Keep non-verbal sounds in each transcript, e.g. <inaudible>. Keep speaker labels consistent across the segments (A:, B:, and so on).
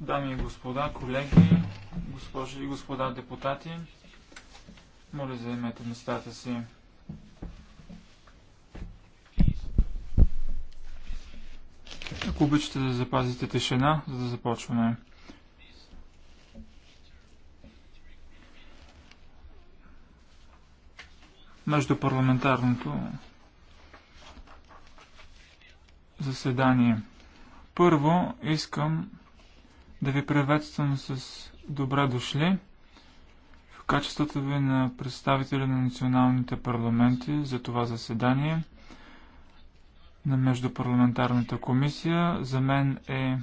A: Дами и господа, колеги, госпожи и господа депутати, моля заемете местата си. Ако обичате да запазите тишина, за да започваме. Между парламентарното заседание. Първо искам да ви приветствам с добре дошли в качеството ви на представители на националните парламенти за това заседание на Междупарламентарната комисия. За мен е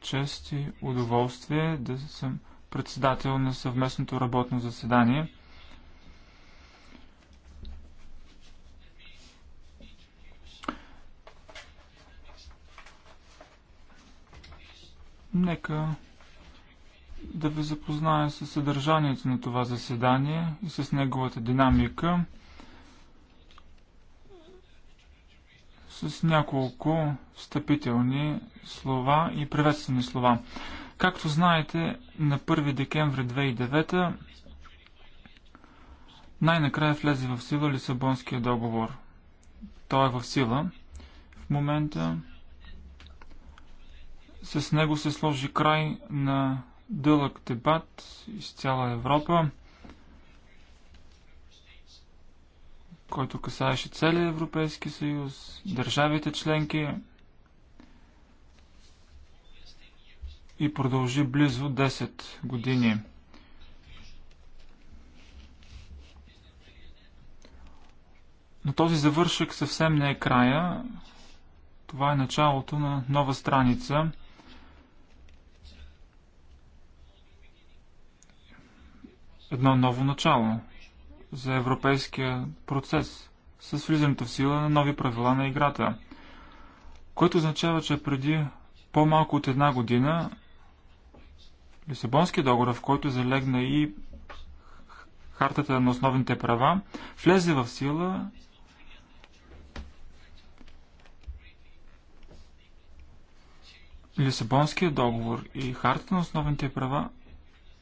A: чест и удоволствие да съм председател на съвместното работно заседание – Нека да ви запозная с съдържанието на това заседание и с неговата динамика. С няколко встъпителни слова и приветствени слова. Както знаете, на 1 декември 2009 най-накрая влезе в сила Лисабонския договор. Той е в сила в момента. С него се сложи край на дълъг дебат из цяла Европа, който касаеше целия Европейски съюз, държавите членки и продължи близо 10 години. Но този завършък съвсем не е края. Това е началото на нова страница – едно ново начало за европейския процес с влизането в сила на нови правила на играта, което означава, че преди по-малко от една година Лисабонския договор, в който залегна и хартата на основните права, влезе в сила Лисабонския договор и хартата на основните права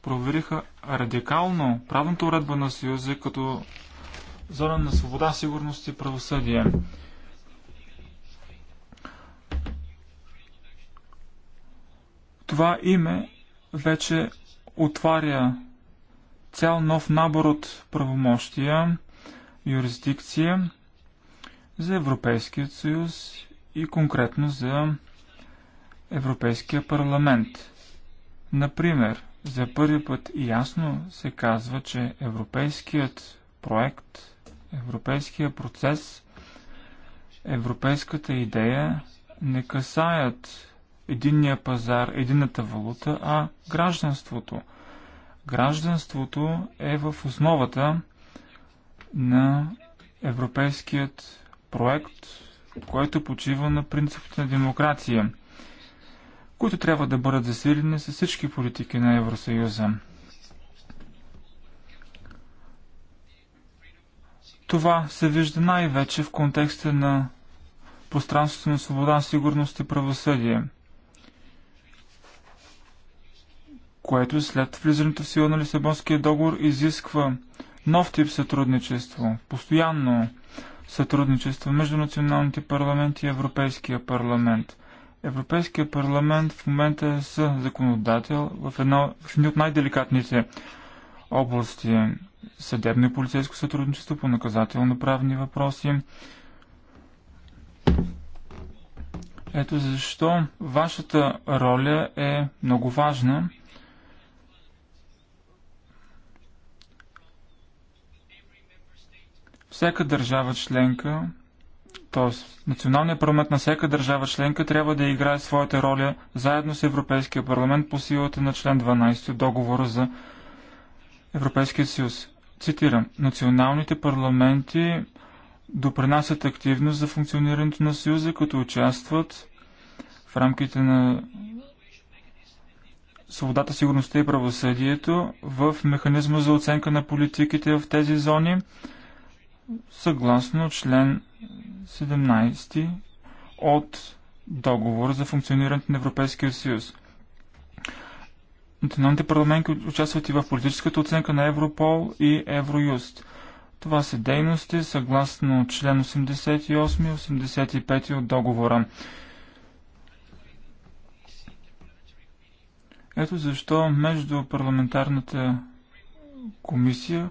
A: провериха радикално правната уредба на Съюза като зона на свобода, сигурност и правосъдие. Това име вече отваря цял нов набор от правомощия, юрисдикция за Европейският съюз и конкретно за Европейския парламент. Например, за първи път ясно се казва, че европейският проект, европейският процес, европейската идея не касаят единния пазар, едината валута, а гражданството. Гражданството е в основата на европейският проект, който почива на принципите на демокрация които трябва да бъдат засилени с всички политики на Евросъюза. Това се вижда най-вече в контекста на пространството на свобода, сигурност и правосъдие, което след влизането в сила на Лисабонския договор изисква нов тип сътрудничество, постоянно сътрудничество между националните парламенти и Европейския парламент – Европейския парламент в момента е с законодател в една в от най-деликатните области съдебно и полицейско сътрудничество по наказателно-правни въпроси. Ето защо вашата роля е много важна. Всяка държава членка Тоест, националният парламент на всяка държава членка трябва да играе своята роля заедно с Европейския парламент по силата на член 12 от договора за Европейския съюз. Цитирам, националните парламенти допринасят активно за функционирането на Съюза, като участват в рамките на свободата, сигурността и правосъдието в механизма за оценка на политиките в тези зони, съгласно член 17 от договор за функционирането на Европейския съюз. Националните парламенти участват и в политическата оценка на Европол и Евроюст. Това са дейности съгласно член 88 и 85 от договора. Ето защо между парламентарната комисия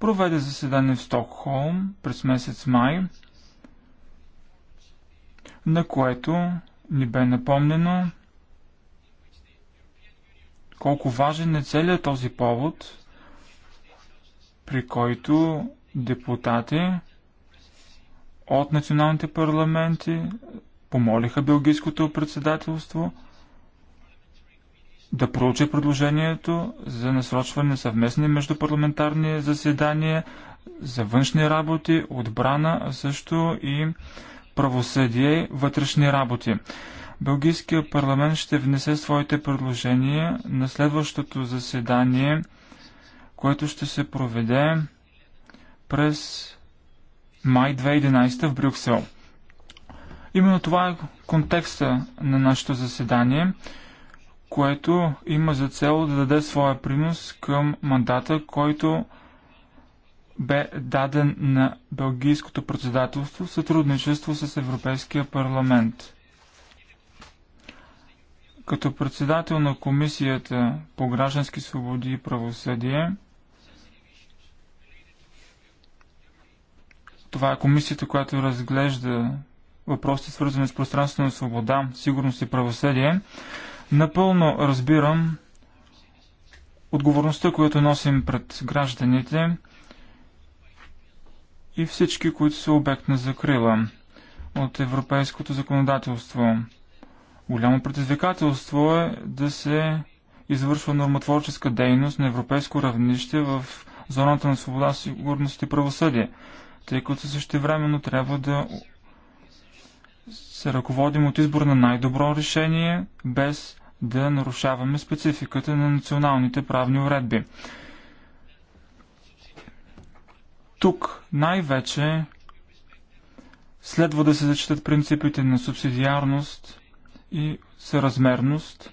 A: проведе заседание в Стокхолм през месец май, на което ни бе напомнено колко важен е целият този повод, при който депутати от националните парламенти помолиха Белгийското председателство – да проучи предложението за насрочване на съвместни междупарламентарни заседания за външни работи, отбрана, а също и правосъдие, вътрешни работи. Белгийския парламент ще внесе своите предложения на следващото заседание, което ще се проведе през май 2011 в Брюксел. Именно това е контекста на нашето заседание – което има за цел да даде своя принос към мандата, който бе даден на Белгийското председателство в сътрудничество с Европейския парламент. Като председател на Комисията по граждански свободи и правосъдие, това е комисията, която разглежда въпросите свързани с пространството на свобода, сигурност и правосъдие, Напълно разбирам отговорността, която носим пред гражданите и всички, които са обект на закрила от европейското законодателство. Голямо предизвикателство е да се извършва нормотворческа дейност на европейско равнище в зоната на свобода, сигурност и правосъдие, тъй като времено трябва да се ръководим от избор на най-добро решение, без да нарушаваме спецификата на националните правни уредби. Тук най-вече следва да се зачитат принципите на субсидиарност и съразмерност.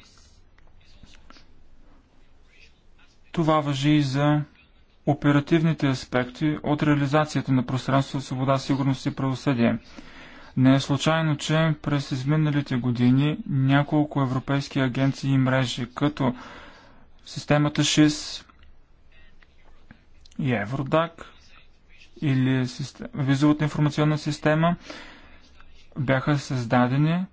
A: Това въжи и за оперативните аспекти от реализацията на пространство, свобода, сигурност и правосъдие – не е случайно, че през изминалите години няколко европейски агенции и мрежи, като системата ШИС и Евродак или систем... визовата информационна система, бяха създадени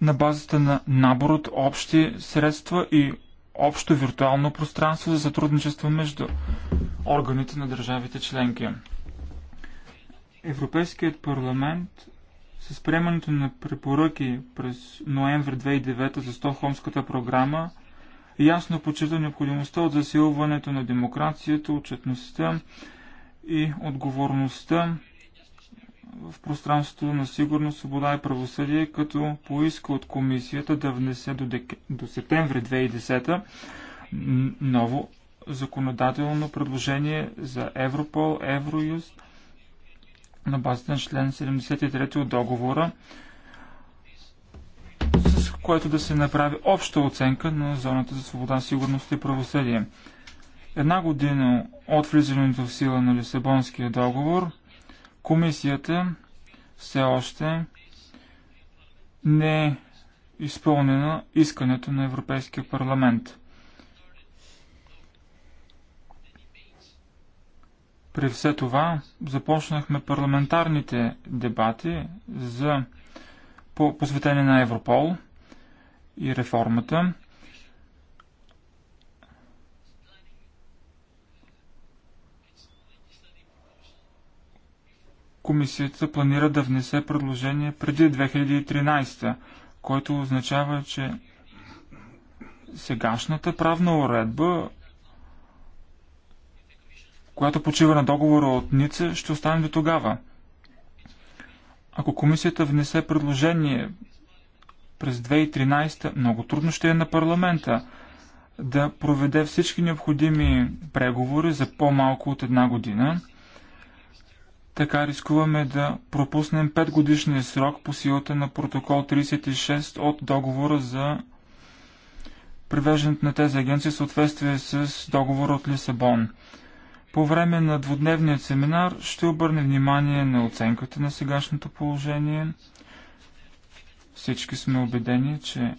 A: на базата на набор от общи средства и общо виртуално пространство за сътрудничество между органите на държавите членки. Европейският парламент с приемането на препоръки през ноември 2009 за Стохолмската програма ясно почита необходимостта от засилването на демокрацията, отчетността и отговорността в пространството на сигурност, свобода и правосъдие, като поиска от комисията да внесе до, дек... до септември 2010 ново законодателно предложение за Европол, Евроюст, на базата на член 73 от договора, с което да се направи обща оценка на зоната за свобода, сигурност и правосъдие. Една година от влизането в сила на Лисабонския договор, комисията все още не е изпълнена искането на Европейския парламент. При все това започнахме парламентарните дебати за по посветение на Европол и реформата. Комисията планира да внесе предложение преди 2013, което означава, че сегашната правна уредба която почива на договора от Ница, ще остане до тогава. Ако комисията внесе предложение през 2013, много трудно ще е на парламента да проведе всички необходими преговори за по-малко от една година. Така рискуваме да пропуснем 5 годишния срок по силата на протокол 36 от договора за привеждането на тези агенции в съответствие с договора от Лисабон. По време на двудневния семинар ще обърне внимание на оценката на сегашното положение. Всички сме убедени, че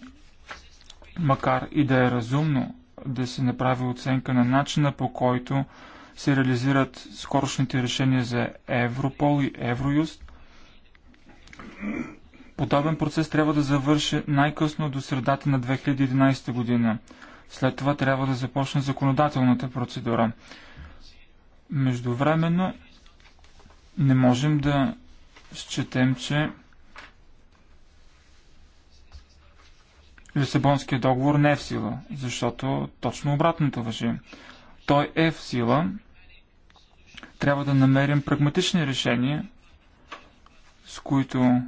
A: макар и да е разумно да се направи оценка на начина по който се реализират скорошните решения за Европол и Евроюст, подобен процес трябва да завърши най-късно до средата на 2011 година. След това трябва да започне законодателната процедура. Междувременно не можем да счетем, че Лисабонския договор не е в сила, защото точно обратното въжи. Той е в сила. Трябва да намерим прагматични решения, с които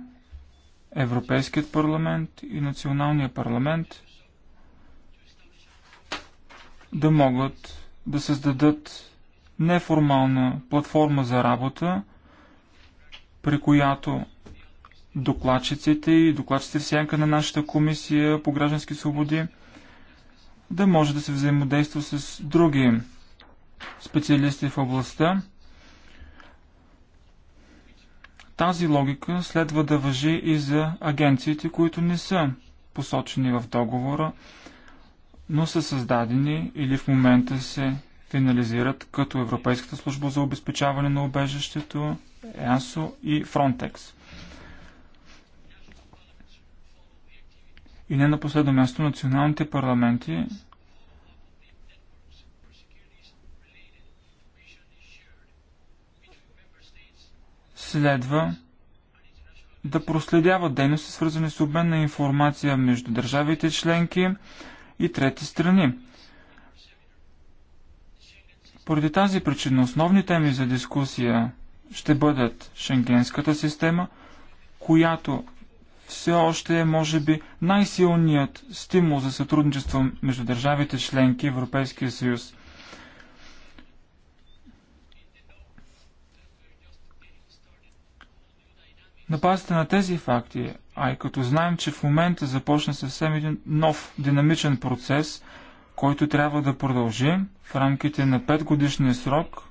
A: Европейският парламент и националният парламент да могат да създадат неформална платформа за работа, при която докладчиците и докладчиците в сянка на нашата комисия по граждански свободи да може да се взаимодейства с други специалисти в областта. Тази логика следва да въжи и за агенциите, които не са посочени в договора, но са създадени или в момента се финализират като Европейската служба за обезпечаване на обежището, ЕАСО и Фронтекс. И не на последно място националните парламенти следва да проследяват дейности, свързани с обмен на информация между държавите членки и трети страни поради тази причина основни теми за дискусия ще бъдат шенгенската система, която все още е, може би, най-силният стимул за сътрудничество между държавите членки Европейския съюз. На базата на тези факти, а и като знаем, че в момента започна съвсем един нов динамичен процес – който трябва да продължи в рамките на 5 годишния срок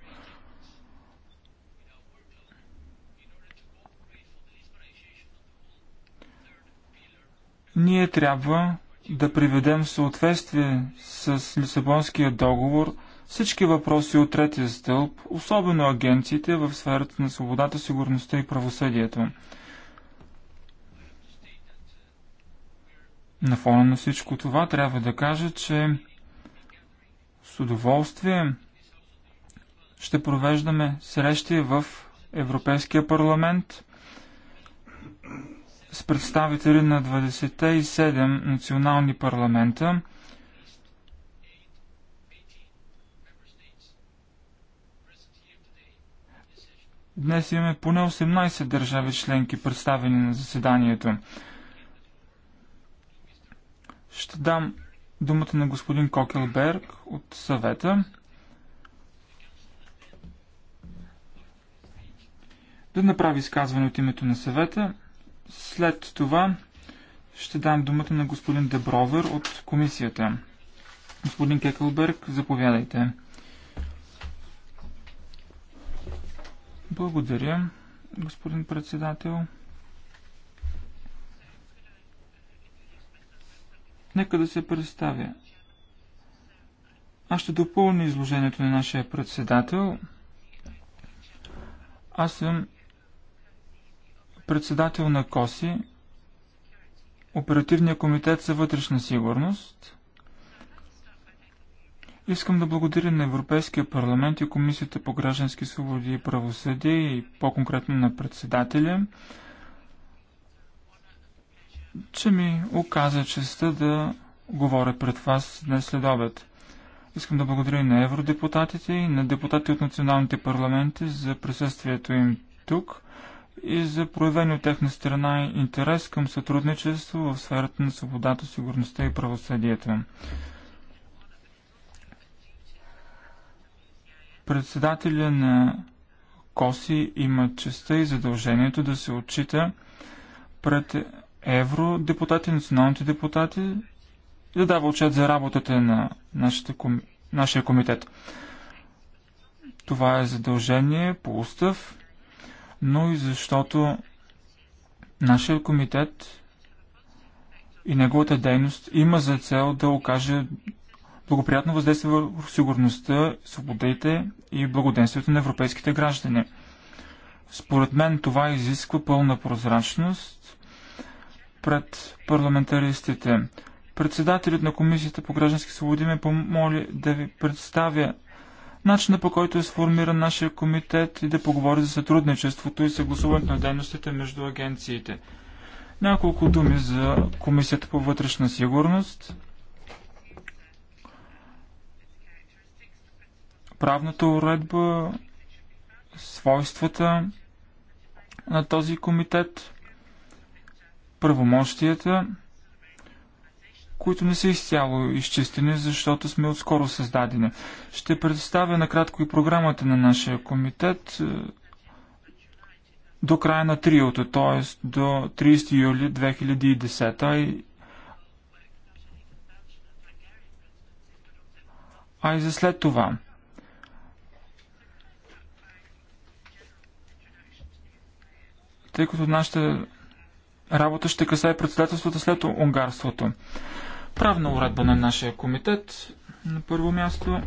A: ние трябва да приведем в съответствие с Лисабонския договор всички въпроси от третия стълб, особено агенциите в сферата на свободата, сигурността и правосъдието. На фона на всичко това трябва да кажа, че с удоволствие ще провеждаме срещи в Европейския парламент с представители на 27 национални парламента. Днес имаме поне 18 държави членки представени на заседанието. Ще дам думата на господин Кокелберг от съвета. Да направи изказване от името на съвета. След това ще дам думата на господин Дебровер от комисията. Господин Кекълберг, заповядайте. Благодаря, господин председател. Нека да се представя. Аз ще допълня изложението на нашия председател. Аз съм председател на КОСИ, Оперативния комитет за вътрешна сигурност. Искам да благодаря на Европейския парламент и Комисията по граждански свободи и правосъдие и по-конкретно на председателя че ми оказа честа да говоря пред вас днес след обед. Искам да благодаря и на евродепутатите и на депутати от националните парламенти за присъствието им тук и за проявени от техна страна интерес към сътрудничество в сферата на свободата, сигурността и правосъдието. Председателя на КОСИ има честа и задължението да се отчита пред евродепутати, националните депутати и да дава отчет за работата на нашия комитет. Това е задължение по устав, но и защото нашия комитет и неговата дейност има за цел да окаже благоприятно въздействие върху сигурността, свободите и благоденствието на европейските граждани. Според мен това изисква пълна прозрачност пред парламентаристите. Председателят на Комисията по граждански свободи ме помоли да ви представя начина по който е сформиран нашия комитет и да поговори за сътрудничеството и съгласуването на дейностите между агенциите. Няколко думи за Комисията по вътрешна сигурност. Правната уредба, свойствата на този комитет – правомощията, които не са изцяло изчистени, защото сме отскоро създадени. Ще представя накратко и програмата на нашия комитет е, до края на триото, т.е. до 30 юли 2010 а и за след това. Тъй като нашата работа ще касае председателството след унгарството. Правна уредба на нашия комитет на първо място.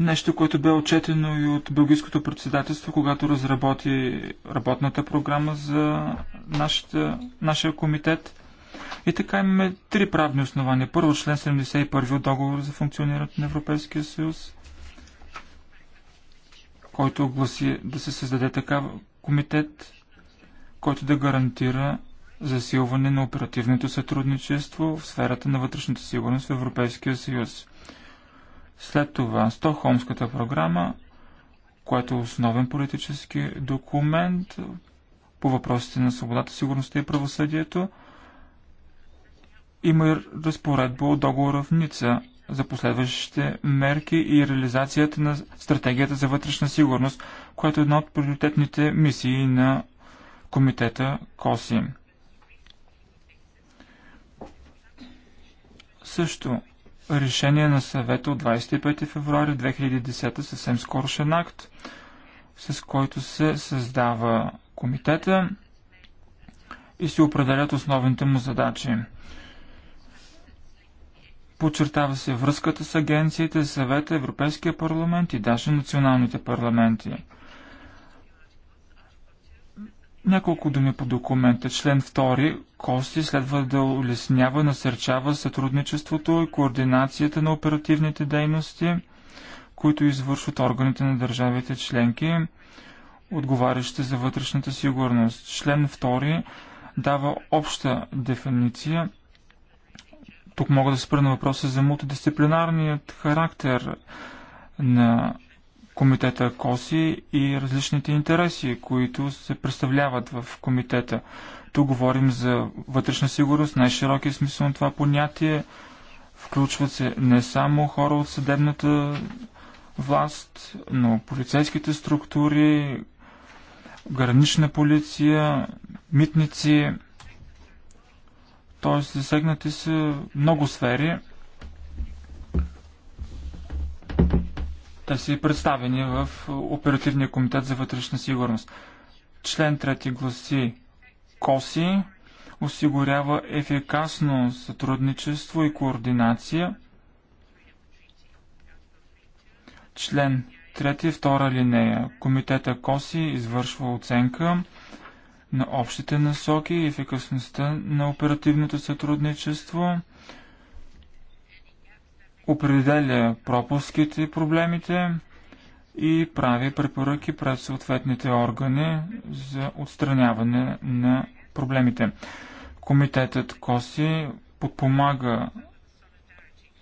A: Нещо, което бе отчетено и от Белгийското председателство, когато разработи работната програма за нашата, нашия комитет. И така имаме три правни основания. Първо, член 71 от договор за функционирането на Европейския съюз който гласи да се създаде такава комитет, който да гарантира засилване на оперативното сътрудничество в сферата на вътрешната сигурност в Европейския съюз. След това Стохолмската програма, която е основен политически документ по въпросите на свободата, сигурността и правосъдието, има разпоредба от договора в Ница за последващите мерки и реализацията на стратегията за вътрешна сигурност, която е една от приоритетните мисии на комитета КОСИ. Също решение на съвета от 25 февруари 2010 съвсем скорошен акт, с който се създава комитета и се определят основните му задачи. Подчертава се връзката с агенциите, съвета, Европейския парламент и даже националните парламенти. Няколко думи по документа. Член 2 Кости следва да улеснява, насърчава сътрудничеството и координацията на оперативните дейности, които извършват органите на държавите членки, отговарящи за вътрешната сигурност. Член 2 дава обща дефиниция тук мога да спра на въпроса за мултидисциплинарният характер на комитета КОСИ и различните интереси, които се представляват в комитета. Тук говорим за вътрешна сигурност, най-широкия е смисъл на това понятие. Включват се не само хора от съдебната власт, но полицейските структури, гранична полиция, митници, т.е. засегнати са много сфери. Те са и представени в Оперативния комитет за вътрешна сигурност. Член 3 гласи КОСИ осигурява ефикасно сътрудничество и координация. Член 3, втора линея. Комитета КОСИ извършва оценка на общите насоки и ефикасността на оперативното сътрудничество, определя пропуските и проблемите и прави препоръки пред съответните органи за отстраняване на проблемите. Комитетът КОСИ подпомага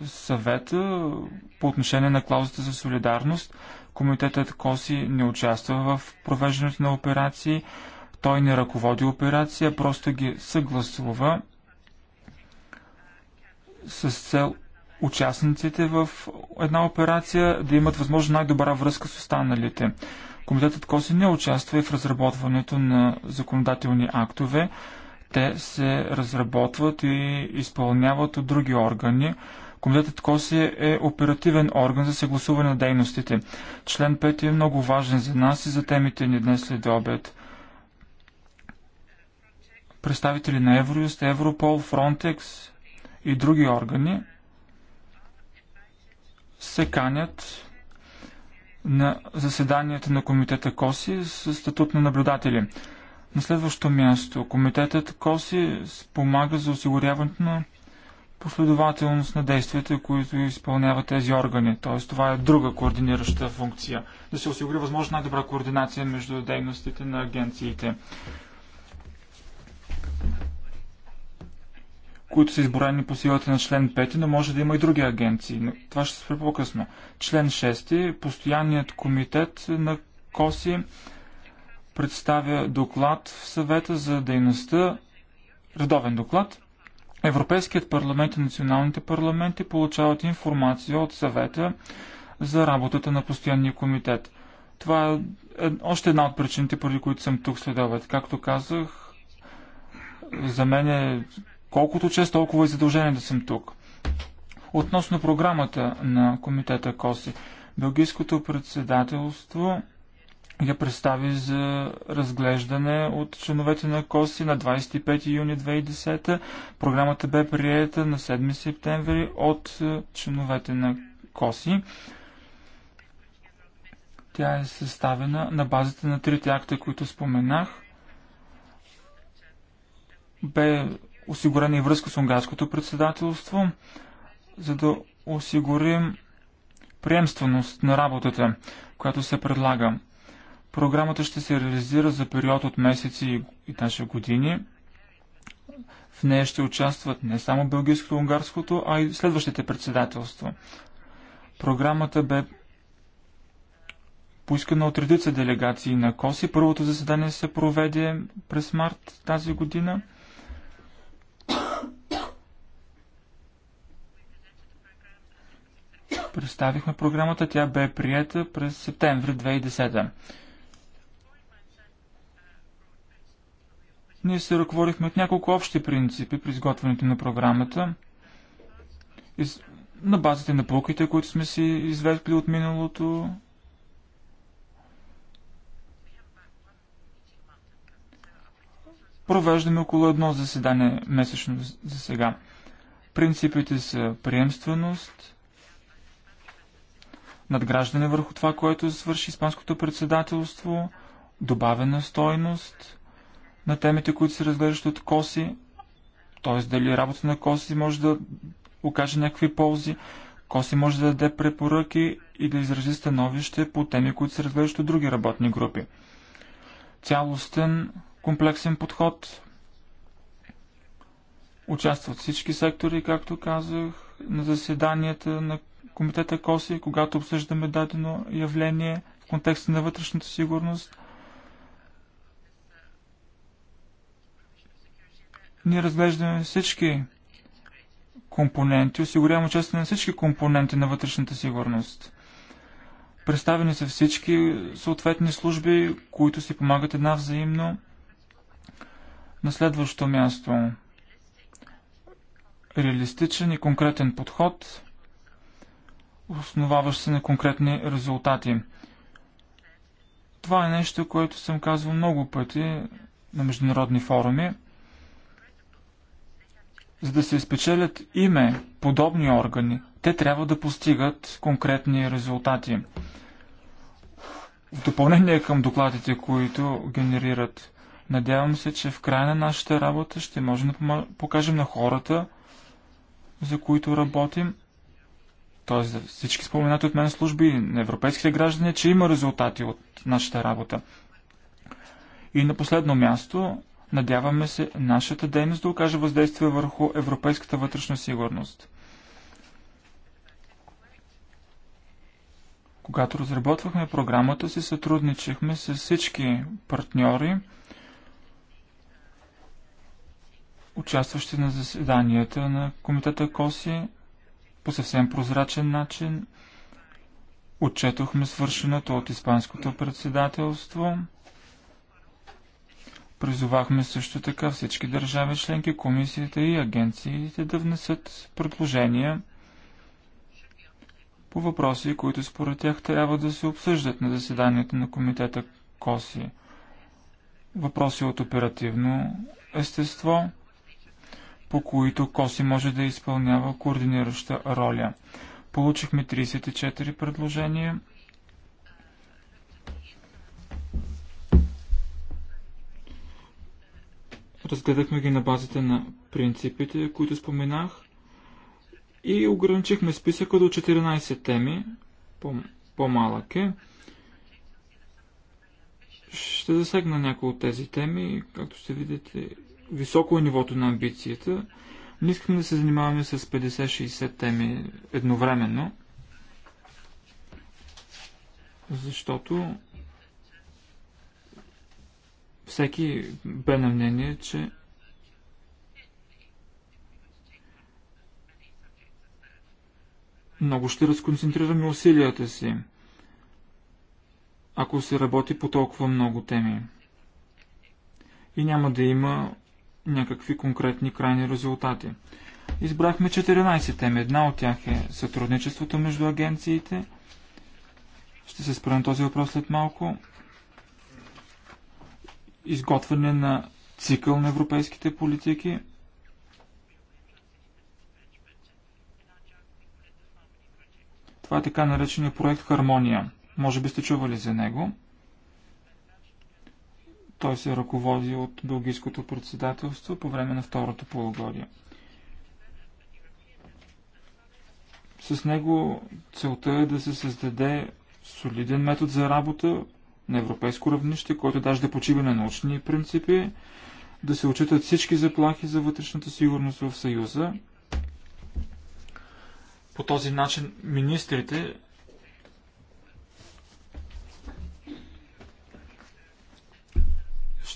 A: съвета по отношение на клаузата за солидарност. Комитетът КОСИ не участва в провеждането на операции, той не ръководи операция, просто ги съгласува с цел участниците в една операция да имат възможно най-добра връзка с останалите. Комитетът Коси не участва и в разработването на законодателни актове. Те се разработват и изпълняват от други органи. Комитетът Коси е оперативен орган за съгласуване на дейностите. Член 5 е много важен за нас и за темите ни днес след обед представители на Евроюст, Европол, Фронтекс и други органи се канят на заседанията на комитета КОСИ с статут на наблюдатели. На следващо място, комитетът КОСИ спомага за осигуряването на последователност на действията, които изпълняват тези органи. Т.е. това е друга координираща функция. Да се осигури възможно най-добра координация между дейностите на агенциите които са изборени по силата на член 5, но може да има и други агенции. Но това ще се по-късно. Член 6. Е постоянният комитет на КОСИ представя доклад в съвета за дейността, редовен доклад. Европейският парламент и националните парламенти получават информация от съвета за работата на постоянния комитет. Това е още една от причините, поради които съм тук след Както казах, за мен е колкото чест, толкова и задължение да съм тук. Относно програмата на комитета КОСИ, Белгийското председателство я представи за разглеждане от членовете на КОСИ на 25 юни 2010. Програмата бе приета на 7 септември от е, членовете на КОСИ. Тя е съставена на базата на трите акта, които споменах. Бе осигурена и връзка с унгарското председателство, за да осигурим приемственост на работата, която се предлага. Програмата ще се реализира за период от месеци и даже години. В нея ще участват не само бългийското и унгарското, а и следващите председателства. Програмата бе поискана от редица делегации на КОСИ. Първото заседание се проведе през март тази година – представихме програмата. Тя бе прията през септември 2010. Ние се ръководихме от няколко общи принципи при изготвянето на програмата из... на базата на полките, които сме си извлекли от миналото. Провеждаме около едно заседание месечно за сега. Принципите са приемственост, надграждане върху това, което свърши Испанското председателство, добавена стойност на темите, които се разглеждат от Коси, т.е. дали работа на Коси може да окаже някакви ползи, Коси може да даде препоръки и да изрази становище по теми, които се разглеждат от други работни групи. Цялостен, комплексен подход. Участват всички сектори, както казах, на заседанията на комитета КОСИ, когато обсъждаме дадено явление в контекста на вътрешната сигурност. Ние разглеждаме всички компоненти, осигуряваме участие на всички компоненти на вътрешната сигурност. Представени са всички съответни служби, които си помагат една взаимно. На следващо място реалистичен и конкретен подход – основаващ се на конкретни резултати. Това е нещо, което съм казвал много пъти на международни форуми. За да се изпечелят име подобни органи, те трябва да постигат конкретни резултати. В допълнение към докладите, които генерират, надявам се, че в края на нашата работа ще можем да покажем на хората, за които работим – т.е. всички споменати от мен служби на европейските граждани, че има резултати от нашата работа. И на последно място, надяваме се нашата дейност да окаже въздействие върху европейската вътрешна сигурност. Когато разработвахме програмата си, сътрудничихме с всички партньори, участващи на заседанията на комитета КОСИ по съвсем прозрачен начин. Отчетохме свършеното от Испанското председателство. Призовахме също така всички държави членки, комисията и агенциите да внесат предложения по въпроси, които според тях трябва да се обсъждат на заседанието на комитета КОСИ. Въпроси от оперативно естество – по които КОСИ може да изпълнява координираща роля. Получихме 34 предложения. Разгледахме ги на базата на принципите, които споменах и ограничихме списъка до 14 теми, по-малък е. Ще засегна някои от тези теми, както ще видите високо е нивото на амбицията. Не искаме да се занимаваме с 50-60 теми едновременно, защото всеки бе на мнение, че много ще разконцентрираме усилията си, ако се работи по толкова много теми. И няма да има някакви конкретни крайни резултати. Избрахме 14 теми. Една от тях е сътрудничеството между агенциите. Ще се спра на този въпрос след малко. Изготвяне на цикъл на европейските политики. Това е така наречения проект Хармония. Може би сте чували за него. Той се ръководи от Белгийското председателство по време на второто полугодие. С него целта е да се създаде солиден метод за работа на европейско равнище, който даже да почива на научни принципи, да се отчитат всички заплахи за вътрешната сигурност в Съюза. По този начин министрите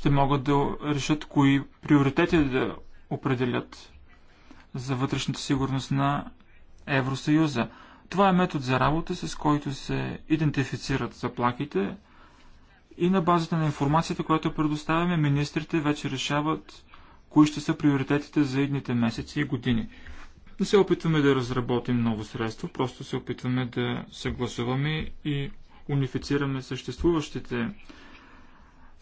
A: ще могат да решат кои приоритети да определят за вътрешната сигурност на Евросъюза. Това е метод за работа, с който се идентифицират заплахите и на базата на информацията, която предоставяме, министрите вече решават кои ще са приоритетите за едните месеци и години. Не се опитваме да разработим ново средство, просто се опитваме да съгласуваме и унифицираме съществуващите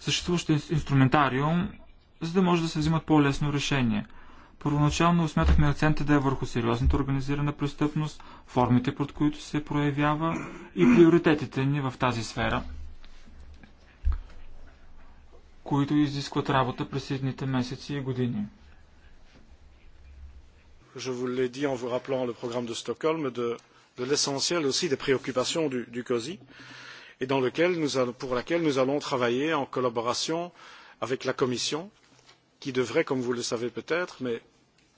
A: съществуващ инструментариум, за да може да се взимат по-лесно решение. Първоначално смятахме акцента да е върху сериозната организирана престъпност, формите, под които се проявява и приоритетите ни в тази сфера, които изискват работа през следните месеци и години.
B: Je vous l'ai dit en vous rappelant le programme de Stockholm, de, de l'essentiel aussi des préoccupations du, du COSI. Euh, et pour laquelle nous allons travailler en collaboration avec la Commission, qui devrait, comme vous le savez peut-être, mais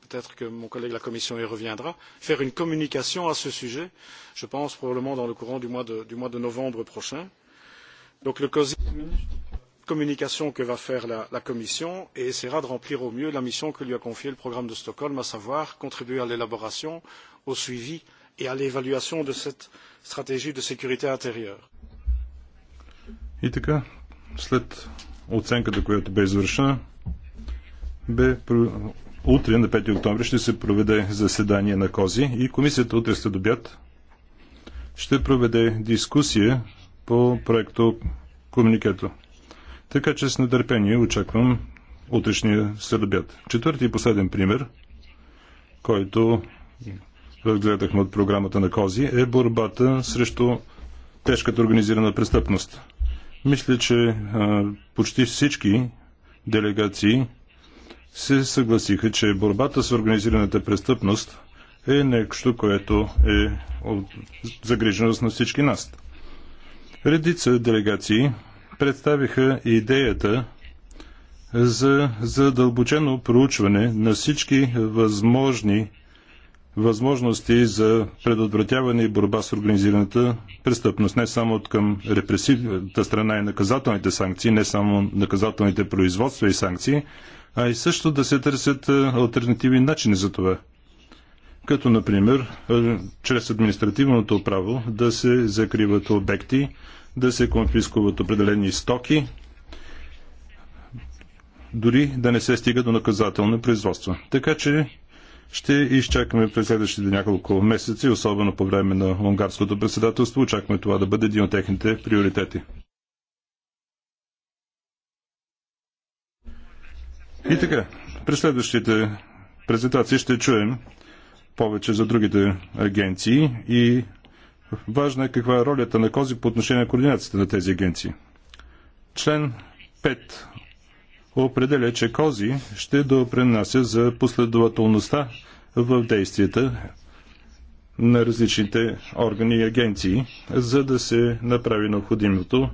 B: peut-être que mon collègue de la Commission y reviendra, faire une communication à ce sujet, je pense probablement dans le courant du mois de, novembre prochain. Donc le COSI, communication que va faire la, Commission et essaiera de remplir au mieux la mission que lui a confiée le programme de Stockholm, à savoir contribuer à l'élaboration, au suivi et à l'évaluation de cette stratégie de sécurité intérieure. И така, след оценката, която бе извършена, бе утре на 5 октомври ще се проведе заседание на Кози и комисията утре след обяд ще проведе дискусия по проекто Комуникето. Така че с нетърпение очаквам утрешния следобед. Четвърти и последен пример, който разгледахме от програмата на Кози, е борбата срещу тежката организирана престъпност. Мисля, че почти всички делегации се съгласиха, че борбата с организираната престъпност е нещо, което е загриженост на всички нас. Редица делегации представиха идеята за задълбочено проучване на всички възможни възможности за предотвратяване и борба с организираната престъпност, не само от към репресивната страна и наказателните санкции, не само наказателните производства и санкции, а и също да се търсят альтернативни начини за това. Като, например, чрез административното право да се закриват обекти, да се конфискуват определени стоки, дори да не се стига до наказателно производство. Така че ще изчакаме през следващите няколко месеци, особено по време на унгарското председателство. Очакваме това да бъде един от техните приоритети. И така, през следващите презентации ще чуем повече за другите агенции и важна е каква е ролята на Кози по отношение на координацията на тези агенции. Член 5 определя, че Кози ще допренася за последователността в действията на различните органи и агенции, за да се направи необходимото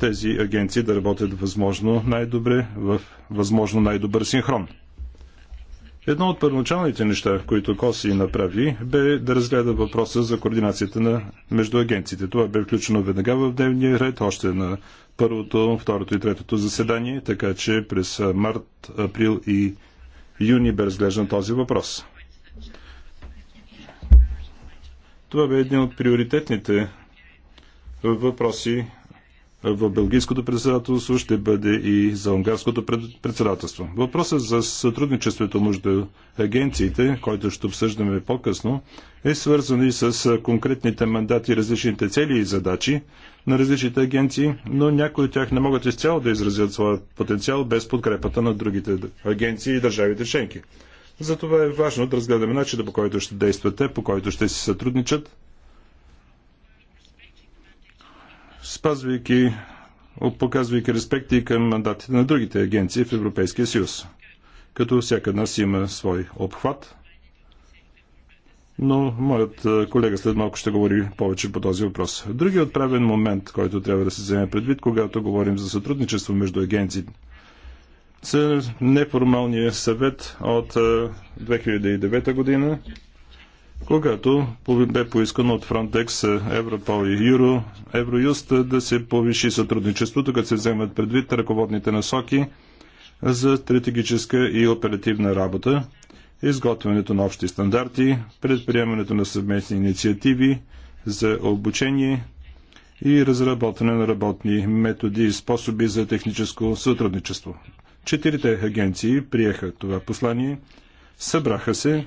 B: тези агенции да работят възможно най-добре в възможно най-добър синхрон. Едно от първоначалните неща, които Коси направи, бе да разгледа въпроса за координацията на между агенциите. Това бе включено веднага в дневния ред, още на първото, второто и третото заседание, така че през март, април и юни бе разглеждан този въпрос. Това бе един от приоритетните въпроси в Белгийското председателство, ще бъде и за Унгарското председателство. Въпросът за сътрудничеството между агенциите, който ще обсъждаме по-късно, е свързан и с конкретните мандати, различните цели и задачи на различните агенции, но някои от тях не могат изцяло да изразят своя потенциал без подкрепата на другите агенции и държавите членки. Затова е важно да разгледаме начина по който ще действате, по който ще си сътрудничат спазвайки, показвайки респекти и към мандатите на другите агенции в Европейския съюз. Като всяка една си има свой обхват, но моят колега след малко ще говори повече по този въпрос. Другият отправен момент, който трябва да се вземе предвид, когато говорим за сътрудничество между агенции, са неформалния съвет от 2009 година, когато бе поискано от Frontex, Европол и Юро, Евроюст да се повиши сътрудничеството, като се вземат предвид ръководните насоки за стратегическа и оперативна работа, изготвянето на общи стандарти, предприемането на съвместни инициативи за обучение и разработване на работни методи и способи за техническо сътрудничество. Четирите агенции приеха това послание, събраха се,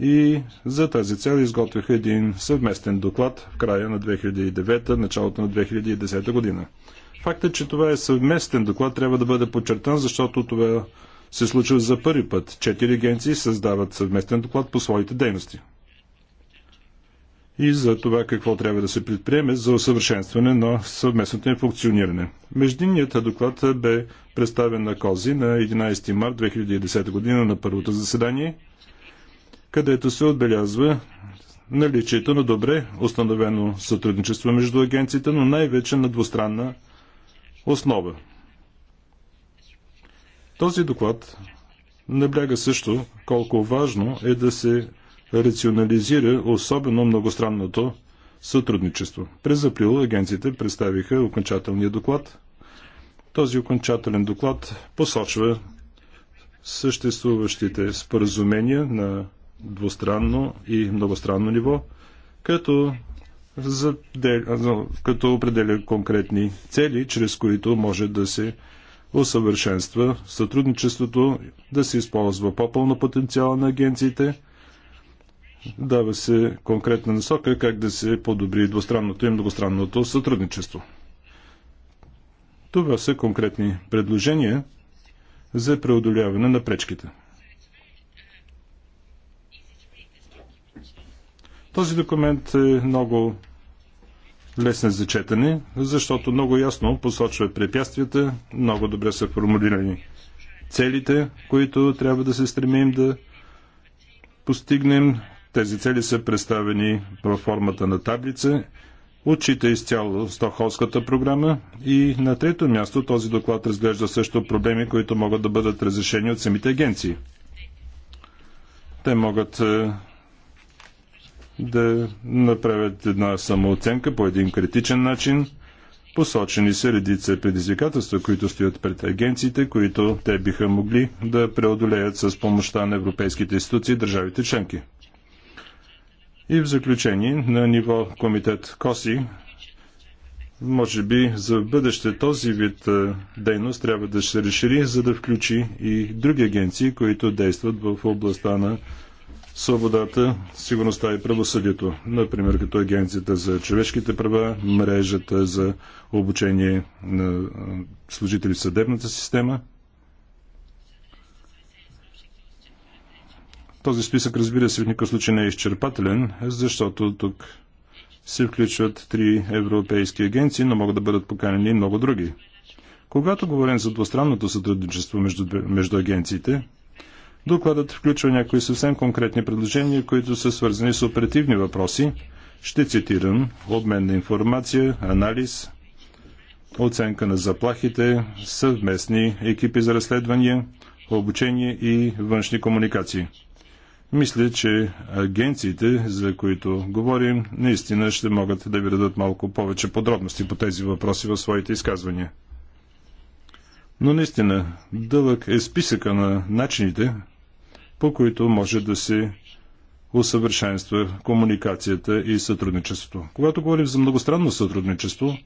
B: и за тази цел изготвиха един съвместен доклад в края на 2009, началото на 2010 година. Фактът, е, че това е съвместен доклад, трябва да бъде подчертан, защото това се случва за първи път. Четири агенции създават съвместен доклад по своите дейности. И за това какво трябва да се предприеме за усъвършенстване на съвместното им функциониране. Междинният доклад бе представен на Кози на 11 март 2010 година на първото заседание – където се отбелязва наличието на добре установено сътрудничество между агенциите, но най-вече на двустранна основа. Този доклад набляга също колко важно е да се рационализира особено многостранното сътрудничество. През април агенциите представиха окончателния доклад. Този окончателен доклад посочва съществуващите споразумения на двустранно и многостранно ниво, като, като определя конкретни цели, чрез които може да се усъвършенства сътрудничеството, да се използва по-пълно потенциала на агенциите, дава се конкретна насока как да се подобри двустранното и многостранното сътрудничество. Това са конкретни предложения за преодоляване на пречките. Този документ е много лесен за четене, защото много ясно посочва препятствията, много добре са формулирани целите, които трябва да се стремим да постигнем. Тези цели са представени във формата на таблица, отчита изцяло Стохолската програма и на трето място този доклад разглежда също проблеми, които могат да бъдат разрешени от самите агенции. Те могат е, да направят една самооценка по един критичен начин. Посочени са редица предизвикателства, които стоят пред агенциите, които те биха могли да преодолеят с помощта на европейските институции и държавите членки. И в заключение, на ниво комитет КОСИ, може би за бъдеще този вид дейност трябва да се разшири, за да включи и други агенции, които действат в областта на свободата, сигурността и правосъдието, например като Агенцията за човешките права, мрежата за обучение на служители в съдебната система. Този списък, разбира се, в никакъв случай не е изчерпателен, защото тук се включват три европейски агенции, но могат да бъдат поканени и много други. Когато говорим за двустранното сътрудничество между, между агенциите, Докладът включва някои съвсем конкретни предложения, които са свързани с оперативни въпроси. Ще цитирам обмен на информация, анализ, оценка на заплахите, съвместни екипи за разследвания, обучение и външни комуникации. Мисля, че агенциите, за които говорим, наистина ще могат да ви дадат малко повече подробности по тези въпроси в своите изказвания. Но наистина, дълъг е списъка на начините, по които може да се усъвършенства комуникацията и сътрудничеството. Когато говорим за многостранно сътрудничество,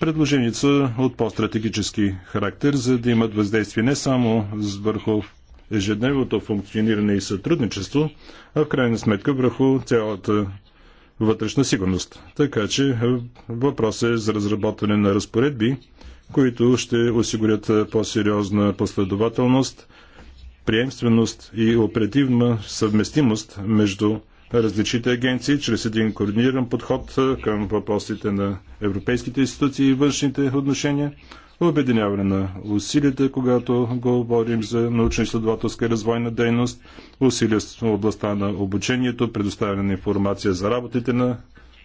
B: предложението са от по-стратегически характер, за да имат въздействие не само върху ежедневното функциониране и сътрудничество, а в крайна сметка върху цялата вътрешна сигурност. Така че е, въпросът е за разработване на разпоредби, които ще осигурят е, по-сериозна последователност приемственост и оперативна съвместимост между различните агенции чрез един координиран подход към въпросите на европейските институции и външните отношения, обединяване на усилията, когато говорим за научно-изследователска и развойна дейност, усилия в областта на обучението, предоставяне на информация за работите на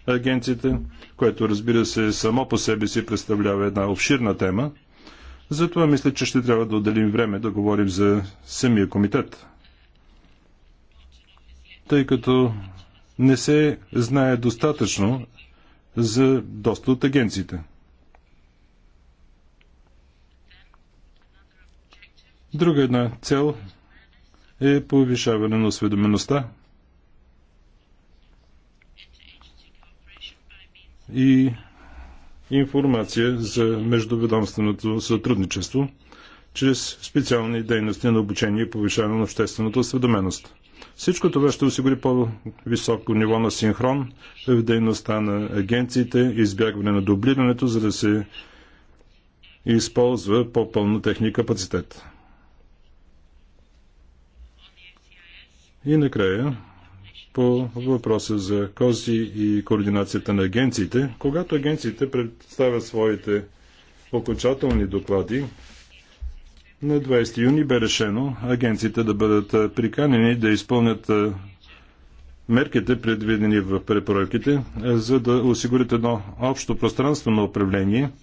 B: агенциите, което разбира се само по себе си представлява една обширна тема – затова мисля, че ще трябва да отделим време да говорим за самия комитет. Тъй като не се знае достатъчно за доста от агенциите. Друга една цел е повишаване на осведомеността и информация за междуведомственото сътрудничество чрез специални дейности на обучение и повишаване на обществената осведоменост. Всичко това ще осигури по-високо ниво на синхрон в дейността на агенциите и избягване на дублирането, за да се използва по-пълно техния капацитет. И накрая по въпроса за кози и координацията на агенциите. Когато агенциите представят своите окончателни доклади, на 20 юни бе решено агенциите да бъдат приканени да изпълнят мерките, предвидени в препоръките, за да осигурят едно общо пространство на управление –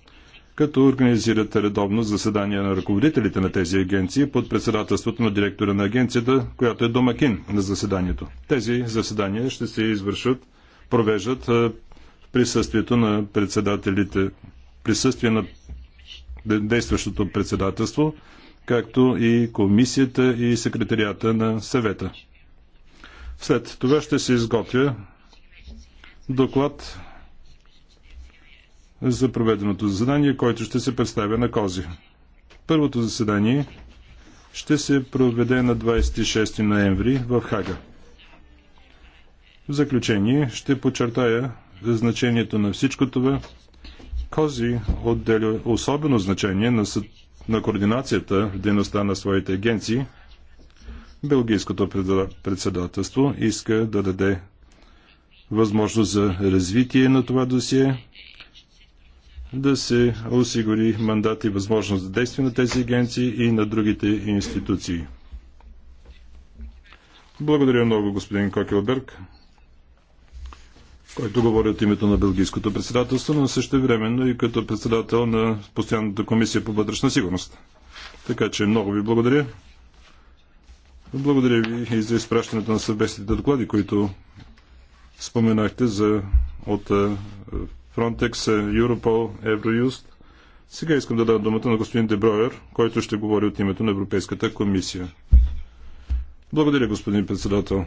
B: като организират редовно заседания на ръководителите на тези агенции под председателството на директора на агенцията, която е домакин на заседанието. Тези заседания ще се извършват, провеждат в присъствието на председателите, присъствие на действащото председателство, както и комисията и секретарията на съвета. След това ще се изготвя доклад за проведеното заседание, който ще се представя на Кози. Първото заседание ще се проведе на 26 ноември в Хага. В заключение ще подчертая значението на всичко това. Кози отделя особено значение на, съ... на координацията в дейността на своите агенции. Белгийското председателство иска да даде възможност за развитие на това досие да се осигури мандат и възможност за действие на тези агенции и на другите институции. Благодаря много, господин Кокелберг, който говори от името на Белгийското председателство, но също времено и като председател на Постоянната комисия по вътрешна сигурност. Така че много ви благодаря. Благодаря ви и за изпращането на съвместните доклади, които споменахте за, от Frontex, Europol, Евроюст. Сега искам да дам думата на господин Деброер, който ще говори от името на Европейската комисия. Благодаря, господин председател.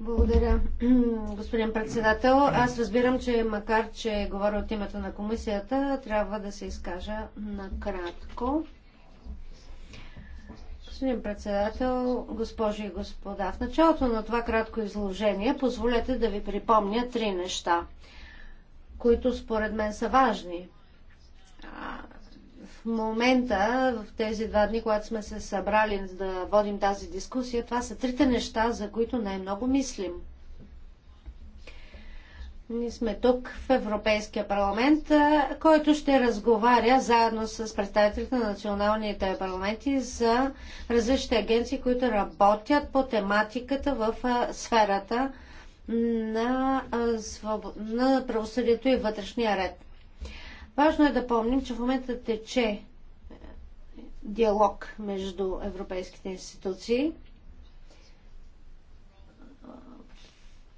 C: Благодаря, <clears throat> господин председател. Аз разбирам, че макар, че говоря от името на комисията, трябва да се изкажа накратко господин председател, госпожи и господа. В началото на това кратко изложение позволете да ви припомня три неща, които според мен са важни. В момента, в тези два дни, когато сме се събрали да водим тази дискусия, това са трите неща, за които най-много мислим – ние сме тук в Европейския парламент, който ще разговаря заедно с представителите на националните парламенти за различните агенции, които работят по тематиката в сферата на, на правосъдието и вътрешния ред. Важно е да помним, че в момента тече е, диалог между европейските институции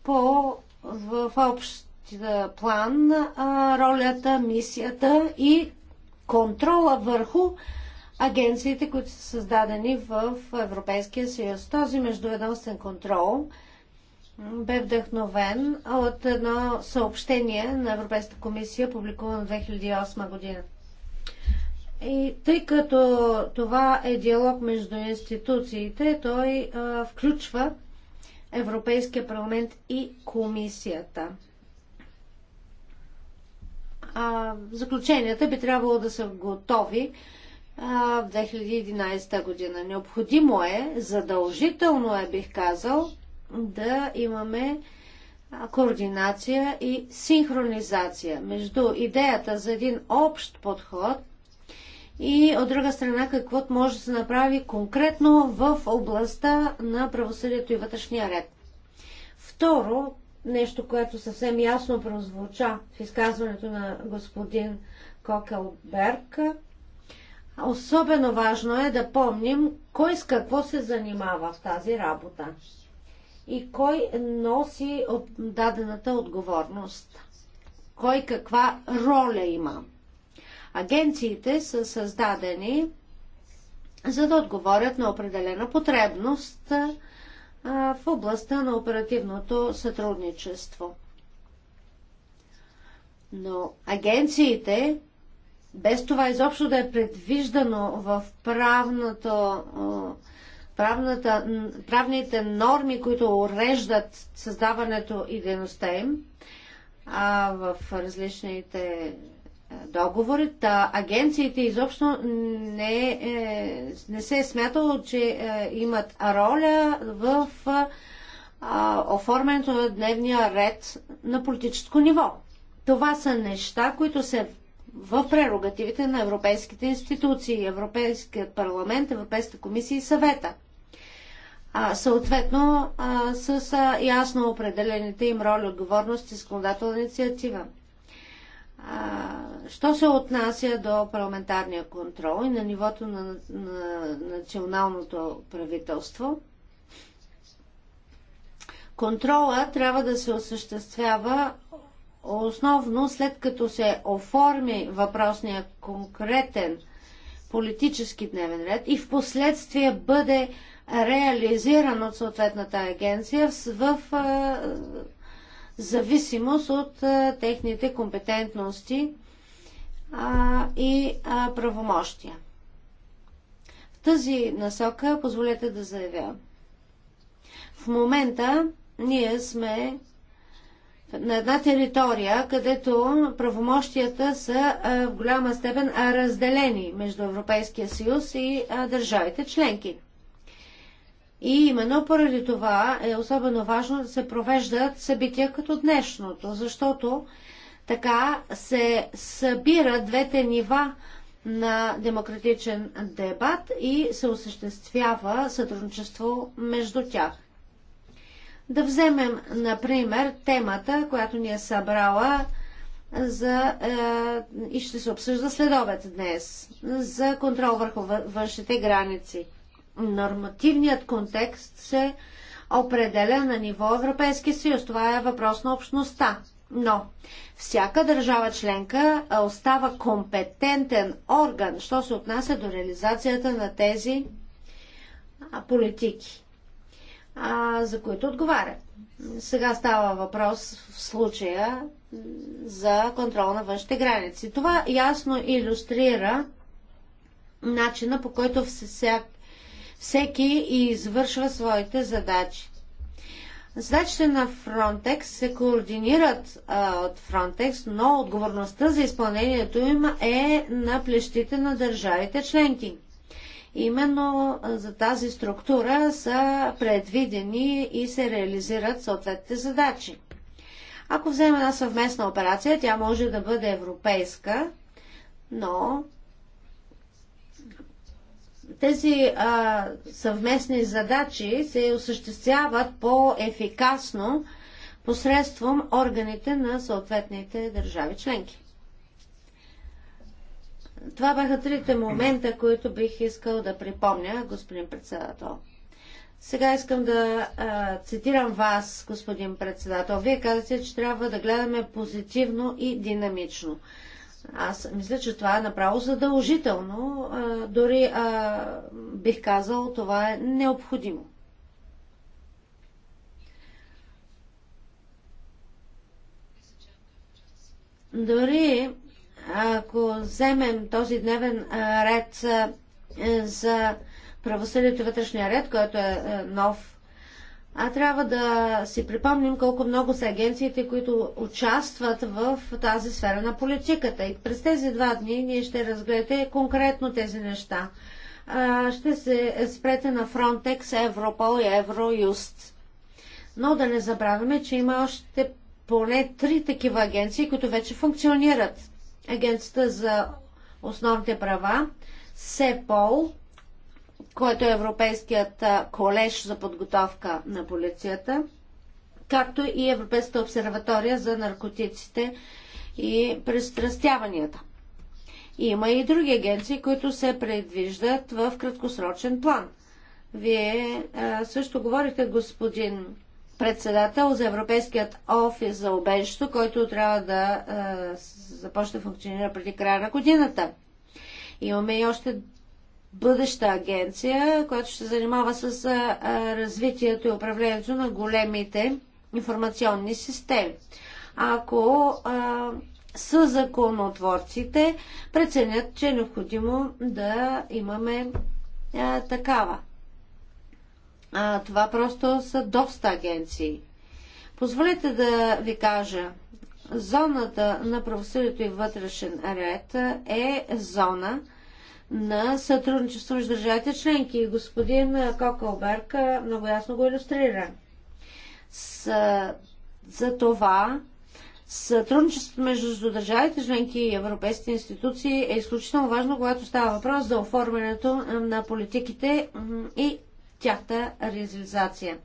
C: по в общ план ролята, мисията и контрола върху агенциите, които са създадени в Европейския съюз. Този междуведомствен контрол бе вдъхновен от едно съобщение на Европейската комисия, публикувано в 2008 година. И тъй като това е диалог между институциите, той а, включва Европейския парламент и комисията. А, заключенията би трябвало да са готови в 2011 година. Необходимо е, задължително е, бих казал, да имаме координация и синхронизация между идеята за един общ подход – и от друга страна какво може да се направи конкретно в областта на правосъдието и вътрешния ред. Второ, нещо, което съвсем ясно прозвуча в изказването на господин Кокелберг, особено важно е да помним кой с какво се занимава в тази работа и кой носи дадената отговорност, кой каква роля има. Агенциите са създадени за да отговорят на определена потребност в областта на оперативното сътрудничество. Но агенциите, без това изобщо да е предвиждано в правното, правната, правните норми, които уреждат създаването и дейността им, а в различните та агенциите изобщо не, е, не се е смятало, че е, имат роля в е, оформянето на дневния ред на политическо ниво. Това са неща, които са в прерогативите на европейските институции, Европейският парламент, Европейската комисия и съвета. А, съответно, а, с а, ясно определените им роли, отговорности, законодателна инициатива. Що се отнася до парламентарния контрол и на нивото на, на националното правителство, контрола трябва да се осъществява основно след като се оформи въпросния конкретен политически дневен ред и в последствие бъде реализиран от съответната агенция в, в, в зависимост от техните компетентности и правомощия. В тази насока позволете да заявя. В момента ние сме на една територия, където правомощията са в голяма степен разделени между Европейския съюз и държавите членки. И именно поради това е особено важно да се провеждат събития като днешното, защото така се събират двете нива на демократичен дебат и се осъществява сътрудничество между тях. Да вземем, например, темата, която ни е събрала за, е, и ще се обсъжда следобед днес, за контрол върху външните граници нормативният контекст се определя на ниво Европейски съюз. Това е въпрос на общността. Но всяка държава членка остава компетентен орган, що се отнася до реализацията на тези политики, за които отговаря. Сега става въпрос в случая за контрол на външните граници. Това ясно иллюстрира начина по който всяка всеки и извършва своите задачи. Задачите на Frontex се координират а, от Frontex, но отговорността за изпълнението им е на плещите на държавите членки. Именно за тази структура са предвидени и се реализират съответните задачи. Ако вземем една съвместна операция, тя може да бъде европейска, но тези а, съвместни задачи се осъществяват по-ефикасно посредством органите на съответните държави членки. Това бяха трите момента, които бих искал да припомня, господин председател. Сега искам да а, цитирам вас, господин председател. Вие казвате, че трябва да гледаме позитивно и динамично. Аз мисля, че това е направо задължително. А, дори а, бих казал, това е необходимо. Дори ако вземем този дневен ред за правосъдието вътрешния ред, който е нов а трябва да си припомним колко много са агенциите, които участват в тази сфера на политиката. И през тези два дни ние ще разгледате конкретно тези неща. А, ще се спрете на Frontex, Европол и Евроюст. Но да не забравяме, че има още поне три такива агенции, които вече функционират. Агенцията за основните права, СЕПОЛ, което е Европейският колеж за подготовка на полицията, както и Европейската обсерватория за наркотиците и пристрастяванията. Има и други агенции, които се предвиждат в краткосрочен план. Вие също говорите, господин председател, за Европейският офис за обежище, който трябва да започне започне функционира преди края на годината. Имаме и още бъдеща агенция, която ще занимава с развитието и управлението на големите информационни системи. Ако а, са законотворците, преценят, че е необходимо да имаме а, такава. А, това просто са доста агенции. Позволете да ви кажа, зоната на правосъдието и вътрешен ред е зона, на сътрудничество между държавите членки. Господин Кокълберг много ясно го иллюстрира. С, за това сътрудничеството между държавите членки и европейските институции е изключително важно, когато става въпрос за оформянето на политиките и тяхта реализация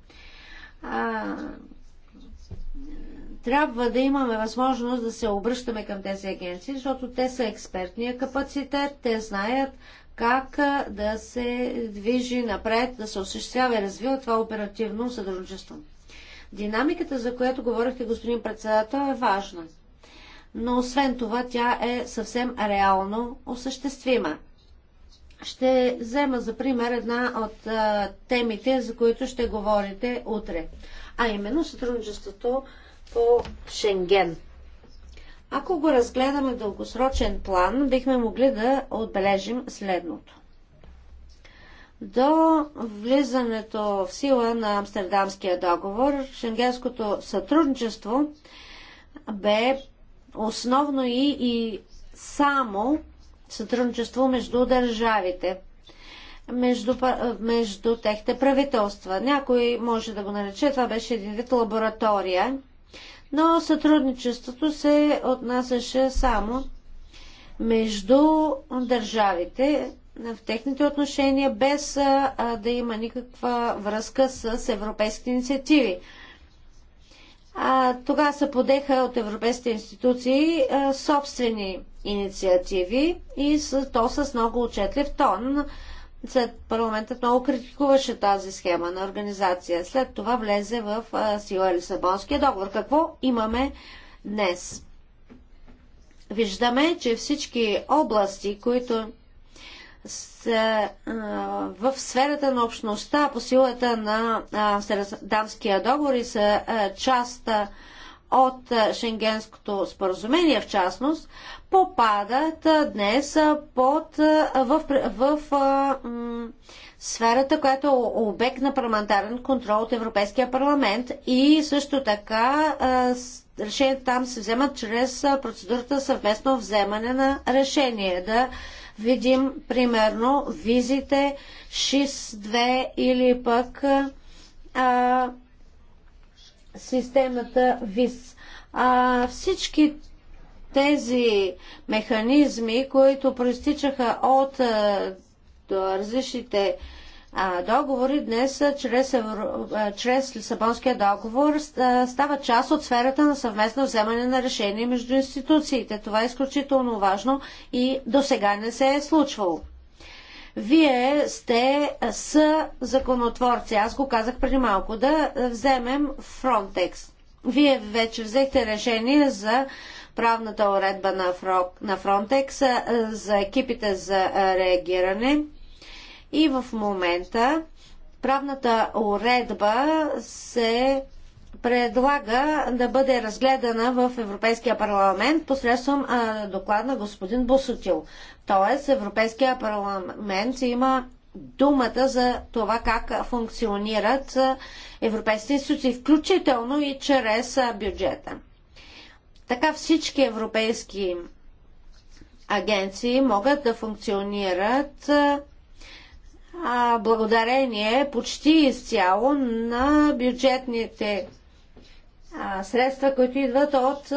C: трябва да имаме възможност да се обръщаме към тези агенции, защото те са експертния капацитет, те знаят как да се движи напред, да се осъществява и развива това оперативно съдружество. Динамиката, за която говорихте, господин председател, е важна. Но освен това, тя е съвсем реално осъществима. Ще взема за пример една от а, темите, за които ще говорите утре, а именно сътрудничеството по Шенген. Ако го разгледаме в дългосрочен план, бихме могли да отбележим следното. До влизането в сила на Амстердамския договор, шенгенското сътрудничество бе основно и, и само сътрудничество между държавите, между, между техните правителства. Някой може да го нарече, това беше един вид лаборатория, но сътрудничеството се отнасяше само между държавите в техните отношения, без да има никаква връзка с европейските инициативи. А, тогава се подеха от европейските институции а, собствени инициативи и с, то с много отчетлив тон. След парламентът много критикуваше тази схема на организация. След това влезе в сила Лисабонския договор. Какво имаме днес? Виждаме, че всички области, които са в сферата на общността по силата на а, Дамския договор и са част от е, Шенгенското споразумение в частност, попадат е, днес е, под, в, в, в сферата, която е обект на парламентарен контрол от Европейския парламент и също така решенията там се вземат чрез процедурата съвместно вземане на решение. Да видим, примерно, визите ШИС-2 или пък а, системата ВИС. А, всички тези механизми, които проистичаха от а, различните а, договори, днес чрез, Евро... чрез Лисабонския договор става част от сферата на съвместно вземане на решения между институциите. Това е изключително важно и до сега не се е случвало. Вие сте с законотворци. Аз го казах преди малко. Да вземем Frontex. Вие вече взехте решение за правната уредба на Frontex, за екипите за реагиране. И в момента правната уредба се предлага да бъде разгледана в Европейския парламент посредством доклад на господин Босутил. Тоест Европейския парламент има думата за това как функционират европейските институции, включително и чрез бюджета. Така всички европейски агенции могат да функционират благодарение почти изцяло на бюджетните средства, които идват от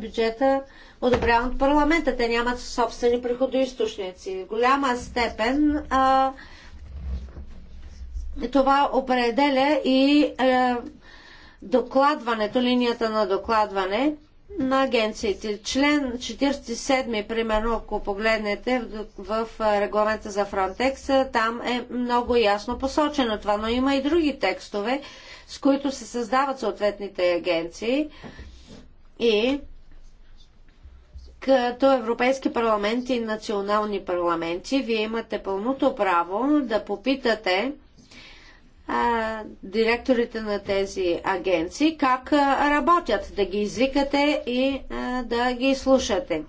C: бюджета, одобряван от парламента. Те нямат собствени приходоисточници. В голяма степен а, това определя и а, докладването, линията на докладване на агенциите. Член 47, примерно, ако погледнете в, в регламента за Frontex, там е много ясно посочено това, но има и други текстове, с които се създават съответните агенции и като Европейски парламент и национални парламенти, вие имате пълното право да попитате а, директорите на тези агенции как а, работят, да ги извикате и а, да ги слушате.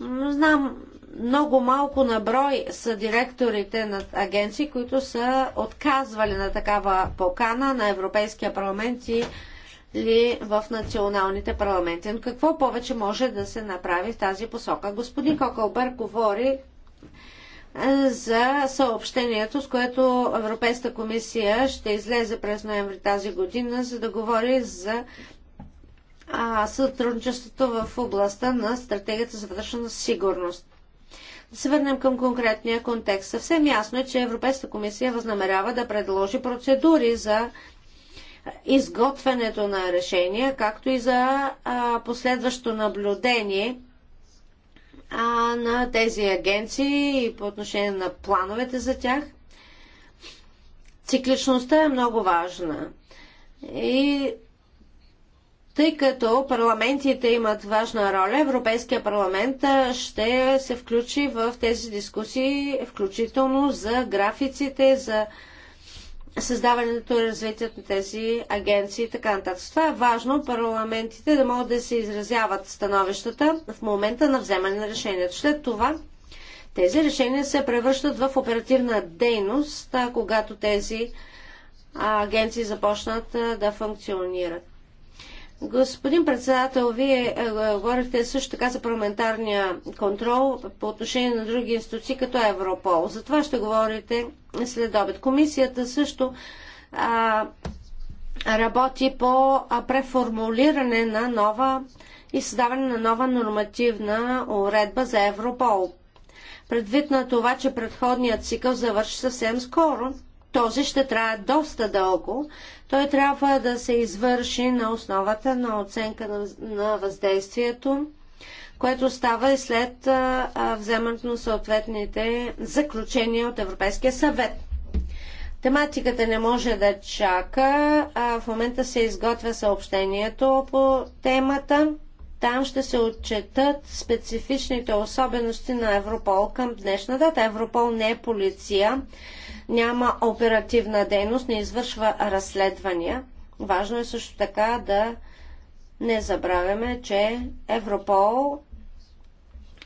C: Знам, много малко на брой са директорите на агенции, които са отказвали на такава покана на Европейския парламент и ли в националните парламенти. Но какво повече може да се направи в тази посока? Господин Кокълбър говори е, за съобщението, с което Европейската комисия ще излезе през ноември тази година, за да говори за сътрудничеството в областта на стратегията за вътрешна сигурност се върнем към конкретния контекст. Съвсем ясно е, че Европейската комисия възнамерява да предложи процедури за изготвянето на решения, както и за а, последващо наблюдение а, на тези агенции и по отношение на плановете за тях. Цикличността е много важна. И тъй като парламентите имат важна роля, Европейския парламент ще се включи в тези дискусии, включително за графиците, за създаването и развитието на тези агенции и така нататък. Това е важно парламентите да могат да се изразяват становищата в момента на вземане на решението. След това тези решения се превръщат в оперативна дейност, когато тези агенции започнат да функционират. Господин председател, вие е, говорихте също така за парламентарния контрол по отношение на други институции, като Европол. За това ще говорите след обед. Комисията също а, работи по преформулиране на нова и създаване на нова нормативна уредба за Европол. Предвид на това, че предходният цикъл завърши съвсем скоро, този ще трябва доста дълго, той трябва да се извърши на основата на оценка на, въздействието, което става и след вземането на съответните заключения от Европейския съвет. Тематиката не може да чака. А, в момента се изготвя съобщението по темата. Там ще се отчетат специфичните особености на Европол към днешна дата. Европол не е полиция няма оперативна дейност, не извършва разследвания. Важно е също така да не забравяме, че Европол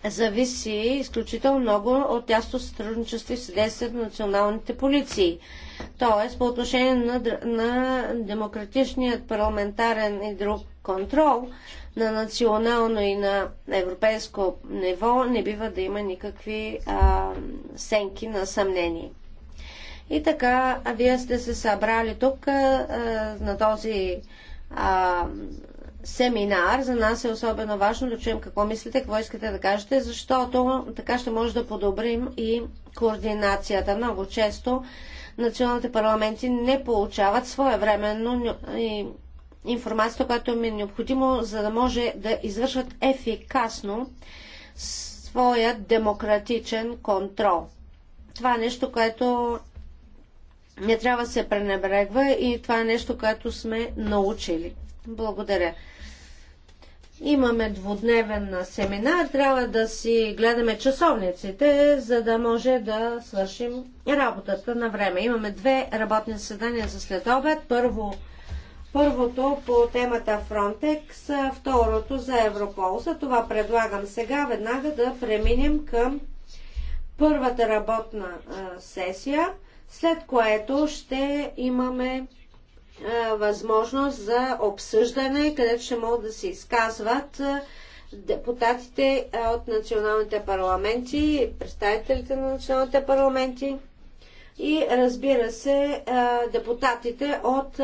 C: зависи изключително много от тясто сътрудничество и съдействие на националните полиции. Тоест, по отношение на, на демократичният парламентарен и друг контрол на национално и на европейско ниво не бива да има никакви а, сенки на съмнение. И така, вие сте се събрали тук а, на този а, семинар. За нас е особено важно да чуем какво мислите, какво искате да кажете, защото така ще може да подобрим и координацията. Много често националните парламенти не получават своевременно информацията, която им е необходимо, за да може да извършват ефикасно своя демократичен контрол. Това е нещо, което не трябва да се пренебрегва и това е нещо, което сме научили. Благодаря. Имаме двудневен семинар, трябва да си гледаме часовниците, за да може да свършим работата на време. Имаме две работни заседания за след обед. Първо, първото по темата Frontex, второто за Европол. За това предлагам сега веднага да преминем към първата работна сесия – след което ще имаме а, възможност за обсъждане, където ще могат да се изказват депутатите от националните парламенти, представителите на националните парламенти и разбира се депутатите от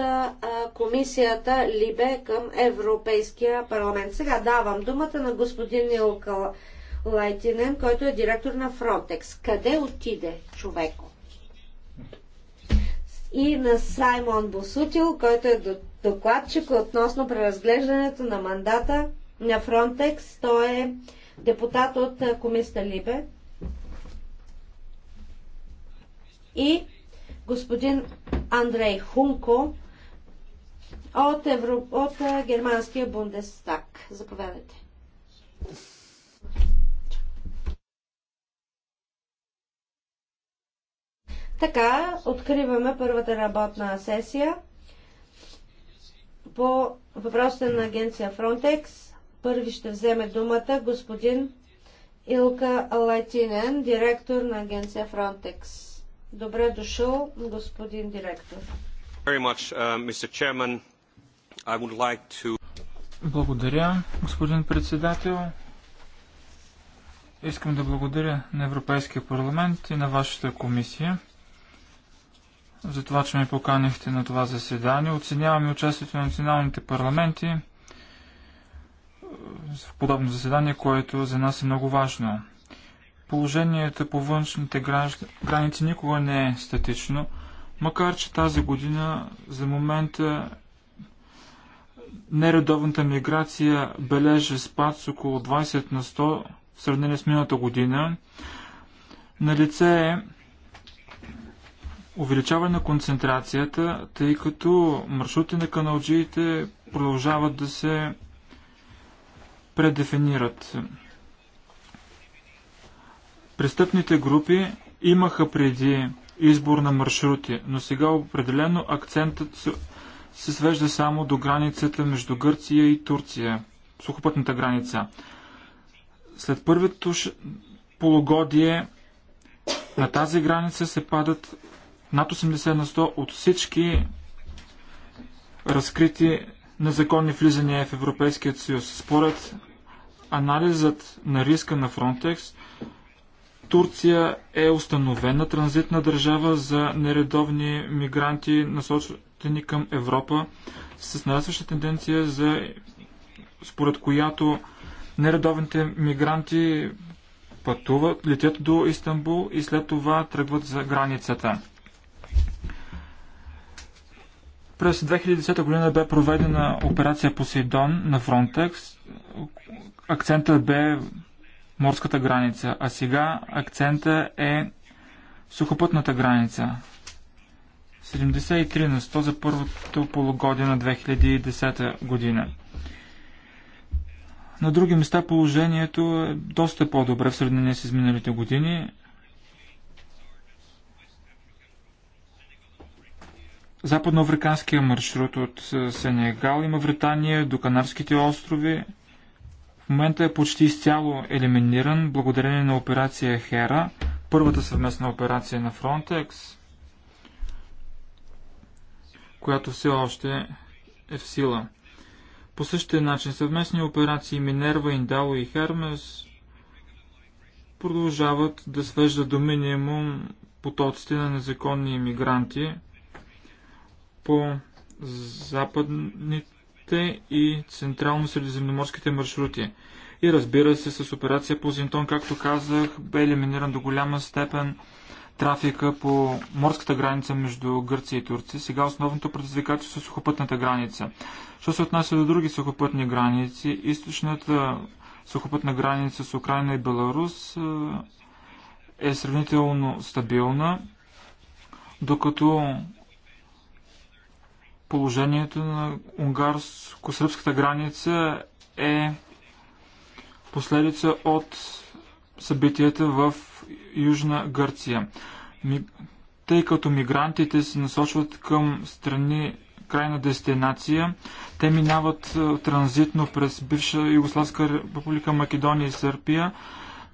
C: комисията Либе към Европейския парламент. Сега давам думата на господин Нилка Лайтинен, който е директор на Фронтекс. Къде отиде човеко? и на Саймон Босутил, който е докладчик относно преразглеждането на мандата на Фронтекс. Той е депутат от комиста Либе. И господин Андрей Хунко от, Европ... от Германския Бундестаг. Заповядайте. Така, откриваме първата работна сесия по въпросите на агенция Frontex. Първи ще вземе думата господин Илка Латинен, директор на агенция Frontex. Добре дошъл, господин директор.
A: Uh, благодаря, господин председател. Искам да благодаря на Европейския парламент и на вашата комисия за това, че ме поканихте на това заседание. Оценяваме участието на националните парламенти е, в подобно заседание, което за нас е много важно. Положението по външните граници никога не е статично, макар че тази година за момента нередовната миграция бележи спад с около 20 на 100 в сравнение с миналата година. На лице е увеличаване на концентрацията, тъй като маршрути на каналджиите продължават да се предефинират. Престъпните групи имаха преди избор на маршрути, но сега определено акцентът се свежда само до границата между Гърция и Турция, сухопътната граница. След първото полугодие на тази граница се падат над 80 на 100 от всички разкрити незаконни влизания в Европейския съюз. Според анализът на риска на Frontex, Турция е установена транзитна държава за нередовни мигранти, насочени към Европа, с нарастваща тенденция за според която нередовните мигранти пътуват, летят до Истанбул и след това тръгват за границата. През 2010 година бе проведена операция Посейдон на Фронтекс. Акцентът бе морската граница, а сега акцента е сухопътната граница. 73 на 100 за първото полугодие на 2010 година. На други места положението е доста по-добре в сравнение с миналите години. западноафриканския маршрут от е, Сенегал и Мавритания до Канарските острови. В момента е почти изцяло елиминиран благодарение на операция Хера, първата съвместна операция на Фронтекс, която все още е в сила. По същия начин съвместни операции Минерва, Индало и Хермес продължават да свеждат до минимум потоците на незаконни иммигранти – по западните и централно-средиземноморските маршрути. И разбира се, с операция по Зинтон, както казах, бе елиминиран до голяма степен трафика по морската граница между Гърция и Турция. Сега основното предизвикателство е сухопътната граница. Що се отнася до други сухопътни граници, източната сухопътна граница с Украина и Беларус е сравнително стабилна, докато положението на унгарско-сръбската граница е последица от събитията в Южна Гърция. Тъй като мигрантите се насочват към страни крайна дестинация, те минават транзитно през бивша Югославска република Македония и Сърбия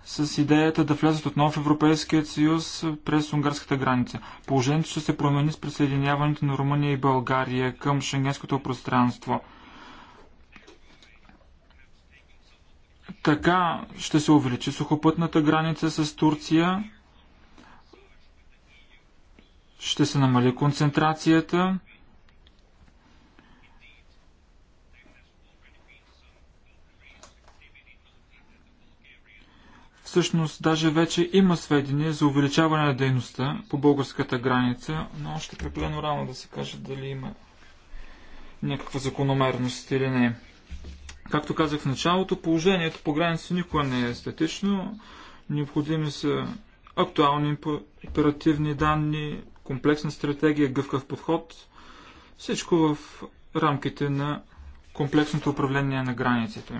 A: с идеята да влязат отново в Европейския съюз през унгарската граница. Положението ще се промени с присъединяването на Румъния и България към шенгенското пространство. Така ще се увеличи сухопътната граница с Турция, ще се намали концентрацията Всъщност, даже вече има сведения за увеличаване на дейността по българската граница, но още прекалено рано да се каже дали има някаква закономерност или не. Както казах в началото, положението по граница никога не е статично. Необходими са актуални оперативни данни, комплексна стратегия, гъвкав подход. Всичко в рамките на комплексното управление на границите.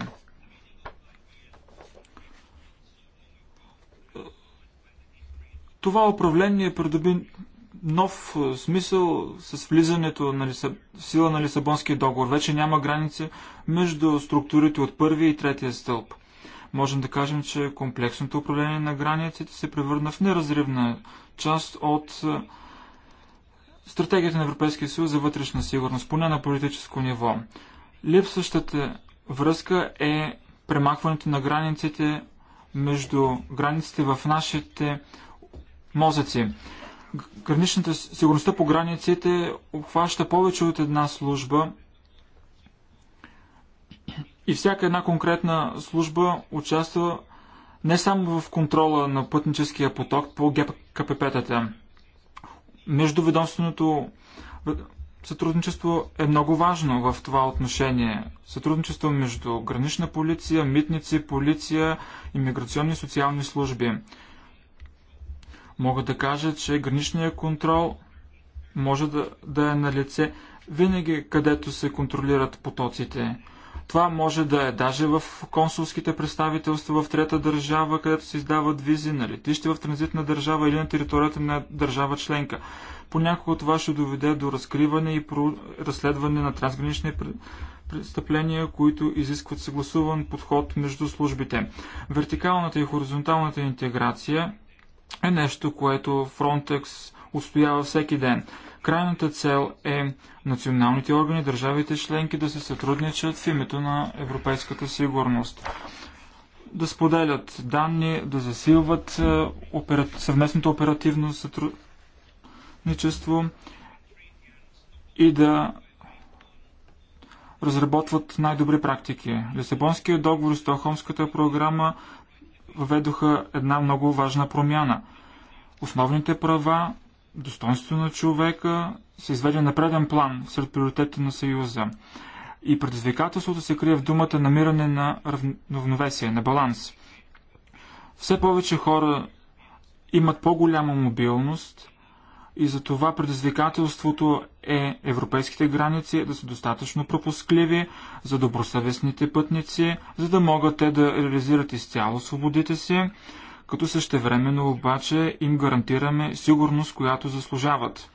A: това управление придоби нов смисъл с влизането на Лисаб... сила на Лисабонския договор. Вече няма граница между структурите от първия и третия стълб. Можем да кажем, че комплексното управление на границите се превърна в неразривна част от стратегията на Европейския съюз за вътрешна сигурност, поне на политическо ниво. Липсващата връзка е премахването на границите между границите в нашите мозъци. Граничната сигурността по границите обхваща повече от една служба и всяка една конкретна служба участва не само в контрола на пътническия поток по ГКПП-тата. Междуведомственото сътрудничество е много важно в това отношение. Сътрудничество между гранична полиция, митници, полиция, иммиграционни и социални служби. Мога да кажа, че граничният контрол може да, да е на лице винаги, където се контролират потоците. Това може да е даже в консулските представителства в трета държава, където се издават визи на летище в транзитна държава или на територията на държава членка. Понякога това ще доведе до разкриване и разследване на трансгранични престъпления, които изискват съгласуван подход между службите. Вертикалната и хоризонталната интеграция е нещо, което Frontex устоява всеки ден. Крайната цел е националните органи, държавите членки да се сътрудничат в името на европейската сигурност. Да споделят данни, да засилват е, съвместното оперативно сътрудничество и да разработват най-добри практики. Лисабонския договор, Стохомската програма въведоха една много важна промяна. Основните права, достоинството на човека се изведе на преден план сред приоритетите на Съюза. И предизвикателството се крие в думата намиране на равновесие, на баланс. Все повече хора имат по-голяма мобилност и за това предизвикателството е европейските граници да са достатъчно пропускливи за добросъвестните пътници, за да могат те да реализират изцяло свободите си, като същевременно обаче им гарантираме сигурност, която заслужават.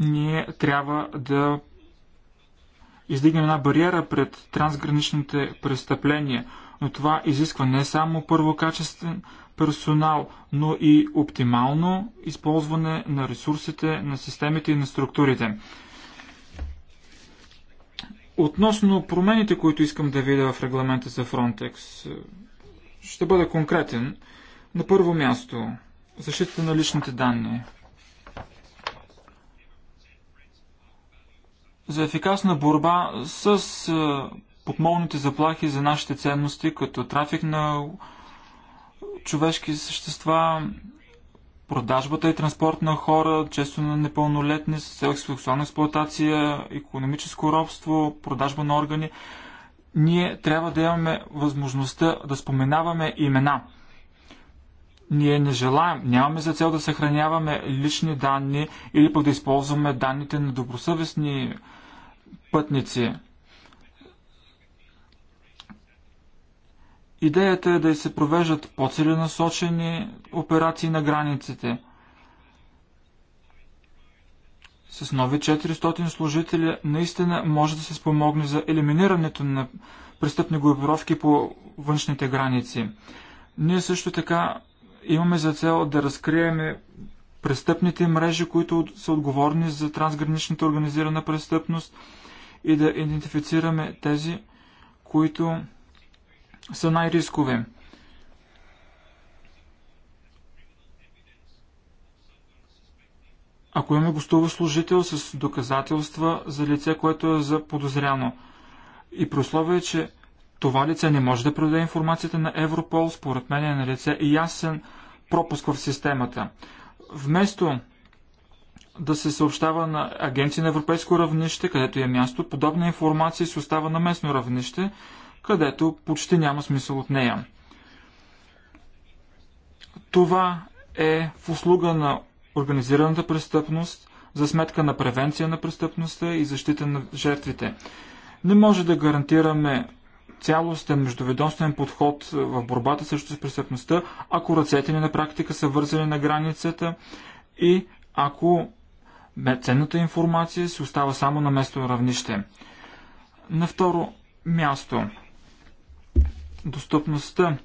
A: Ние трябва да издигнем една бариера пред трансграничните престъпления, но това изисква не само първо качествен персонал, но и оптимално използване на ресурсите, на системите и на структурите. Относно промените, които искам да видя в регламента за Frontex, ще бъда конкретен. На първо място, защита на личните данни. За ефикасна борба с подмолните заплахи за нашите ценности, като трафик на човешки същества, продажбата и транспорт на хора, често на непълнолетни, сексуална експлуатация, економическо робство, продажба на органи. Ние трябва да имаме възможността да споменаваме имена. Ние не желаем, нямаме за цел да съхраняваме лични данни или пък да използваме данните на добросъвестни пътници. Идеята е да се провеждат по-целенасочени операции на границите. С нови 400 служители наистина може да се спомогне за елиминирането на престъпни групировки по външните граници. Ние също така имаме за цел да разкрием престъпните мрежи, които са отговорни за трансграничната организирана престъпност и да идентифицираме тези, които са най-рискови. Ако имаме гостува служител с доказателства за лице, което е заподозряно и при условие, че това лице не може да предаде информацията на Европол, според мен е на лице и ясен пропуск в системата. Вместо да се съобщава на агенции на европейско равнище, където е място, подобна информация се остава на местно равнище, където почти няма смисъл от нея. Това е в услуга на организираната престъпност, за сметка на превенция на престъпността и защита на жертвите. Не може да гарантираме цялостен междуведомствен подход в борбата срещу престъпността, ако ръцете ни на практика са вързани на границата и ако ценната информация се остава само на местно равнище. На второ място, достъпността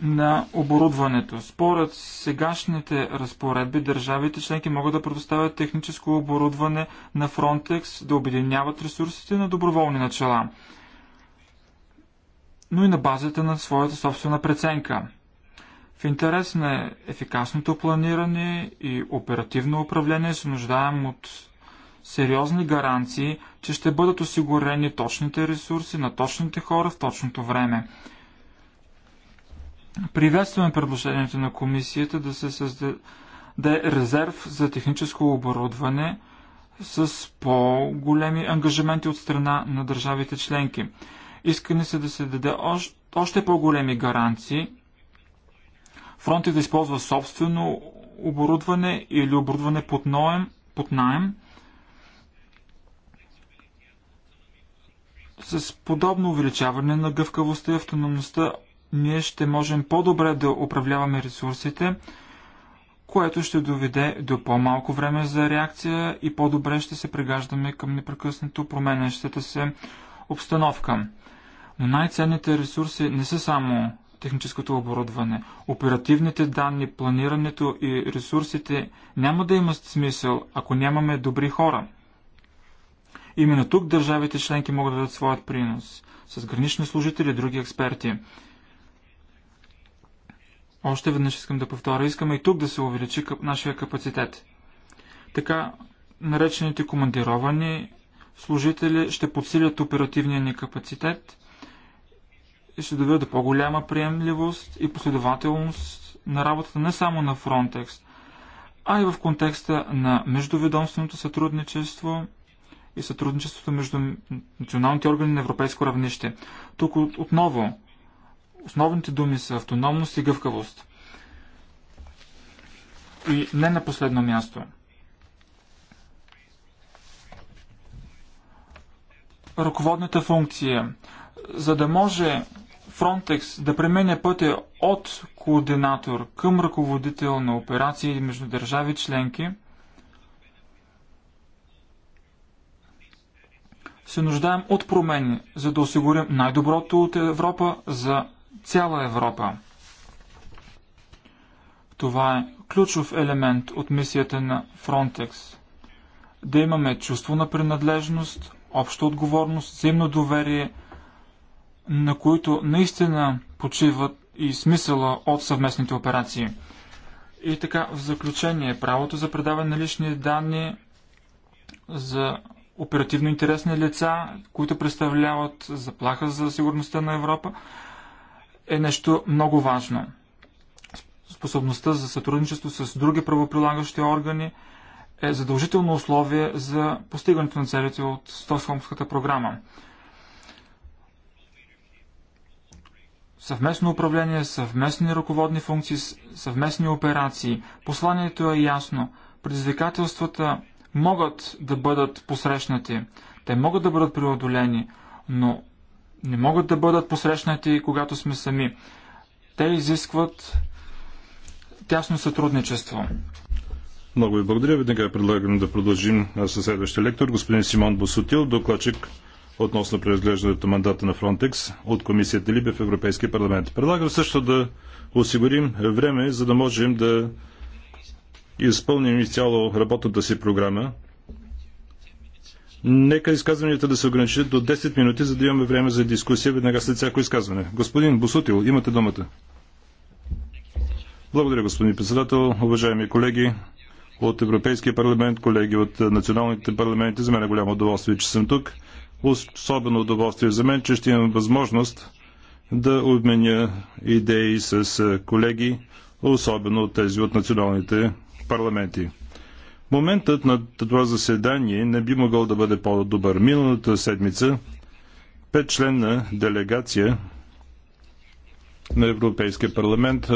A: на оборудването. Според сегашните разпоредби, държавите членки могат да предоставят техническо оборудване на Frontex, да обединяват ресурсите на доброволни начала, но и на базата на своята собствена преценка. В интерес на ефикасното планиране и оперативно управление се нуждаем от сериозни гаранции, че ще бъдат осигурени точните ресурси на точните хора в точното време – Приветстваме предложението на комисията да се създаде да е резерв за техническо оборудване с по-големи ангажименти от страна на държавите членки. искане се да се даде още, още по-големи гаранции фронти да използва собствено оборудване или оборудване под, ноем, под найем. С подобно увеличаване на гъвкавостта и автономността ние ще можем по-добре да управляваме ресурсите, което ще доведе до по-малко време за реакция и по-добре ще се пригаждаме към непрекъснато променящата се обстановка. Но най-ценните ресурси не са само техническото оборудване. Оперативните данни, планирането и ресурсите няма да имат смисъл, ако нямаме добри хора. Именно тук държавите членки могат да дадат своят принос с гранични служители и други експерти. Още веднъж искам да повторя, искаме и тук да се увеличи къп, нашия капацитет. Така наречените командировани служители ще подсилят оперативния ни капацитет и ще доведат до по-голяма приемливост и последователност на работата не само на Frontex, а и в контекста на междуведомственото сътрудничество и сътрудничеството между националните органи на европейско равнище. Тук отново Основните думи са автономност и гъвкавост. И не на последно място. Ръководната функция. За да може Frontex да пременя пътя от координатор към ръководител на операции между държави членки, се нуждаем от промени, за да осигурим най-доброто от Европа за цяла Европа. Това е ключов елемент от мисията на Фронтекс. Да имаме чувство на принадлежност, обща отговорност, взаимно доверие, на които наистина почиват и смисъла от съвместните операции. И така, в заключение, правото за предаване на лични данни за оперативно интересни лица, които представляват заплаха за сигурността на Европа, е нещо много важно. Способността за сътрудничество с други правоприлагащи органи е задължително условие за постигането на целите от стосхомската програма. Съвместно управление, съвместни ръководни функции, съвместни операции. Посланието е ясно. Предизвикателствата могат да бъдат посрещнати. Те могат да бъдат преодолени, но не могат да бъдат посрещнати, когато сме сами. Те изискват тясно сътрудничество.
B: Много ви благодаря. Веднага предлагам да продължим със следващия лектор, господин Симон Босутил, докладчик относно преразглеждането мандата на Фронтекс от комисията Либе в Европейския парламент. Предлагам също да осигурим време, за да можем да изпълним изцяло работната си програма Нека изказванията да се ограничат до 10 минути, за да имаме време за дискусия веднага след всяко изказване. Господин Босутил, имате думата. Благодаря, господин председател. Уважаеми колеги от Европейския парламент, колеги от националните парламенти, за мен е голямо удоволствие, че съм тук. Особено удоволствие за мен, че ще имам възможност да обменя идеи с колеги, особено тези от националните парламенти. Моментът на това заседание не би могъл да бъде по-добър. Миналата седмица пет петчленна делегация на Европейския парламент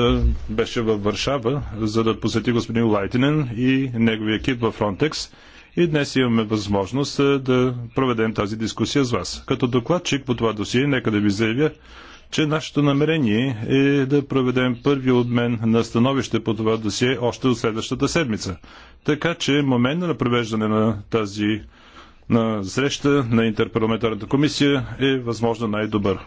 B: беше във Варшава, за да посети господин Лайтинен и неговия екип във Фронтекс. И днес имаме възможност да проведем тази дискусия с вас. Като докладчик по това досие, нека да ви заявя, че нашето намерение е да проведем първи обмен на становище по това досие още от следващата седмица. Така че момент на провеждане на тази на среща на Интерпарламентарната комисия е възможно най-добър.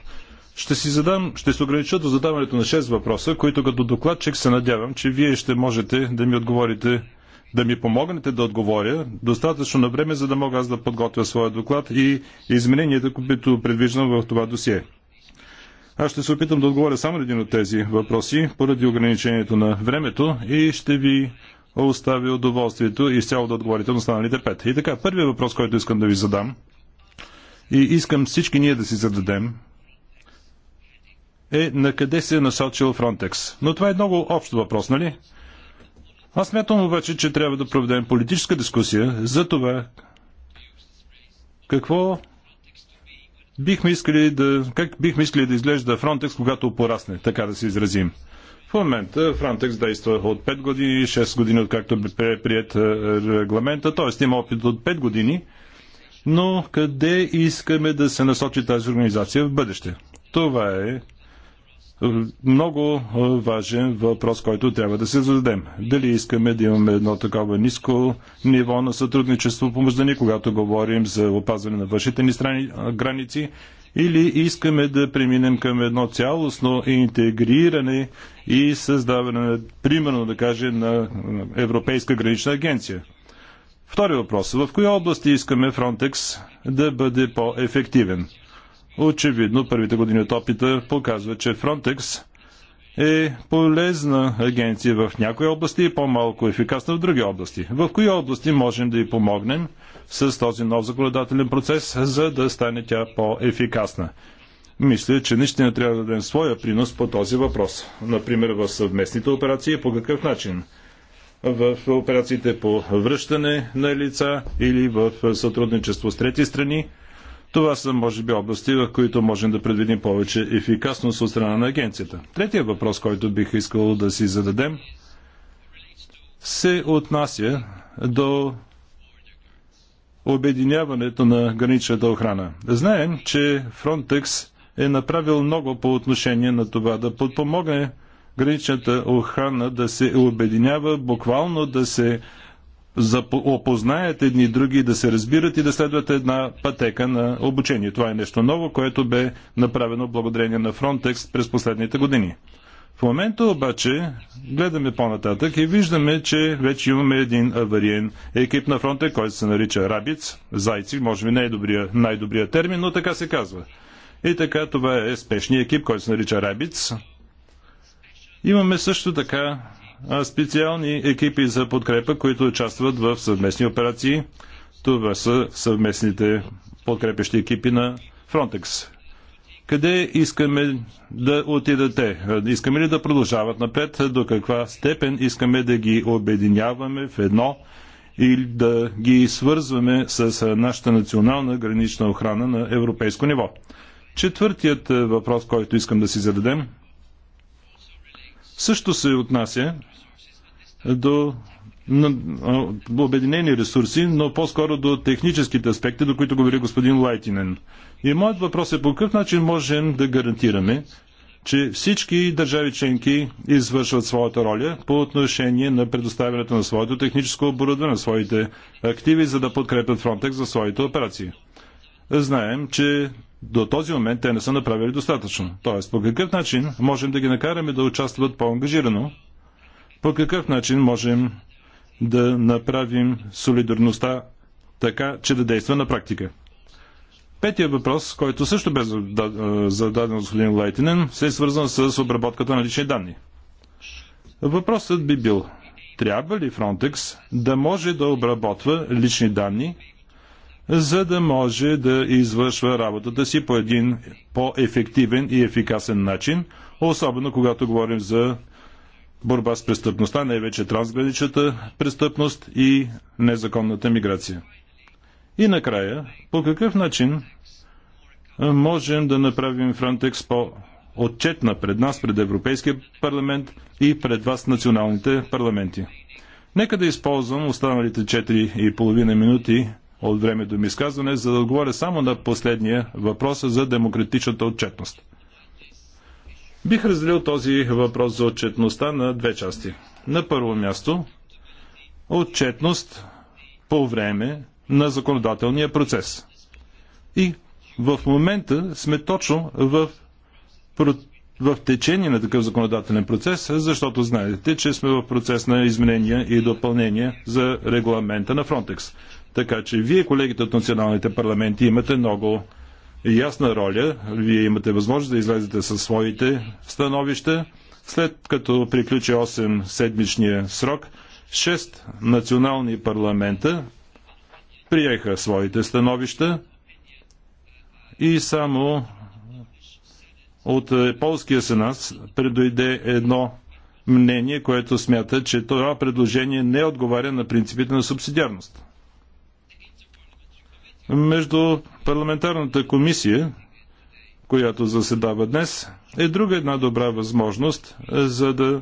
B: Ще си задам, ще се огранича до задаването на 6 въпроса, които като докладчик се надявам, че вие ще можете да ми отговорите да ми помогнете да отговоря достатъчно на време, за да мога аз да подготвя своя доклад и измененията, които предвиждам в това досие. Аз ще се опитам да отговоря само един от тези въпроси, поради ограничението на времето и ще ви оставя удоволствието и изцяло да отговорите на останалите пет. И така, първият въпрос, който искам да ви задам и искам всички ние да си зададем е на къде се е насочил Фронтекс. Но това е много общ въпрос, нали? Аз смятам обаче, че трябва да проведем политическа дискусия за това какво бихме искали да, как бихме искали да изглежда Фронтекс, когато порасне, така да се изразим. В момента Фронтекс действа от 5 години, 6 години откакто бе прият е, регламента, т.е. има опит от 5 години, но къде искаме да се насочи тази организация в бъдеще? Това е много е, важен въпрос, който трябва да се зададем. Дали искаме да имаме едно такова ниско ниво на сътрудничество помежду ни, когато говорим за опазване на външните ни страни, граници, или искаме да преминем към едно цялостно интегриране и създаване, примерно да кажем, на Европейска гранична агенция. Втори въпрос. В кои области искаме Фронтекс да бъде по-ефективен? Очевидно, първите години от опита показва, че Frontex е полезна агенция в някои области и по-малко ефикасна в други области. В кои области можем да й помогнем с този нов законодателен процес, за да стане тя по-ефикасна? Мисля, че наистина трябва да дадем своя принос по този въпрос. Например, в съвместните операции по какъв начин? В операциите по връщане на лица или в сътрудничество с трети страни – това са, може би, области, в които можем да предвидим повече ефикасност от страна на агенцията. Третия въпрос, който бих искал да си зададем, се отнася до обединяването на граничната охрана. Знаем, че Frontex е направил много по отношение на това да подпомогне граничната охрана да се обединява, буквално да се за опознаят едни и други, да се разбират и да следват една пътека на обучение. Това е нещо ново, което бе направено благодарение на Frontex през последните години. В момента обаче гледаме по-нататък и виждаме, че вече имаме един авариен екип на фронта, който се нарича Рабиц, Зайци, може би не е добрия, най-добрия термин, но така се казва. И така това е спешния екип, който се нарича Рабиц. Имаме също така специални екипи за подкрепа, които участват в съвместни операции. Това са съвместните подкрепещи екипи на Frontex. Къде искаме да отидете? Искаме ли да продължават напред? До каква степен искаме да ги обединяваме в едно или да ги свързваме с нашата национална гранична охрана на европейско ниво? Четвъртият въпрос, който искам да си зададем – също се отнася до обединени ресурси, но по-скоро до техническите аспекти, до които говори господин Лайтинен. И моят въпрос е по какъв начин можем да гарантираме, че всички държави членки извършват своята роля по отношение на предоставянето на своето техническо оборудване, на своите активи, за да подкрепят Фронтекс за своите операции. Знаем, че до този момент те не са направили достатъчно. Тоест, по какъв начин можем да ги накараме да участват по-ангажирано? По какъв начин можем да направим солидарността така, че да действа на практика? Петия въпрос, който също бе зададен от господин Лайтинен, се е свързан с обработката на лични данни. Въпросът би бил, трябва ли Frontex да може да обработва лични данни за да може да извършва работата си по един по-ефективен и ефикасен начин, особено когато говорим за борба с престъпността, най-вече трансграничната престъпност и незаконната миграция. И накрая, по какъв начин можем да направим Фронтекс по отчетна пред нас, пред Европейския парламент и пред вас националните парламенти. Нека да използвам останалите 4,5 минути от времето ми изказване, за да отговоря само на последния въпрос за демократичната отчетност. Бих разделил този въпрос за отчетността на две части. На първо място, отчетност по време на законодателния процес. И в момента сме точно в, в течение на такъв законодателен процес, защото знаете, че сме в процес на изменения и допълнения за регламента на Фронтекс. Така че вие, колегите от националните парламенти, имате много ясна роля. Вие имате възможност да излезете със своите становища. След като приключи 8 седмичния срок, 6 национални парламента приеха своите становища и само от е, полския сенат предойде едно мнение, което смята, че това предложение не отговаря на принципите на субсидиарност между парламентарната комисия, която заседава днес, е друга една добра възможност е, за да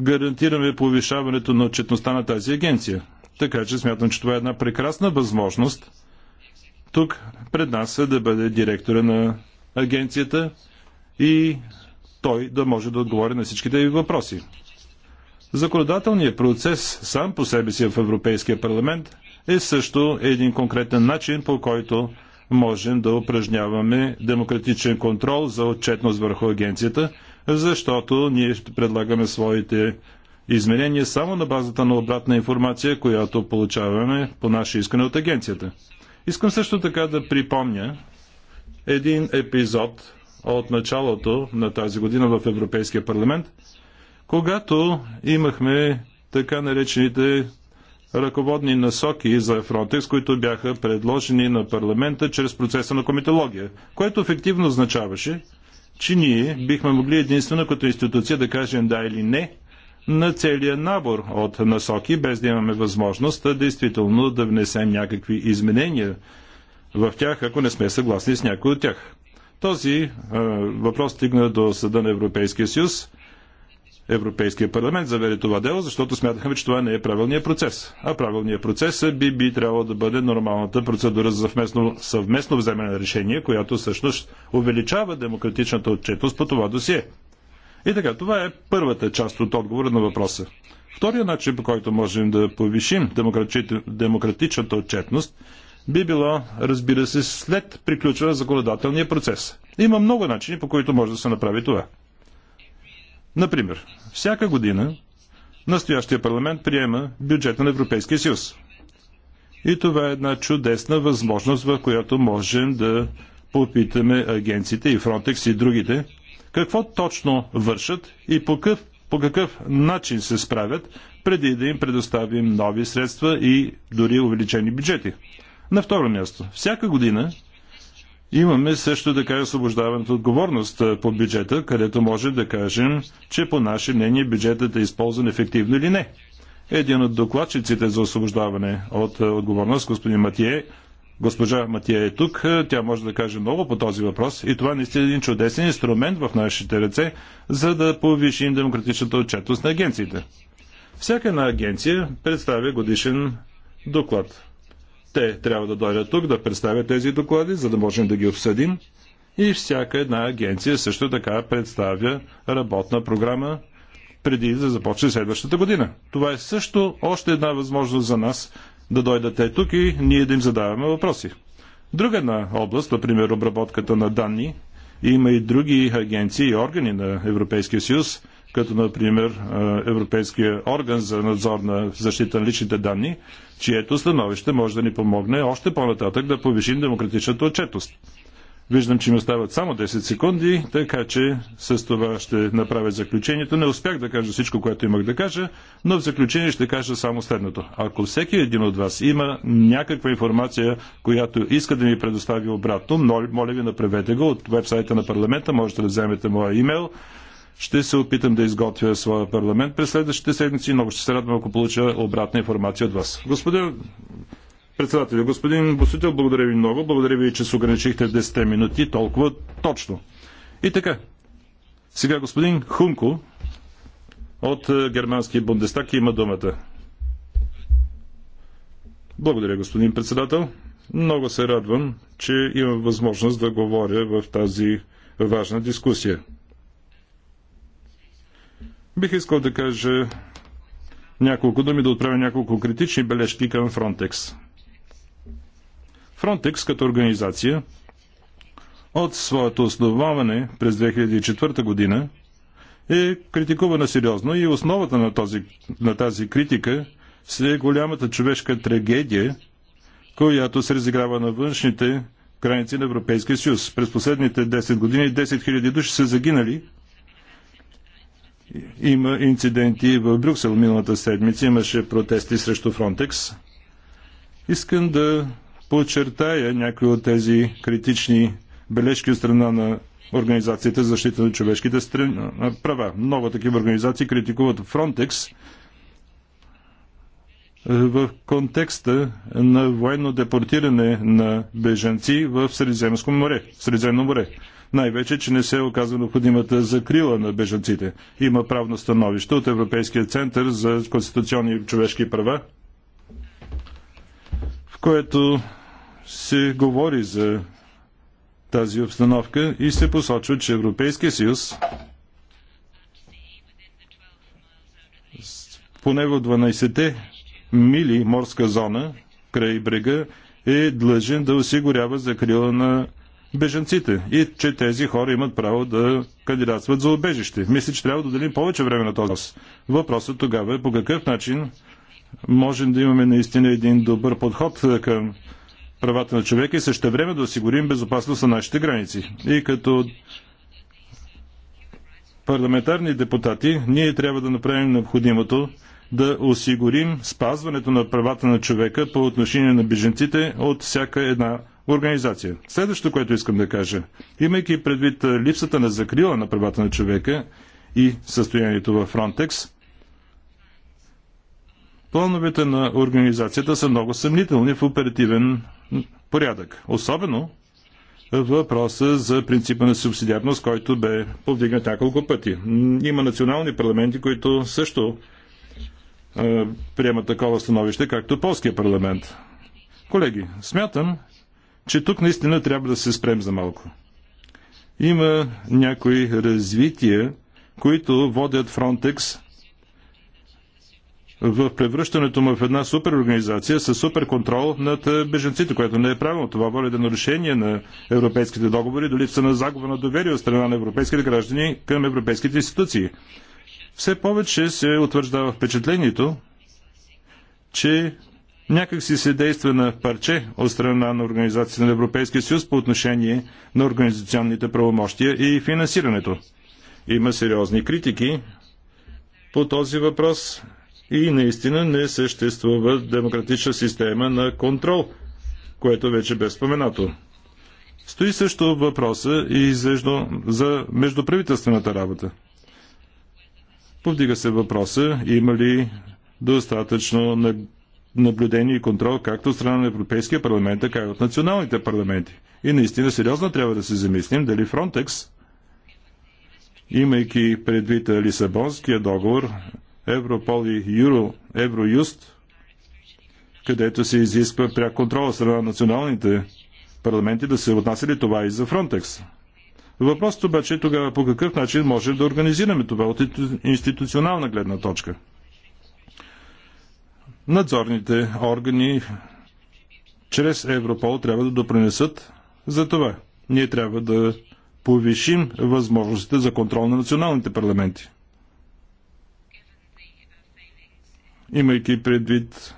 B: гарантираме повишаването на отчетността на тази агенция. Така че смятам, че това е една прекрасна възможност тук пред нас е да бъде директора на агенцията и той да може да отговори на всичките ви въпроси. Законодателният процес сам по себе си е в Европейския парламент е също един конкретен начин, по който можем да упражняваме демократичен контрол за отчетност върху агенцията, защото ние ще предлагаме своите изменения само на базата на обратна информация, която получаваме по наше искане от агенцията. Искам също така да припомня един епизод от началото на тази година в Европейския парламент, когато имахме така наречените ръководни насоки за Фронтекс, които бяха предложени на парламента чрез процеса на комитология, което ефективно означаваше, че ние бихме могли единствено като институция да кажем да или не на целия набор от насоки, без да имаме възможност действително да внесем някакви изменения в тях, ако не сме съгласни с някой от тях. Този е, въпрос стигна до Съда на Европейския съюз Европейския парламент заведе това дело, защото смятахме, че това не е правилният процес. А правилният процес е, би, би трябвало да бъде нормалната процедура за съвместно, съвместно вземане на решение, която всъщност увеличава демократичната отчетност по това досие. И така, това е първата част от отговора на въпроса. Втория начин, по който можем да повишим демократичната отчетност, би било, разбира се, след приключване на законодателния процес. Има много начини, по които може да се направи това. Например, всяка година настоящия парламент приема бюджета на Европейския съюз. И това е една чудесна възможност, в която можем да попитаме агенциите и Фронтекс и другите какво точно вършат и по какъв, по какъв начин се справят, преди да им предоставим нови средства и дори увеличени бюджети. На второ място, всяка година Имаме също, така и освобождаването отговорност по бюджета, където може да кажем, че по наше мнение бюджетът е използван ефективно или не. Един от докладчиците за освобождаване от отговорност, господин Матие, госпожа Матия е тук, тя може да каже много по този въпрос и това наистина е един чудесен инструмент в нашите ръце, за да повишим демократичната отчетност на агенциите. Всяка една агенция представя годишен доклад. Те трябва да дойдат тук да представят тези доклади, за да можем да ги обсъдим. И всяка една агенция също така представя работна програма преди да започне следващата година. Това е също още една възможност за нас да дойдат те тук и ние да им задаваме въпроси. Друга една област, например обработката на данни, има и други агенции и органи на Европейския съюз, като например е, Европейския орган за надзор на защита на личните данни, чието становище може да ни помогне още по-нататък да повишим демократичната отчетост. Виждам, че ми остават само 10 секунди, така че с това ще направя заключението. Не успях да кажа всичко, което имах да кажа, но в заключение ще кажа само следното. Ако всеки един от вас има някаква информация, която иска да ми предостави обратно, моля ви, направете го от вебсайта на парламента, можете да вземете моя имейл. Ще се опитам да изготвя своя парламент през следващите седмици и много ще се радвам, ако получа обратна информация от вас. Господин председател, господин Босител, благодаря ви много. Благодаря ви, че се ограничихте 10 минути толкова точно. И така, сега господин Хунко от е, германския Бундестаг има думата. Благодаря, господин председател. Много се радвам, че имам възможност да говоря в тази важна дискусия. Бих искал да кажа няколко думи, да отправя няколко критични бележки към Фронтекс. Фронтекс като организация от своето основаване през 2004 година е критикувана сериозно и основата на, този, на тази критика е голямата човешка трагедия, която се разиграва на външните граници на Европейския съюз. През последните 10 години 10 000 души са загинали има инциденти в Брюксел миналата седмица, имаше протести срещу Фронтекс. Искам да подчертая някои от тези критични бележки от страна на Организацията за защита на човешките права. Много такива организации критикуват Фронтекс в контекста на военно депортиране на беженци в Средиземно море. Средиземно море най-вече, че не се оказва необходимата закрила на бежанците. Има правно становище от Европейския център за конституционни и човешки права, в което се говори за тази обстановка и се посочва, че Европейския съюз поне в 12-те мили морска зона край брега е длъжен да осигурява закрила на бежанците и че тези хора имат право да кандидатстват за убежище. Мисля, че трябва да дадем повече време на този въпрос. Въпросът тогава е по какъв начин можем да имаме наистина един добър подход е, към правата на човека и също време да осигурим безопасност на нашите граници. И като парламентарни депутати, ние трябва да направим необходимото да осигурим спазването на правата на човека по отношение на беженците от всяка една организация. Следващото, което искам да кажа, имайки предвид липсата на закрила на правата на човека и състоянието във Фронтекс, плановете на организацията са много съмнителни в оперативен порядък. Особено въпроса за принципа на субсидиарност, който бе повдигнат няколко пъти. Има национални парламенти, които също приемат такова становище, както полския парламент. Колеги, смятам, че тук наистина трябва да се спрем за малко. Има някои развития, които водят Фронтекс в превръщането му в една суперорганизация с суперконтрол над е, беженците, което не е правилно. Това води до нарушение на европейските договори, до липса на загуба на доверие от страна на европейските граждани към европейските институции. Все повече се утвърждава впечатлението, че някак си се действа на парче от страна на Организацията на Европейския съюз по отношение на организационните правомощия и финансирането. Има сериозни критики по този въпрос и наистина не съществува демократична система на контрол, което вече бе споменато. Стои също въпроса и за, за междуправителствената работа. Повдига се въпроса има ли достатъчно наблюдение и контрол както от страна на Европейския парламент, така и от националните парламенти. И наистина сериозно трябва да се замислим дали Фронтекс, имайки предвид Лисабонския договор, Европол и Юро, Евроюст, където се изисква пряк контрол от страна на националните парламенти да се отнасяли това и за Фронтекс. Въпросът обаче е тогава по какъв начин може да организираме това от институционална гледна точка – надзорните органи чрез Европол трябва да допринесат за това. Ние трябва да повишим възможностите за контрол на националните парламенти. Имайки предвид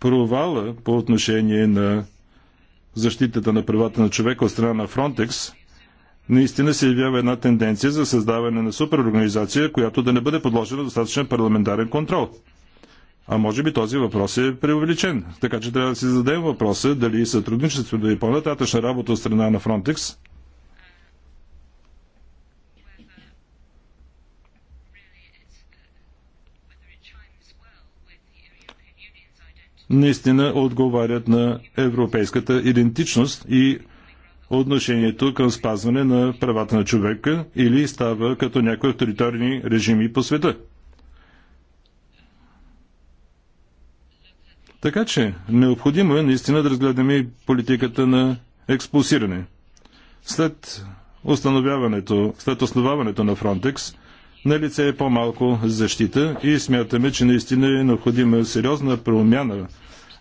B: провала по отношение на защитата на правата на човека от страна на Фронтекс, наистина се явява една тенденция за създаване на суперорганизация, която да не бъде подложена достатъчен парламентарен контрол. А може би този въпрос е преувеличен. Така че трябва да си зададем въпроса дали сътрудничеството и по-нататъчна работа от страна на Фронтекс наистина отговарят на европейската идентичност и отношението към спазване на правата на човека или става като някои авторитарни режими по света. Така че необходимо е наистина да разгледаме и политиката на експулсиране. След установяването, след основаването на Фронтекс, на лице е по-малко защита и смятаме, че наистина е необходима сериозна промяна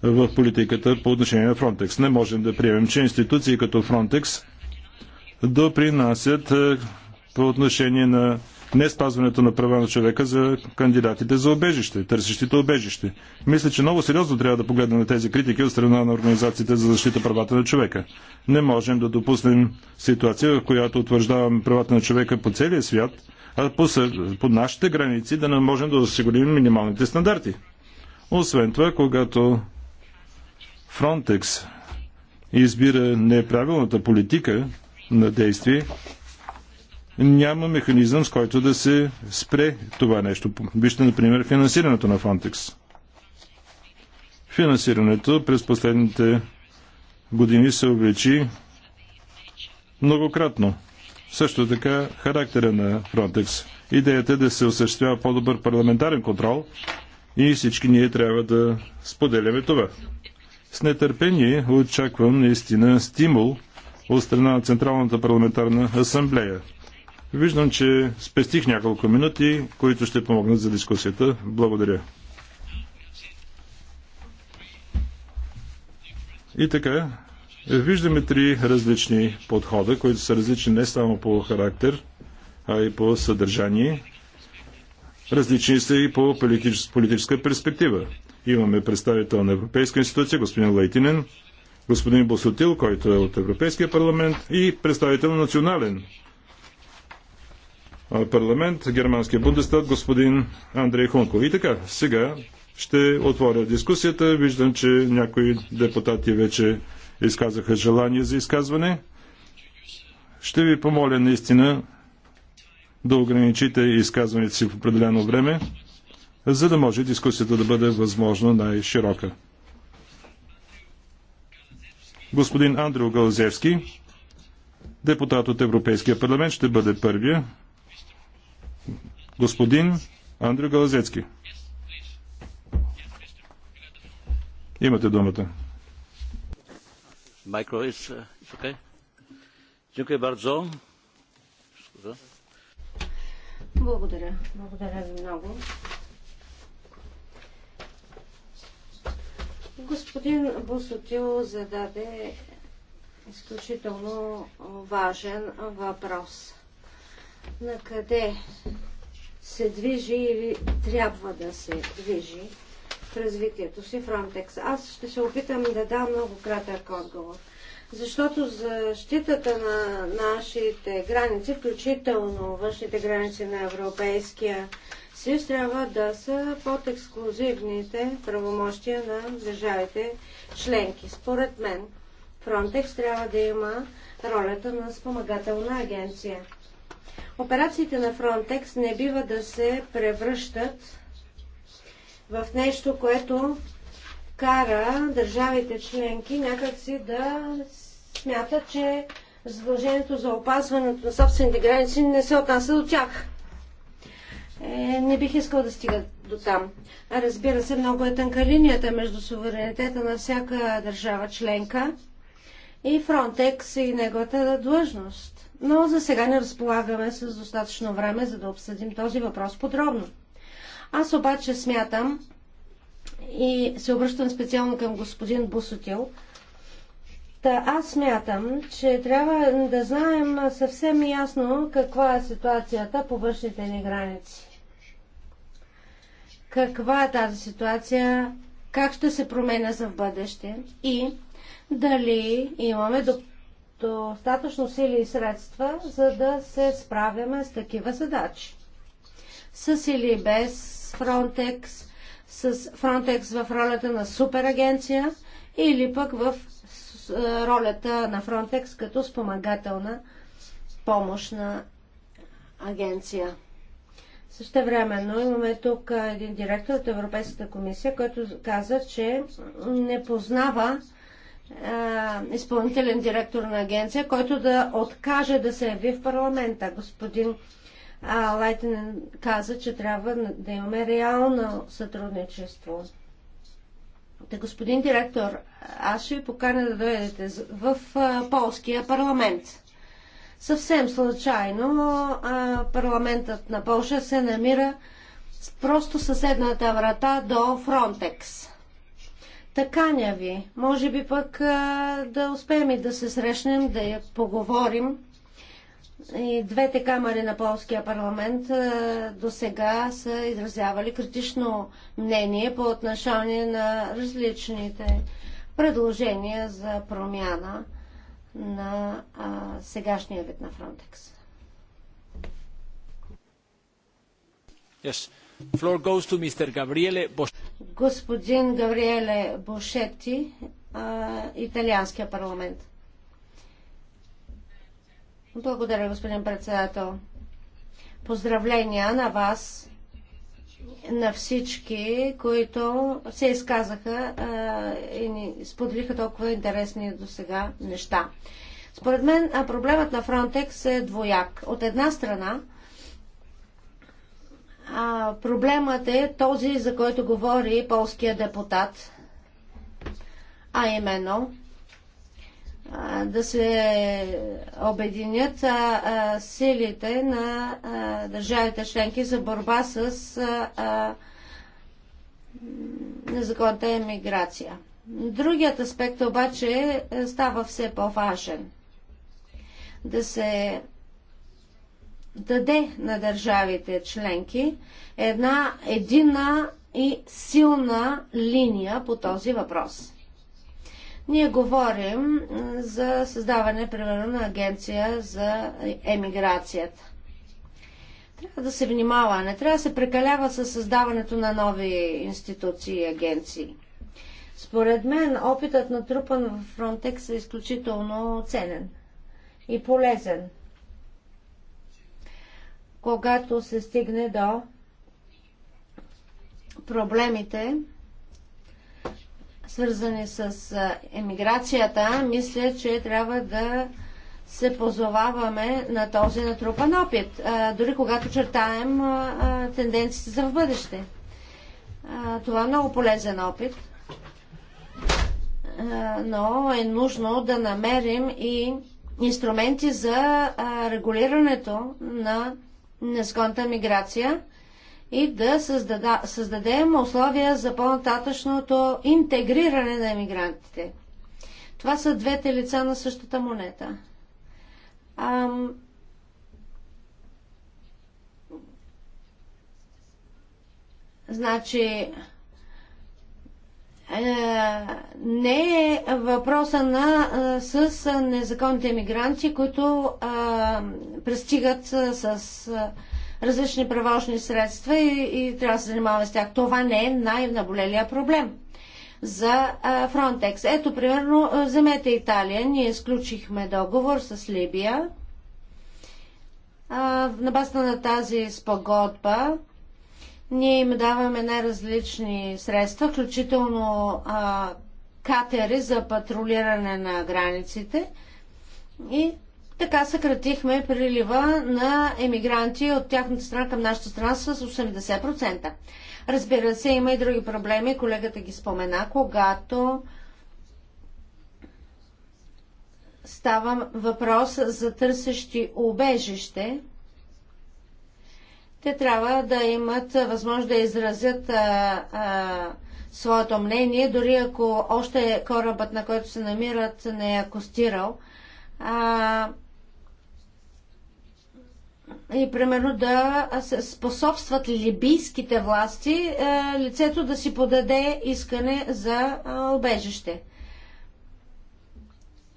B: в политиката по отношение на Фронтекс. Не можем да приемем, че институции като Фронтекс допринасят е, по отношение на не спазването на права на човека за кандидатите за обежище, търсещите обежище. Мисля, че много сериозно трябва да погледнем на тези критики от страна на организациите за защита правата на човека. Не можем да допуснем ситуация, в която утвърждаваме правата на човека по целия свят, а по, по нашите граници да не можем да осигурим минималните стандарти. Освен това, когато Фронтекс избира неправилната политика на действие, няма механизъм, с който да се спре това нещо. Вижте, например, финансирането на Frontex. Финансирането през последните години се увеличи многократно. Също така характера на Frontex. Идеята е да се осъществява по-добър парламентарен контрол и всички ние трябва да споделяме това. С нетърпение очаквам наистина стимул от страна на Централната парламентарна асамблея Виждам, че спестих няколко минути, които ще помогнат за дискусията. Благодаря. И така, виждаме три различни подхода, които са различни не само по характер, а и по съдържание. Различни са и по политическа перспектива. Имаме представител на Европейска институция, господин Лейтинен, господин Босотил, който е от Европейския парламент и представител на национален парламент, германския бундестат, господин Андрей Хунко. И така, сега ще отворя дискусията. Виждам, че някои депутати вече изказаха желание за изказване. Ще ви помоля наистина да ограничите изказването си в определено време, за да може дискусията да бъде възможно най-широка. Господин Андрю Галзевски, депутат от Европейския парламент, ще бъде първия. Господин Андрю Галазецки. Имате думата.
A: Майкро, е, е, е,
C: Благодаря. Благодаря ви много. Господин Босотил зададе изключително важен въпрос. На къде се движи или трябва да се движи в развитието си Frontex. Аз ще се опитам да дам много кратък отговор. Защото защитата на нашите граници, включително външните граници на Европейския съюз, трябва да са под ексклюзивните правомощия на държавите членки. Според мен, Frontex трябва да има ролята на спомагателна агенция. Операциите на Frontex не бива да се превръщат в нещо, което кара държавите членки някакси да смятат, че задължението за опазването на собствените граници не се отнася до тях. Е, не бих искал да стига до там. А разбира се, много е тънка линията между суверенитета на всяка държава членка и Фронтекс и неговата длъжност но за сега не разполагаме с достатъчно време, за да обсъдим този въпрос подробно. Аз обаче смятам и се обръщам специално към господин Бусотил. Та аз смятам, че трябва да знаем съвсем ясно каква е ситуацията по външните ни граници. Каква е тази ситуация, как ще се променя за в бъдеще и дали имаме достатъчно сили и средства, за да се справяме с такива задачи. С или без Frontex, с Frontex в ролята на суперагенция или пък в ролята на Frontex като спомагателна помощна агенция. Също времено имаме тук един директор от Европейската комисия, който каза, че не познава е, изпълнителен директор на агенция, който да откаже да се яви в парламента. Господин а, Лайтен каза, че трябва да имаме реално сътрудничество. Да, господин директор, аз ще ви поканя да дойдете в полския парламент. Съвсем случайно парламентът на Полша се намира просто съседната врата до Фронтекс. Таканя ви. Може би пък да успеем и да се срещнем, да я поговорим. И двете камери на полския парламент до сега са изразявали критично мнение по отношение на различните предложения за промяна на сегашния вид на Фронтекс.
A: Yes. Floor goes to Mr. Gabriele
C: Господин Габриеле Бошети, Италианския парламент. Благодаря, господин председател. Поздравления на вас, на всички, които се изказаха и ни споделиха толкова интересни до сега неща. Според мен проблемът на Фронтекс е двояк. От една страна, а, проблемът е този, за който говори полския депутат, а именно а, да се обединят а, а, силите на а, държавите членки за борба с а, а, незаконната емиграция. Другият аспект обаче е, става все по-важен. Да се даде на държавите членки една едина и силна линия по този въпрос. Ние говорим за създаване, примерно, на агенция за емиграцията. Трябва да се внимава, не трябва да се прекалява с създаването на нови институции и агенции. Според мен, опитът натрупан в Фронтекс е изключително ценен и полезен – когато се стигне до проблемите, свързани с емиграцията, мисля, че трябва да се позоваваме на този натрупан опит, дори когато чертаем тенденциите за в бъдеще. Това е много полезен опит, но е нужно да намерим и инструменти за регулирането на незаконната миграция и да създада, създадем условия за по-нататъчното интегриране на емигрантите. Това са двете лица на същата монета. Ам... Значи, е, не е въпроса на, е, с е, незаконните мигранти, които а, пристигат с а, различни превожни средства и, и трябва да се занимаваме с тях. Това не е най-наболелия проблем за а, Фронтекс. Ето, примерно, вземете Италия. Ние изключихме договор с Либия. А, на базата на тази спогодба ние им даваме най-различни средства, включително а, катери за патрулиране на границите и така съкратихме прилива на емигранти от тяхната страна към нашата страна с 80%. Разбира се, има и други проблеми, колегата ги спомена, когато става въпрос за търсещи убежище те трябва да имат възможност да изразят а, а, своето мнение, дори ако още корабът, на който се намират, не е акостирал. А, и примерно да способстват либийските власти а, е, лицето да си подаде искане за а, убежище.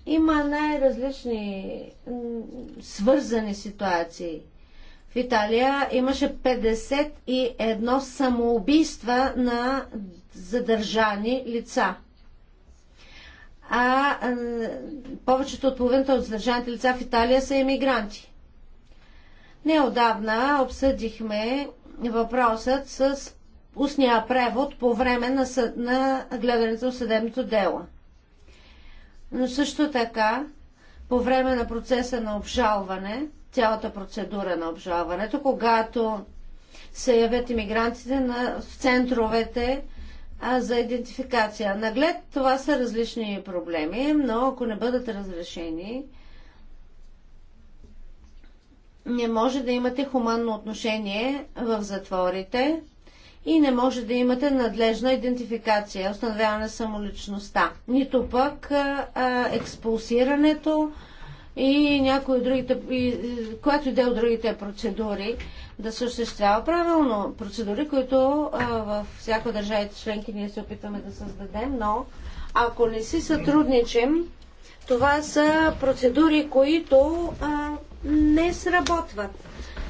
C: Има най-различни свързани ситуации – в Италия имаше 51 самоубийства на задържани лица. А повечето от половината от задържаните лица в Италия са емигранти. Неодавна обсъдихме въпросът с устния превод по време на, съд, на гледането на съдебното дело. Но също така, по време на процеса на обжалване, цялата процедура на обжалването, когато се явят иммигрантите на, в центровете а, за идентификация. Наглед това са различни проблеми, но ако не бъдат разрешени, не може да имате хуманно отношение в затворите и не може да имате надлежна идентификация, установяване самоличността, нито пък а, а, експулсирането, и някои от другите, и, което иде от другите процедури, да осъществява правилно процедури, които в във всяка държавите членки ние се опитваме да създадем, но ако не си сътрудничим, това са процедури, които а, не сработват.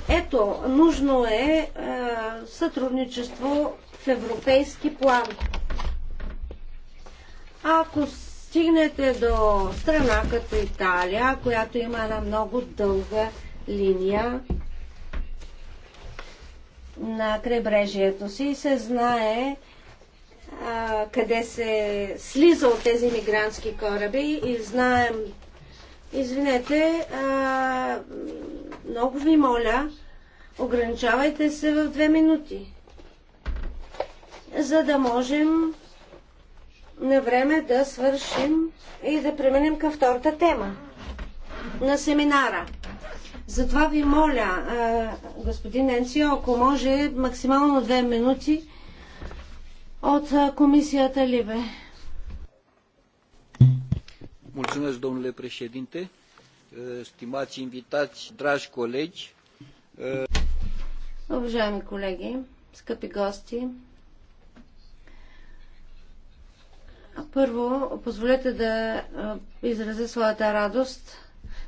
C: Ето, нужно е а, сътрудничество в европейски план. Ако стигнете до страна като Италия, която има една много дълга линия на крайбрежието си и се знае а, къде се слиза от тези мигрантски кораби и знаем, извинете, а, много ви моля, ограничавайте се в две минути, за да можем на време да свършим и да преминем към втората тема на семинара. Затова ви моля, господин Енцио, ако може, максимално две минути от комисията Либе.
B: Mulțumesc, domnule președinte, е,
A: stimați invitați, dragi colegi. Е,
C: Уважаеми колеги, скъпи гости, Първо, позволете да изразя своята радост.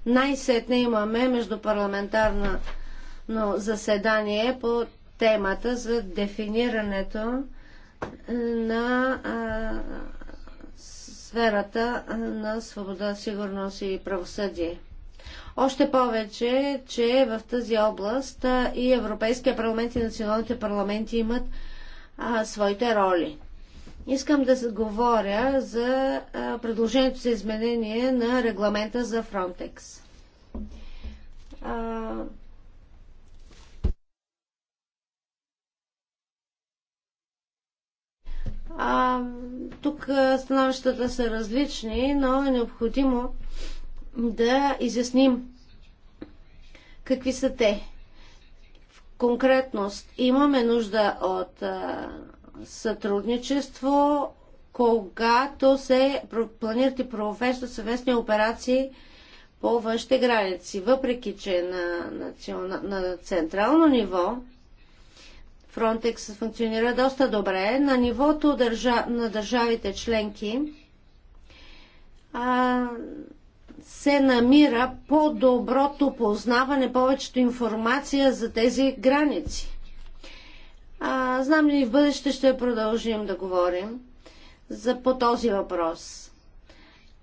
C: Най-сетне имаме междупарламентарно заседание по темата за дефинирането на сферата на свобода, сигурност и правосъдие. Още повече, че в тази област и Европейския парламент и националните парламенти имат а, своите роли. Искам да се говоря за предложението за изменение на регламента за Frontex. А, тук становищата са различни, но е необходимо да изясним какви са те. В конкретност имаме нужда от а, сътрудничество, когато се планират и провеждат съвестни операции по външните граници. Въпреки, че на, на, на централно ниво Frontex функционира доста добре, на нивото държа, на държавите членки а, се намира по-доброто познаване, повечето информация за тези граници. А, знам ли в бъдеще ще продължим да говорим за, по този въпрос,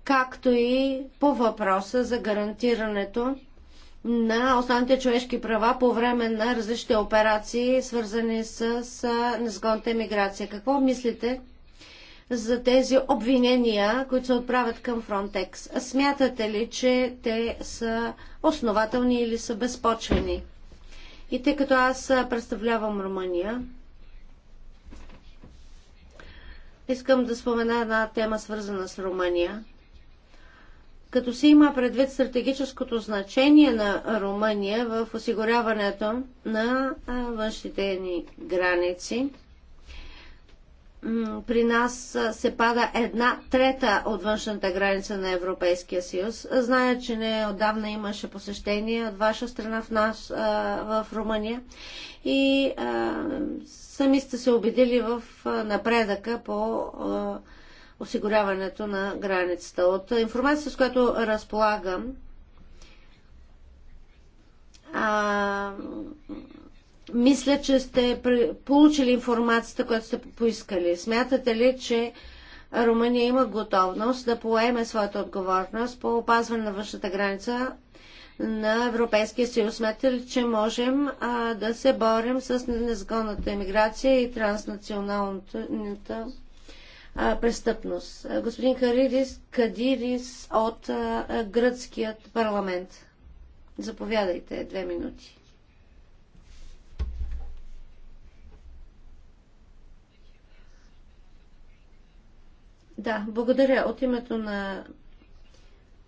C: както и по въпроса за гарантирането на останалите човешки права по време на различните операции, свързани с, с незаконната емиграция. Какво мислите за тези обвинения, които се отправят към Фронтекс? Смятате ли, че те са основателни или са безпочвени? И тъй като аз представлявам Румъния, искам да спомена една тема, свързана с Румъния. Като се има предвид стратегическото значение на Румъния в осигуряването на външните ни граници, при нас се пада една трета от външната граница на Европейския съюз. Зная, че не отдавна имаше посещение от ваша страна в, нас, в Румъния и сами сте се убедили в напредъка по осигуряването на границата. От информацията, с която разполагам, мисля, че сте получили информацията, която сте поискали. Смятате ли, че Румъния има готовност да поеме своята отговорност по опазване на външната граница на Европейския съюз. Смятате ли, че можем а, да се борим с незаконната иммиграция и транснационалната а, престъпност? Господин Харидис Кадирис от а, Гръцкият парламент. Заповядайте, две минути. Да, благодаря. От името на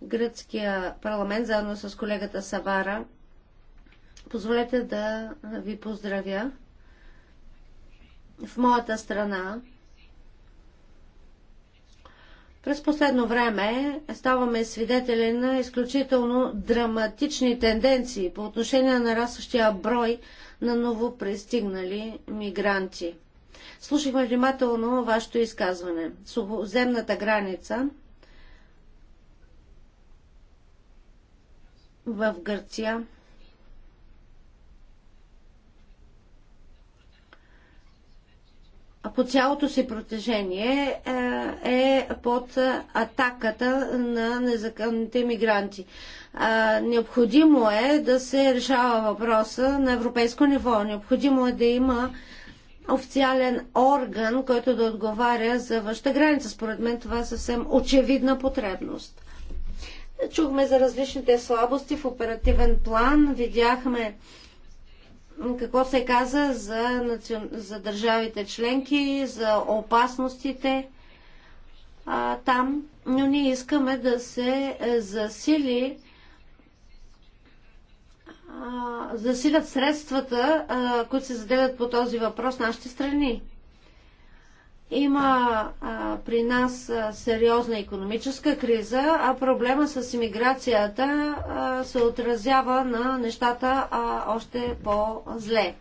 C: гръцкия парламент, заедно с колегата Савара, позволете да ви поздравя. В моята страна през последно време ставаме свидетели на изключително драматични тенденции по отношение на нарастващия брой на новопристигнали мигранти – Слушахме внимателно вашето изказване. Сухоземната граница в Гърция по цялото си протежение е, е под атаката на незаконните мигранти. Необходимо е да се решава въпроса на европейско ниво. Необходимо е да има официален орган, който да отговаря за вашата граница. Според мен това е съвсем очевидна потребност. Чухме за различните слабости в оперативен план, видяхме какво се каза за, наци... за държавите членки, за опасностите а, там, но ние искаме да се е, засили засилят средствата, а, които се заделят по този въпрос нашите страни. Има а, при нас а, сериозна економическа криза, а проблема с иммиграцията а, се отразява на нещата а, още по-зле.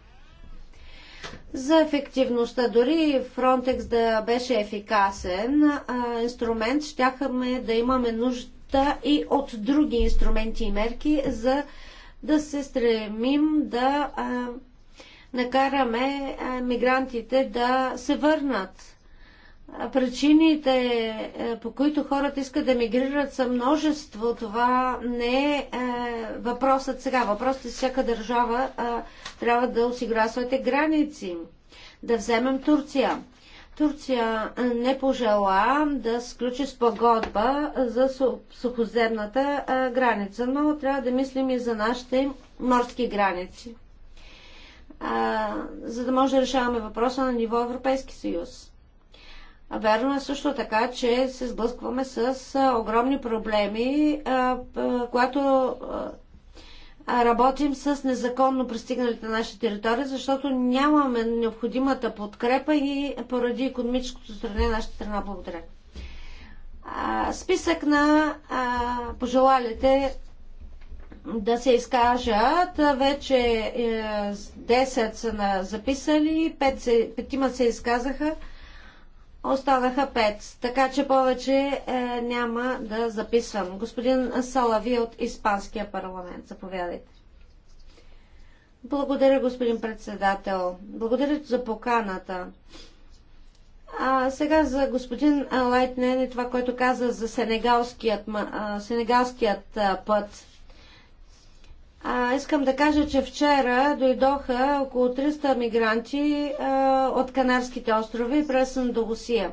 C: За ефективността, дори Frontex да беше ефикасен а, инструмент, щяхме да имаме нужда и от други инструменти и мерки за а, да се стремим да а, накараме а, мигрантите да се върнат. А, причините, а, по които хората искат да мигрират, са множество. Това не е а, въпросът сега. Въпросът е всяка държава а, трябва да осигуря своите граници. Да вземем Турция. Турция не пожела да сключи спогодба за сухоземната граница, но трябва да мислим и за нашите морски граници, за да може да решаваме въпроса на ниво Европейски съюз. Верно е също така, че се сблъскваме с огромни проблеми, когато работим с незаконно пристигналите на нашата територия, защото нямаме необходимата подкрепа и поради економическото стране на нашата страна. Благодаря. списък на пожелалите да се изкажат. Вече 10 е, са на записали, 5, се, 5 се изказаха. Оставаха пет. така че повече е, няма да записвам. Господин Салави от Испанския парламент, заповядайте. Благодаря, господин председател. Благодаря за поканата. А сега за господин Лайтнен и това, което каза за сенегалският, а, сенегалският а, път. А, искам да кажа, че вчера дойдоха около 300 мигранти а, от Канарските острови през Андалусия.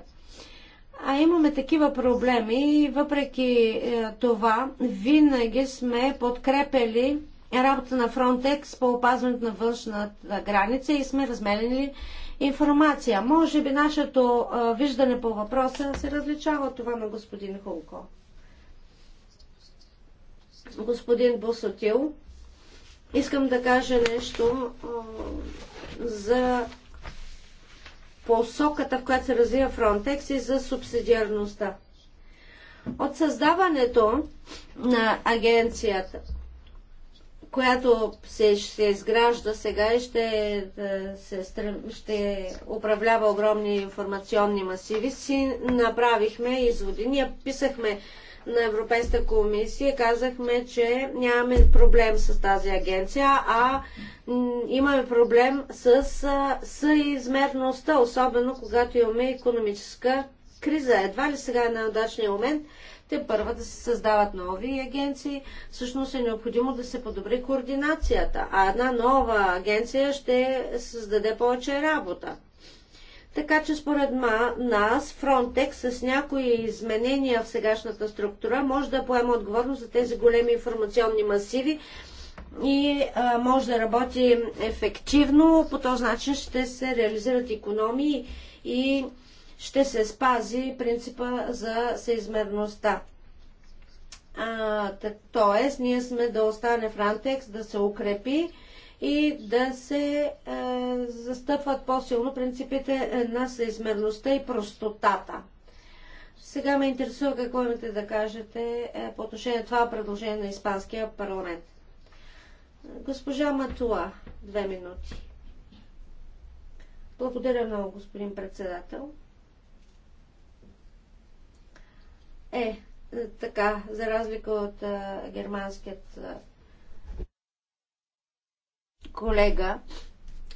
C: А имаме такива проблеми и въпреки а, е, това винаги сме подкрепили работа на Фронтекс по опазването на външната граница и сме разменили информация. Може би нашето а, е, виждане по въпроса се различава от това на господин Хулко. Господин Босотил Искам да кажа нещо за посоката, в която се развива Фронтекс и за субсидиарността. От създаването на агенцията, която се, ще изгражда сега и ще, е, се, ще управлява огромни информационни масиви, си направихме изводи. Ние писахме на Европейската комисия казахме, че нямаме проблем с тази агенция, а имаме проблем с съизмерността, особено когато имаме економическа криза. Едва ли сега е на удачния момент те първа да се създават нови агенции. Всъщност е необходимо да се подобри координацията, а една нова агенция ще създаде повече работа. Така че според ма, нас Frontex с някои изменения в сегашната структура може да поема отговорност за тези големи информационни масиви и а, може да работи ефективно. По този начин ще се реализират економии и ще се спази принципа за съизмерността. Тоест, ние сме да остане Frontex да се укрепи и да се е, застъпват по-силно принципите е, на съизмерността и простотата. Сега ме интересува какво имате да кажете е, по отношение на това предложение на Испанския парламент. Госпожа Матуа, две минути. Благодаря много, господин председател. Е, е така, за разлика от е, германският е, колега,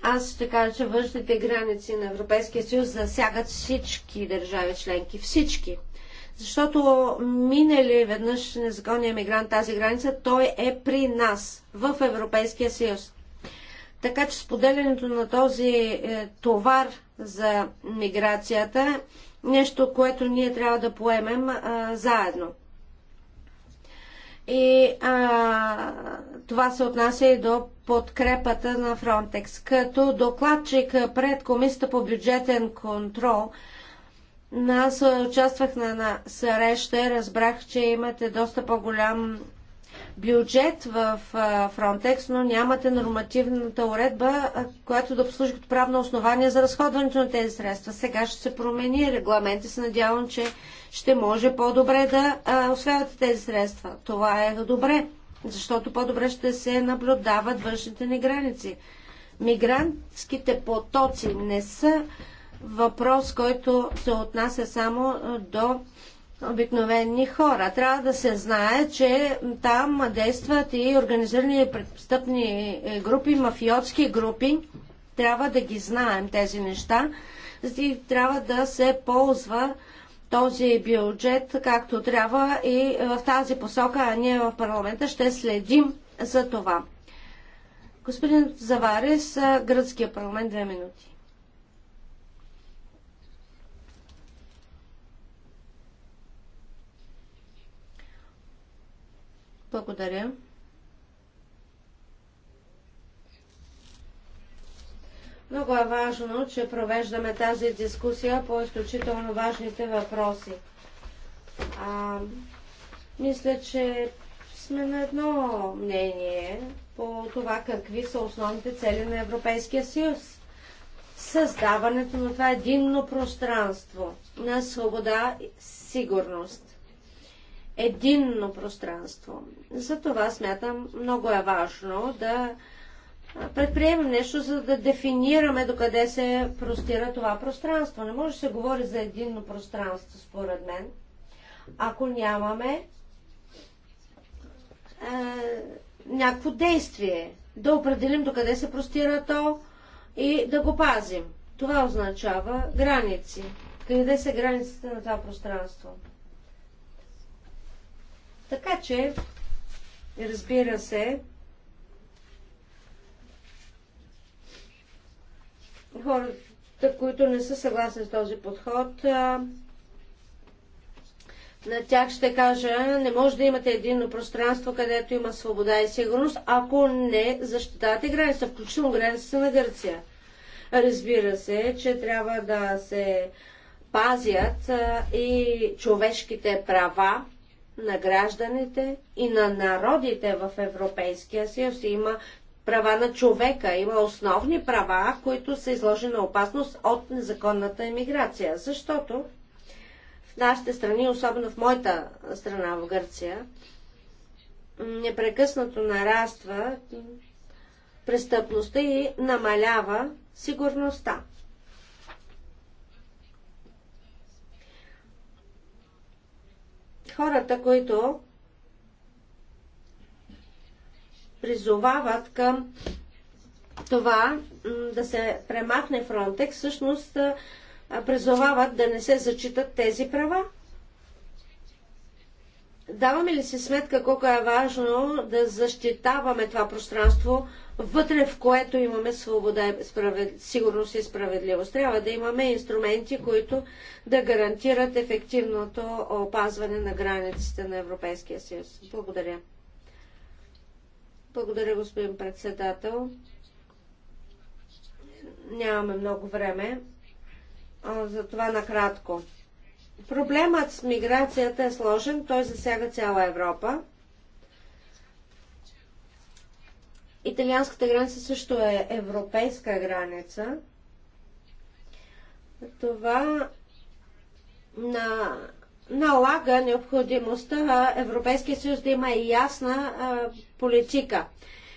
C: аз ще кажа, че външните граници на Европейския съюз засягат всички държави членки. Всички. Защото минали веднъж незаконния мигрант тази граница, той е при нас, в Европейския съюз. Така че споделянето на този е, товар за миграцията е нещо, което ние трябва да поемем е, заедно. И а, това се отнася и до подкрепата на Фронтекс. Като докладчик пред Комисията по бюджетен контрол, аз участвах на, на среща и разбрах, че имате доста по-голям бюджет в Фронтекс, но нямате нормативната уредба, която да послужи като правно основание за разходването на тези средства. Сега ще се промени регламент и се надявам, че ще може по-добре да освяват тези средства. Това е добре, защото по-добре ще се наблюдават външните ни граници. Мигрантските потоци не са въпрос, който се отнася само до обикновени хора. Трябва да се знае, че там действат и организирани престъпни е, групи, мафиотски групи. Трябва да ги знаем тези неща. И трябва да се ползва този бюджет както трябва и е, в тази посока, а ние в парламента ще следим за това. Господин Заварис, е, гръцкия парламент, две минути. Благодаря. Много е важно, че провеждаме тази дискусия по изключително важните въпроси. А, мисля, че сме на едно мнение по това какви са основните цели на Европейския съюз. Създаването на това единно пространство на свобода и сигурност. Единно пространство. За това смятам много е важно да предприемем нещо, за да дефинираме докъде се простира това пространство. Не може да се говори за единно пространство, според мен, ако нямаме е, някакво действие, да определим докъде се простира то и да го пазим. Това означава граници. Къде са границите на това пространство? Така че, разбира се, Хората, които не са съгласни с този подход, на тях ще кажа, не може да имате единно пространство, където има свобода и сигурност, ако не защитавате граница, включително границата на Гърция. Разбира се, че трябва да се пазят и човешките права на гражданите и на народите в Европейския съюз. Има права на човека. Има основни права, които са изложени на опасност от незаконната емиграция. Защото в нашите страни, особено в моята страна в Гърция, непрекъснато нараства престъпността и намалява сигурността. Хората, които призовават към това да се премахне Фронтекс, всъщност призовават да не се зачитат тези права. Даваме ли си сметка колко е важно да защитаваме това пространство, вътре в което имаме свобода, справед... сигурност и справедливост? Трябва да имаме инструменти, които да гарантират ефективното опазване на границите на Европейския съюз. Благодаря. Благодаря, господин председател. Нямаме много време, За това накратко. Проблемът с миграцията е сложен, той засяга цяла Европа. Италианската граница също е европейска граница. Това на налага необходимостта Европейския съюз да има ясна а, политика.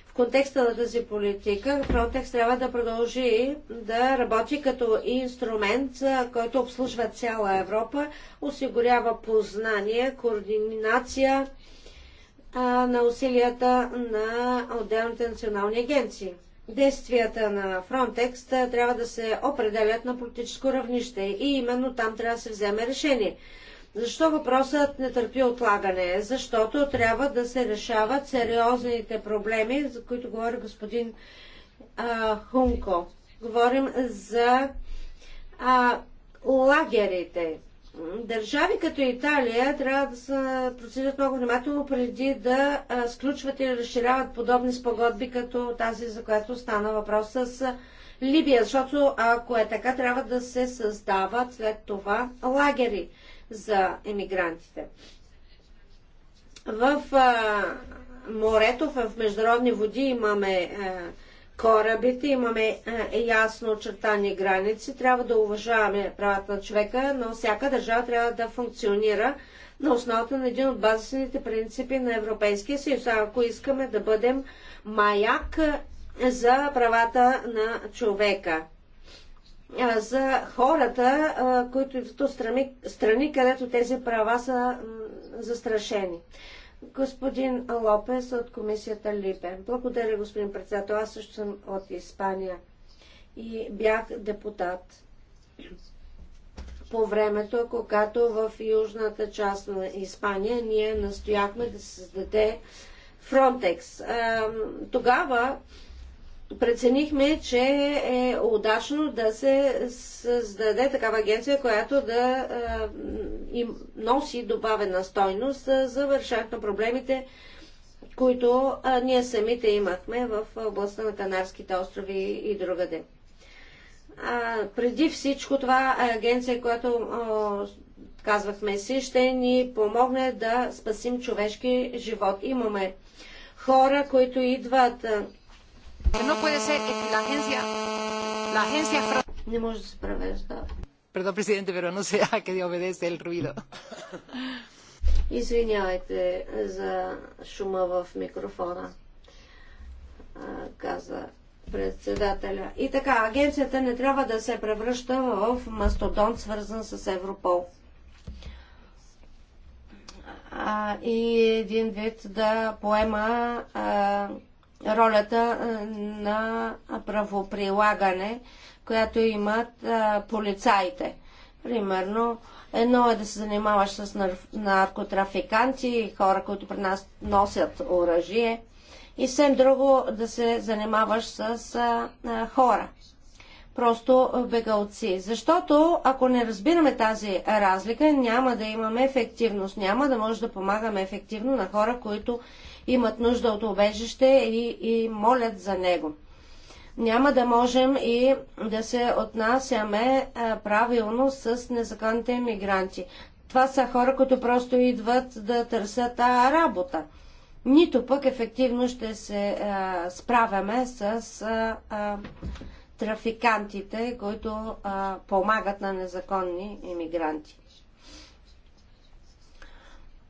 C: В контекста на тази политика Frontex трябва да продължи да работи като инструмент, който обслужва цяла Европа, осигурява познание, координация а, на усилията на отделните национални агенции. Действията на Frontex трябва да се определят на политическо равнище и именно там трябва да се вземе решение. Защо въпросът не търпи отлагане? Защото трябва да се решават сериозните проблеми, за които говори господин а, Хунко. Говорим за а, лагерите. Държави като Италия трябва да се процедят много внимателно преди да а, сключват или разширяват подобни спогодби, като тази, за която стана въпрос с Либия, защото ако е така, трябва да се създават след това лагери за емигрантите. В а, морето, в международни води имаме а, корабите, имаме а, ясно очертани граници, трябва да уважаваме правата на човека, но всяка държава трябва да функционира на основата на един от базисните принципи на Европейския съюз, ако искаме да бъдем маяк за правата на човека за хората, които идват от страни, страни, където тези права са застрашени. Господин Лопес от комисията Липе. Благодаря, господин председател. Аз също съм от Испания и бях депутат по времето, когато в южната част на Испания ние настояхме да се създаде Фронтекс. Тогава преценихме, че е удачно да се създаде такава агенция, която да е, им носи добавена стойност е, за вършат на проблемите, които е, ние самите имахме в областта на Канарските острови и другаде. А, преди всичко това агенция, която казвахме си, ще ни помогне да спасим човешки живот. Имаме хора, които идват не може да се превежда. Perdón, presidente, pero no sé a qué obedece el ruido. Извинявайте за шума в микрофона, каза председателя. И така, агенцията не трябва да се превръща в мастодон, свързан с Европол. А, и един вид да поема а, ролята на правоприлагане, която имат полицаите. Примерно, едно е да се занимаваш с наркотрафиканти, хора, които при нас носят оръжие, и съвсем друго да се занимаваш с а, а, хора. Просто бегалци. Защото ако не разбираме тази разлика, няма да имаме ефективност, няма да може да помагаме ефективно на хора, които имат нужда от обежище и, и молят за него. Няма да можем и да се отнасяме е, правилно с незаконните мигранти. Това са хора, които просто идват да търсят работа. Нито пък ефективно ще се а, е, справяме с а, е, а, трафикантите, които а, помагат на незаконни иммигранти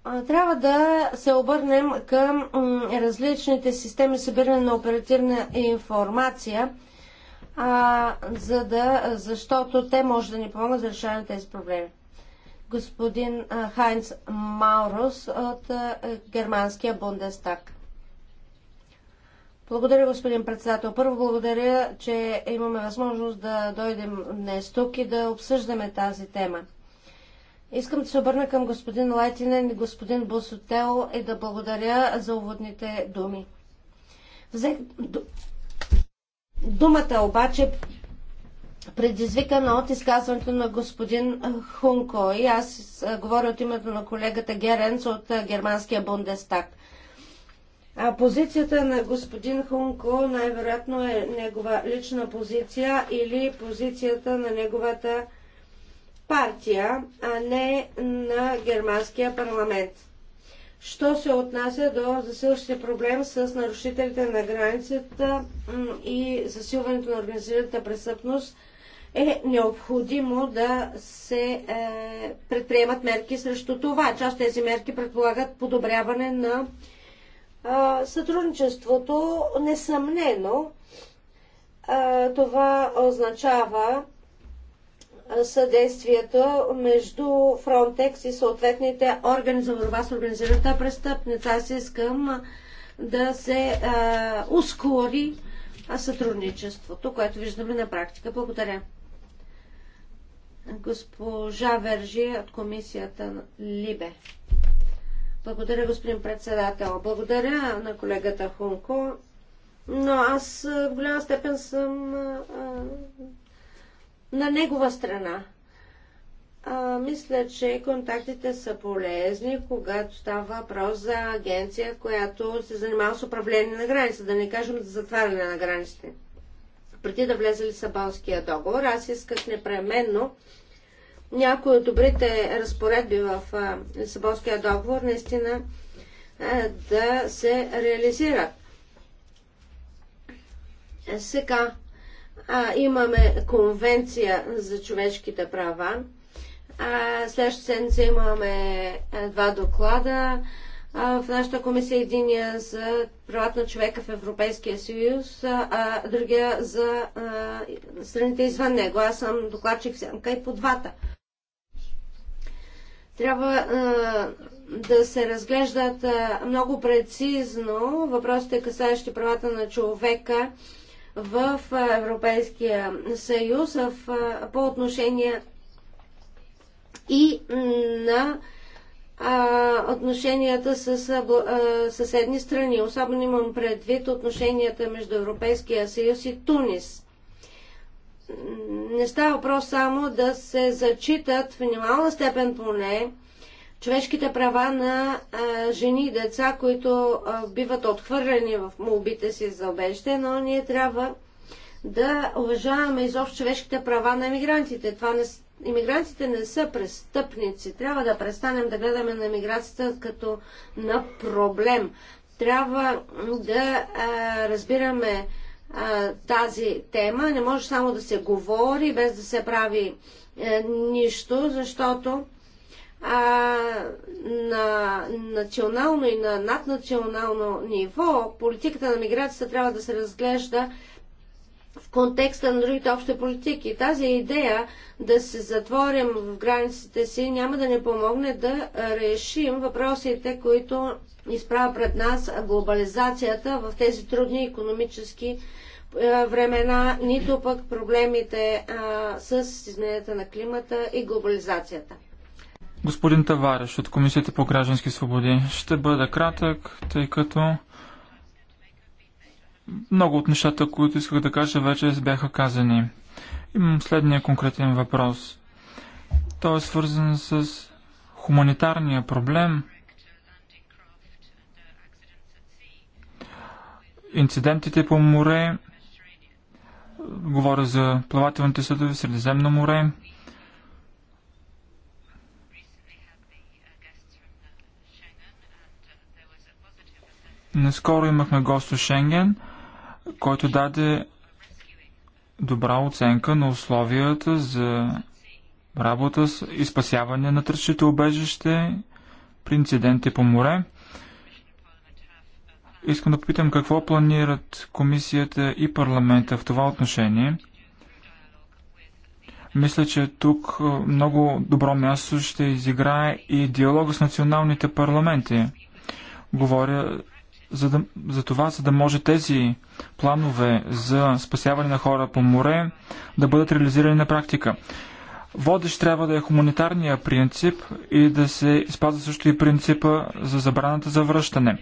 C: трябва да се обърнем към различните системи събиране на оперативна информация, а, за да, защото те може да ни помогнат за решаване на тези проблеми. Господин Хайнц Маурус от германския Бундестаг. Благодаря, господин председател. Първо благодаря, че имаме възможност да дойдем днес тук и да обсъждаме тази тема. Искам да се обърна към господин Лайтинен и господин Босотел и да благодаря за уводните думи. Взех... Думата обаче предизвикана от изказването на господин Хунко и аз говоря от името на колегата Геренц от германския Бундестаг. А позицията на господин Хунко най-вероятно е негова лична позиция или позицията на неговата партия, а не на германския парламент. Що се отнася до засилващия проблем с нарушителите на границата и засилването на организираната престъпност, е необходимо да се е, предприемат мерки срещу това. Част тези мерки предполагат подобряване на е, сътрудничеството. Несъмнено, е, това означава съдействието между Frontex и съответните органи за борба с организираната престъпница. Аз искам да се а, ускори сътрудничеството, което виждаме на практика. Благодаря. Госпожа Вержи от комисията Либе. Благодаря, господин председател. Благодаря на колегата Хунко. Но аз в голяма степен съм а, на негова страна. А, мисля, че контактите са полезни, когато става въпрос за агенция, която се занимава с управление на граница, да не кажем за затваряне на границите. Преди да влезе Лисабонския договор, аз исках непременно някои от добрите разпоредби в Лисабонския договор наистина да се реализират. Сега, а, имаме конвенция за човешките права. А, следващата седмица имаме два доклада. А, в нашата комисия единия за правата на човека в Европейския съюз, а другия за а, страните извън него. Аз съм докладчик сянка и по двата. Трябва а, да се разглеждат а, много прецизно въпросите, касаещи правата на човека в Европейския съюз в, по отношение и на а, отношенията с а, съседни страни. Особено имам предвид отношенията между Европейския съюз и Тунис. Не става въпрос само да се зачитат в минимална степен поне човешките права на а, жени и деца, които а, биват отхвърлени в молбите си за обежде, но ние трябва да уважаваме изобщо човешките права на иммигрантите. Това не, иммигрантите не са престъпници. Трябва да престанем да гледаме на иммиграцията като на проблем. Трябва да а, разбираме а, тази тема. Не може само да се говори без да се прави а, е, нищо, защото а, на национално и на наднационално ниво политиката на миграцията трябва да се разглежда в контекста на другите общи политики. Тази идея да се затворим в границите си няма да ни помогне да решим въпросите, които изправя пред нас глобализацията в тези трудни економически е, времена, нито пък проблемите а, с измененията на климата и глобализацията.
A: Господин Тавареш от Комисията по граждански свободи. Ще бъда кратък, тъй като много от нещата, които исках да кажа, вече бяха казани. Имам следния конкретен въпрос. Той е свързан с хуманитарния проблем, инцидентите по море, говоря за плавателните съдове в Средиземно море, Наскоро имахме госто Шенген, който даде добра оценка на условията за работа и спасяване на тръщите обежище при инциденти по море. Искам да попитам какво планират комисията и парламента в това отношение. Мисля, че тук е, много добро място ще изиграе и диалога с националните парламенти. Говоря за, да, за това, за да може тези планове за спасяване на хора по море да бъдат реализирани на практика. Водещ трябва да е хуманитарния принцип и да се спазва също и принципа за забраната за връщане.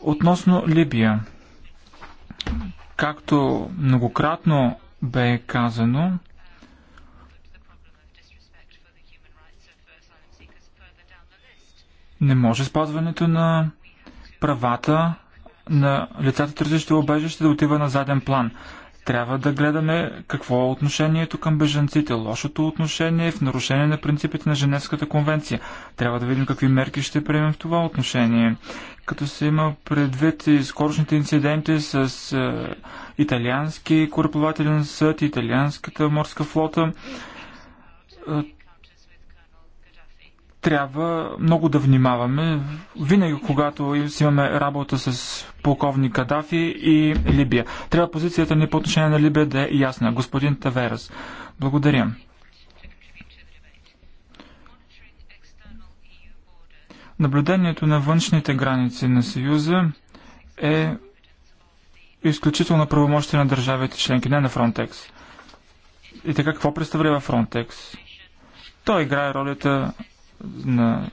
A: Относно Либия, както многократно бе казано, не може спазването на правата на лицата, търсещи обежище, да отива на заден план. Трябва да гледаме какво е отношението към бежанците. Лошото отношение е в нарушение на принципите на Женевската конвенция. Трябва да видим какви мерки ще приемем в това отношение. Като се има предвид и скорочните инциденти с е, италиански кораплавателен съд, италианската морска флота, е, трябва много да внимаваме, винаги когато имаме работа с полковник Кадафи и Либия. Трябва позицията ни по отношение на Либия да е ясна. Господин Таверас, благодаря. Наблюдението на външните граници на Съюза е изключително правомощие на държавите членки, не на Фронтекс. И така, какво представлява Фронтекс? Той играе ролята на,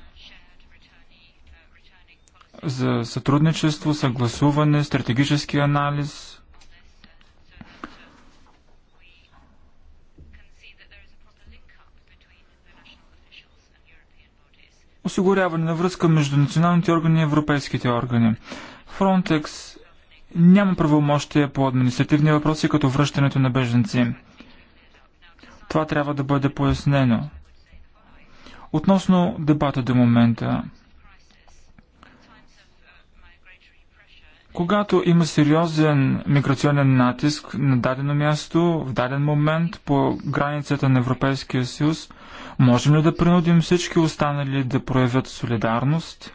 A: за сътрудничество, съгласуване, стратегически анализ. Осигуряване на връзка между националните органи и европейските органи. Frontex няма правомощие по административни въпроси, като връщането на беженци. Това трябва да бъде пояснено. Относно дебата до момента, когато има сериозен миграционен натиск на дадено място, в даден момент по границата на Европейския съюз, можем ли да принудим всички останали да проявят солидарност?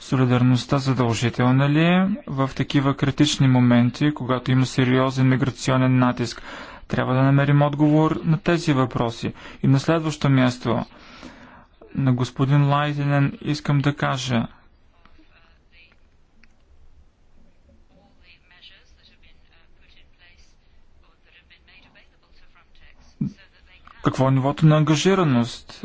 A: Солидарността задължителна ли е в такива критични моменти, когато има сериозен миграционен натиск? Трябва да намерим отговор на тези въпроси. И на следващо място, на господин Лайтенен искам да кажа, Какво е нивото на ангажираност?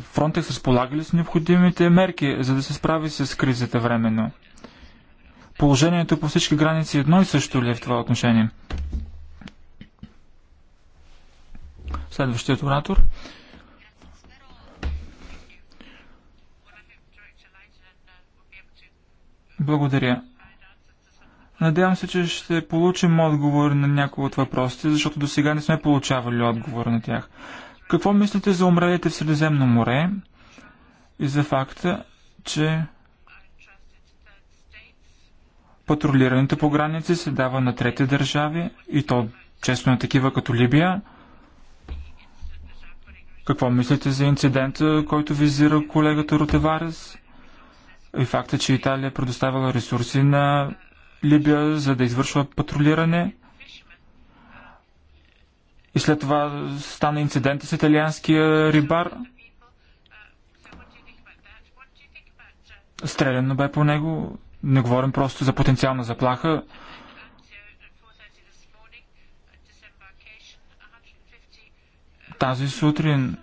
A: Фронтекс разполага ли с необходимите мерки, за да се справи с кризата временно? Положението по всички граници е едно и също ли е в това отношение? Следващият оратор. Благодаря. Надявам се, че ще получим отговор на някои от въпросите, защото до сега не сме получавали отговор на тях. Какво мислите за умрелите в Средиземно море и за факта, че патрулирането по граници се дава на трети държави и то често на такива като Либия – какво мислите за инцидента, който визира колегата Ротеварес? И факта, че Италия е предоставила ресурси на Либия, за да извършва патрулиране. И след това стана инцидент с италианския рибар. Стреляно бе по него. Не говорим просто за потенциална заплаха. Тази сутрин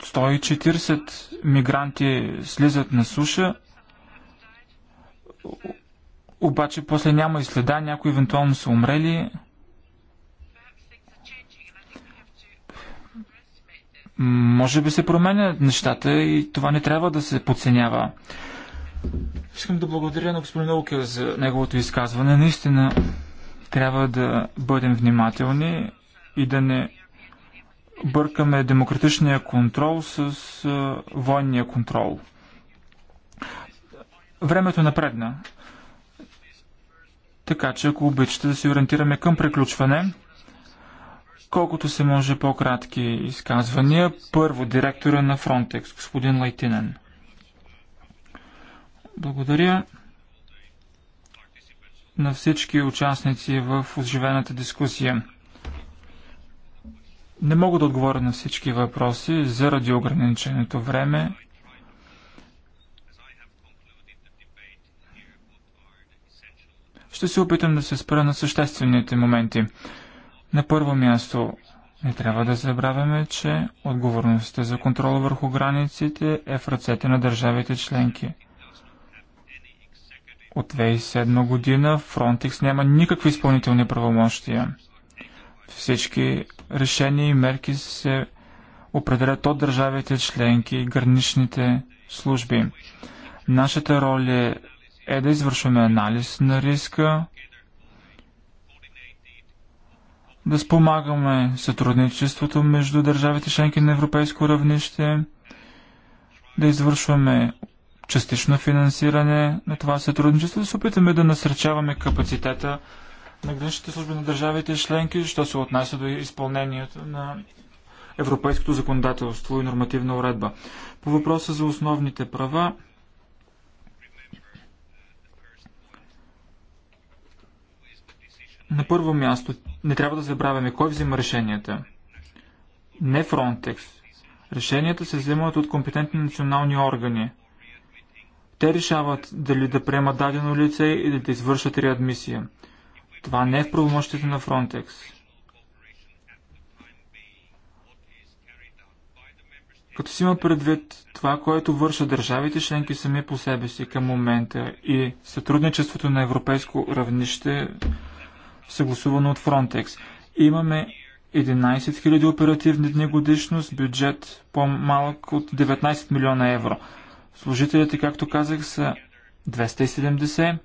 A: 140 мигранти слизат на суша, обаче после няма и следа, някои евентуално са умрели. Може би се променят нещата и това не трябва да се подценява. Искам да благодаря на господин Лукер за неговото изказване. Наистина трябва да бъдем внимателни и да не бъркаме демократичния контрол с военния контрол. Времето е напредна. Така че, ако обичате да се ориентираме към приключване, колкото се може по-кратки изказвания, първо директора на Frontex, господин Лайтинен. Благодаря на всички участници в оживената дискусия. Не мога да отговоря на всички въпроси заради ограниченото време. Ще се опитам да се спра на съществените моменти. На първо място, не трябва да забравяме, че отговорността за контрол върху границите е в ръцете на държавите членки. От 2007 година Frontex няма никакви изпълнителни правомощия. Всички решения и мерки се определят от държавите членки и граничните служби. Нашата роля е да извършваме анализ на риска, да спомагаме сътрудничеството между държавите членки на европейско равнище, да извършваме частично финансиране на това сътрудничество, да се опитаме да насърчаваме капацитета на граничните служби на държавите членки, що се отнася до изпълнението на европейското законодателство и нормативна уредба. По въпроса за основните права, на първо място не трябва да забравяме кой взима решенията. Не Фронтекс. Решенията се вземат от компетентни национални органи. Те решават дали да приемат дадено лице или да извършат реадмисия. Това не е в правомощите на Frontex. Като си има предвид това, което вършат държавите членки сами по себе си към момента и сътрудничеството на европейско равнище, съгласувано от Frontex, имаме 11 000 оперативни дни годишно с бюджет по-малък от 19 милиона евро. Служителите, както казах, са 270.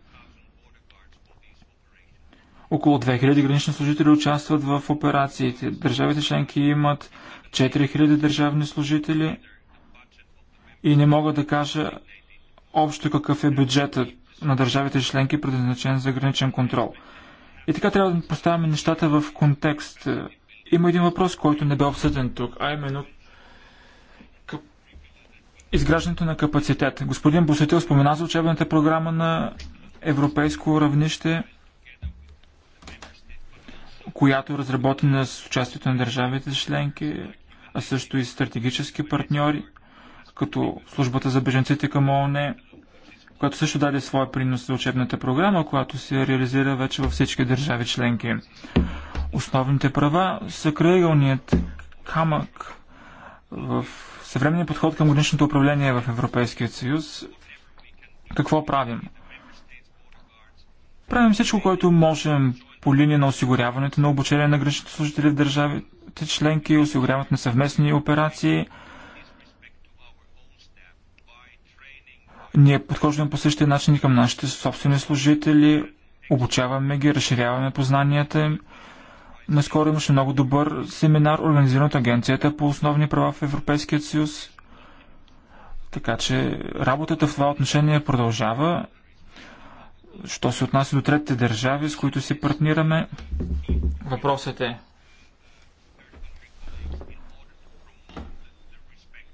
A: Около 2000 гранични служители участват в операциите. Държавите членки имат 4000 държавни служители и не мога да кажа общо какъв е бюджетът на държавите членки, предназначен за граничен контрол. И така трябва да поставяме нещата в контекст. Има един въпрос, който не бе обсъден тук, а именно изграждането на капацитет. Господин Босетил спомена за учебната програма на европейско равнище – която е разработена с участието на държавите членки, а също и стратегически партньори, като службата за беженците към ООН, която също даде своя принос за учебната програма, която се реализира вече във всички държави членки. Основните права са крайъгълният камък в съвременния подход към годишното управление в Европейския съюз. Какво правим? Правим всичко, което можем по линия на осигуряването на обучение на граничните служители в държавите членки, осигуряването на съвместни операции. Ние подхождаме по същия начин и към нашите собствени служители, обучаваме ги, разширяваме познанията им. Наскоро имаше много добър семинар, организиран от Агенцията по основни права в Европейския съюз. Така че работата в това отношение продължава Що се отнася до третите държави, с които си партнираме, въпросът е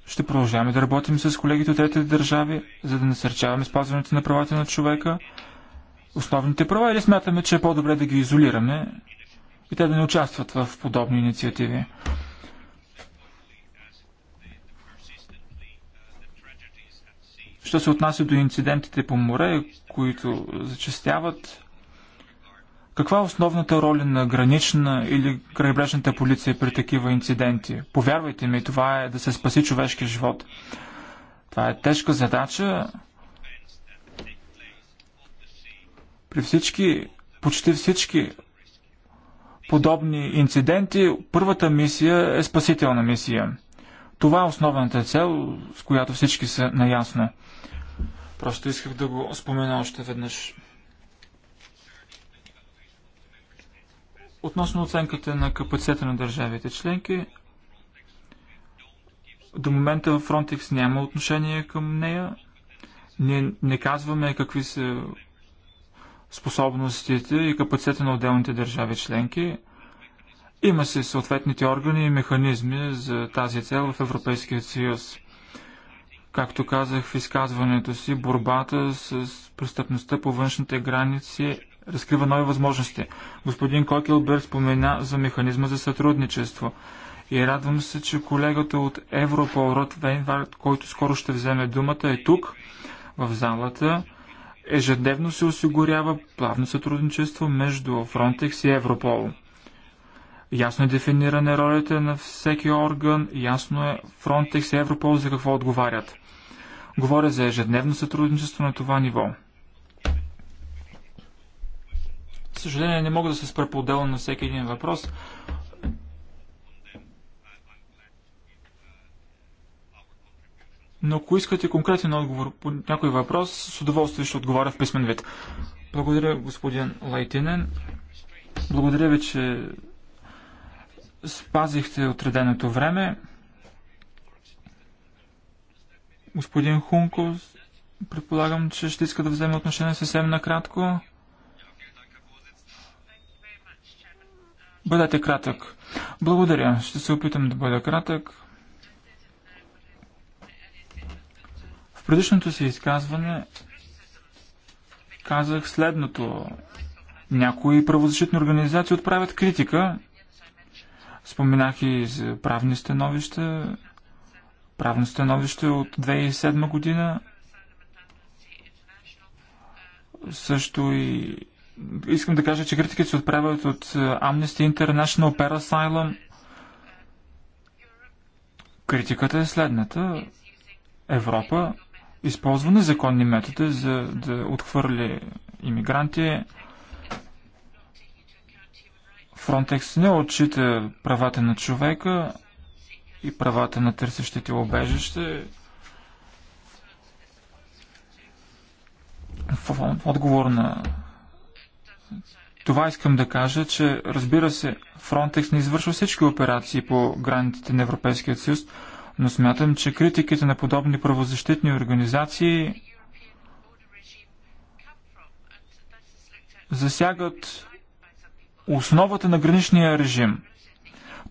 A: Ще продължаваме да работим с колегите от третите държави, за да насърчаваме спазването на правата на човека, основните права или смятаме, че е по-добре да ги изолираме и те да не участват в подобни инициативи. Що се отнася до инцидентите по море, които зачастяват. Каква е основната роля на гранична или крайбрежната полиция при такива инциденти? Повярвайте ми, това е да се спаси човешкия живот. Това е тежка задача. При всички, почти всички подобни инциденти, първата мисия е спасителна мисия. Това е основната цел, с която всички са наясно. Просто исках да го спомена още веднъж. Относно оценката на капацитета на държавите членки, до момента Frontex няма отношение към нея. Ние не казваме какви са способностите и капацитета на отделните държави членки. Има се съответните органи и механизми за тази цел в Европейския съюз. Както казах в изказването си, борбата с престъпността по външните граници разкрива нови възможности. Господин Кокелбер спомена за механизма за сътрудничество. И радвам се, че колегата от Европол Рот Вейнвард, който скоро ще вземе думата, е тук, в залата. Ежедневно се осигурява плавно сътрудничество между Frontex и Европол. Ясно е дефиниране ролята на всеки орган, ясно е Frontex и Европол за какво отговарят. Говоря за ежедневно сътрудничество на това ниво. Съжаление, не мога да се спра по-отделно на всеки един въпрос. Но ако искате конкретен отговор по някой въпрос, с удоволствие ще отговаря в писмен вид. Благодаря, господин Лайтинен. Благодаря ви, че спазихте отреденото време. Господин Хунко, предполагам, че ще иска да вземе отношение съвсем накратко. Бъдете кратък. Благодаря. Ще се опитам да бъда кратък. В предишното си изказване казах следното. Някои правозащитни организации отправят критика. Споменах и за правни становища, правно становище от 2007 година, също и искам да кажа, че критиките се отправят от е, Amnesty International, Per Asylum. Критиката е следната. Европа използва незаконни методи за да отхвърли иммигранти. Фронтекс не отчита правата на човека и правата на търсещите обежище. В отговор на това искам да кажа, че разбира се, Frontex не извършва всички операции по границите на Европейския съюз, но смятам, че критиките на подобни правозащитни организации засягат основата на граничния режим.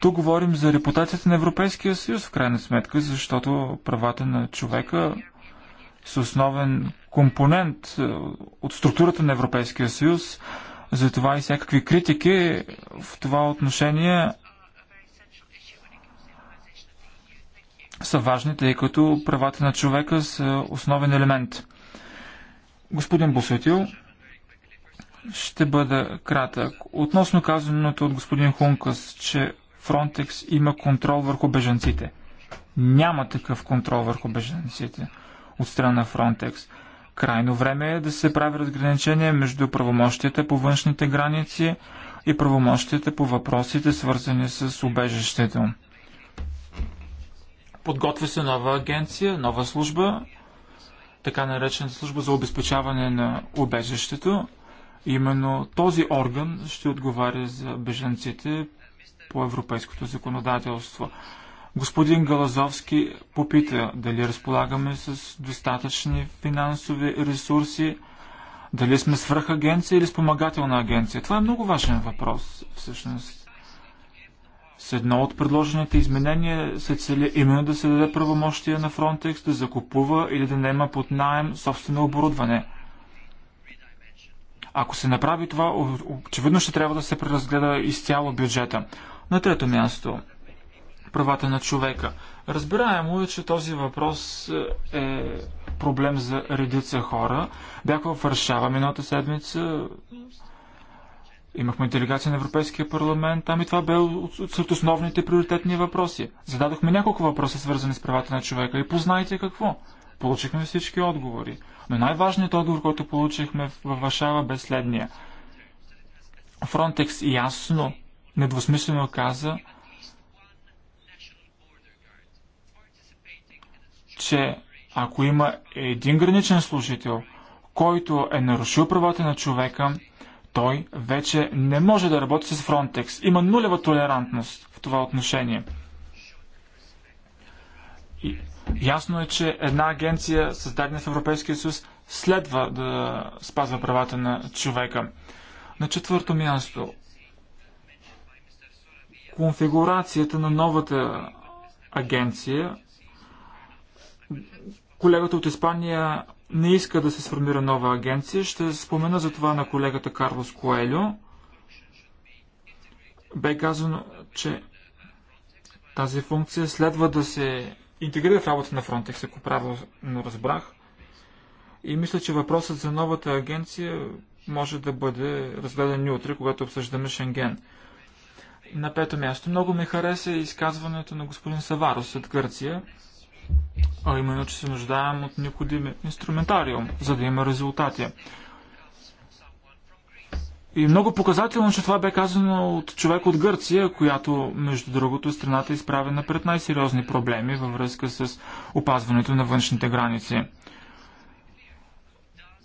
A: Тук говорим за репутацията на Европейския съюз, в крайна сметка, защото правата на човека са основен компонент е, от структурата на Европейския съюз. Затова и всякакви критики в това отношение са важни, тъй като правата на човека са основен елемент. Господин Босветил, ще бъда кратък. Относно казаното от господин Хункас, че Фронтекс има контрол върху бежанците. Няма такъв контрол върху бежанците от страна на Фронтекс. Крайно време е да се прави разграничение между правомощията по външните граници и правомощията по въпросите, свързани с убежището. Подготвя се нова агенция, нова служба, така наречена служба за обезпечаване на убежището. Именно този орган ще отговаря за беженците по европейското законодателство. Господин Галазовски попита дали разполагаме с достатъчни финансови ресурси, дали сме свръхагенция или спомагателна агенция. Това е много важен въпрос, всъщност. С едно от предложените изменения се цели именно да се даде правомощие на Frontex да закупува или да нема под найем собствено оборудване – ако се направи това, очевидно ще трябва да се преразгледа изцяло бюджета. На трето място, правата на човека. Разбираемо е, че този въпрос е, е проблем за редица хора. Бях във Варшава миналата седмица. Имахме делегация на Европейския парламент. Там и това бе сред основните приоритетни въпроси. Зададохме няколко въпроса, свързани с правата на човека. И познайте какво. Получихме всички отговори. Но най-важният отговор, който получихме във Варшава бе следния. Фронтекс ясно, недвусмислено каза, че ако има един граничен служител, който е нарушил правата на човека, той вече не може да работи с Фронтекс. Има нулева толерантност в това отношение. Ясно е, че една агенция, създадена в Европейския съюз, следва да спазва правата на човека. На четвърто място, конфигурацията на новата агенция. Колегата от Испания не иска да се сформира нова агенция. Ще спомена за това на колегата Карлос Коелю. Бе казано, че тази функция следва да се интегрира в работа на Frontex, ако правилно разбрах. И мисля, че въпросът за новата агенция може да бъде разгледан и утре, когато обсъждаме Шенген. На пето място. Много ми хареса изказването на господин Саварос от Гърция, а именно, че се нуждаем от необходим инструментариум, за да има резултати. И много показателно, че това бе казано от човек от Гърция, която, между другото, е страната е изправена пред най-сериозни проблеми във връзка с опазването на външните граници.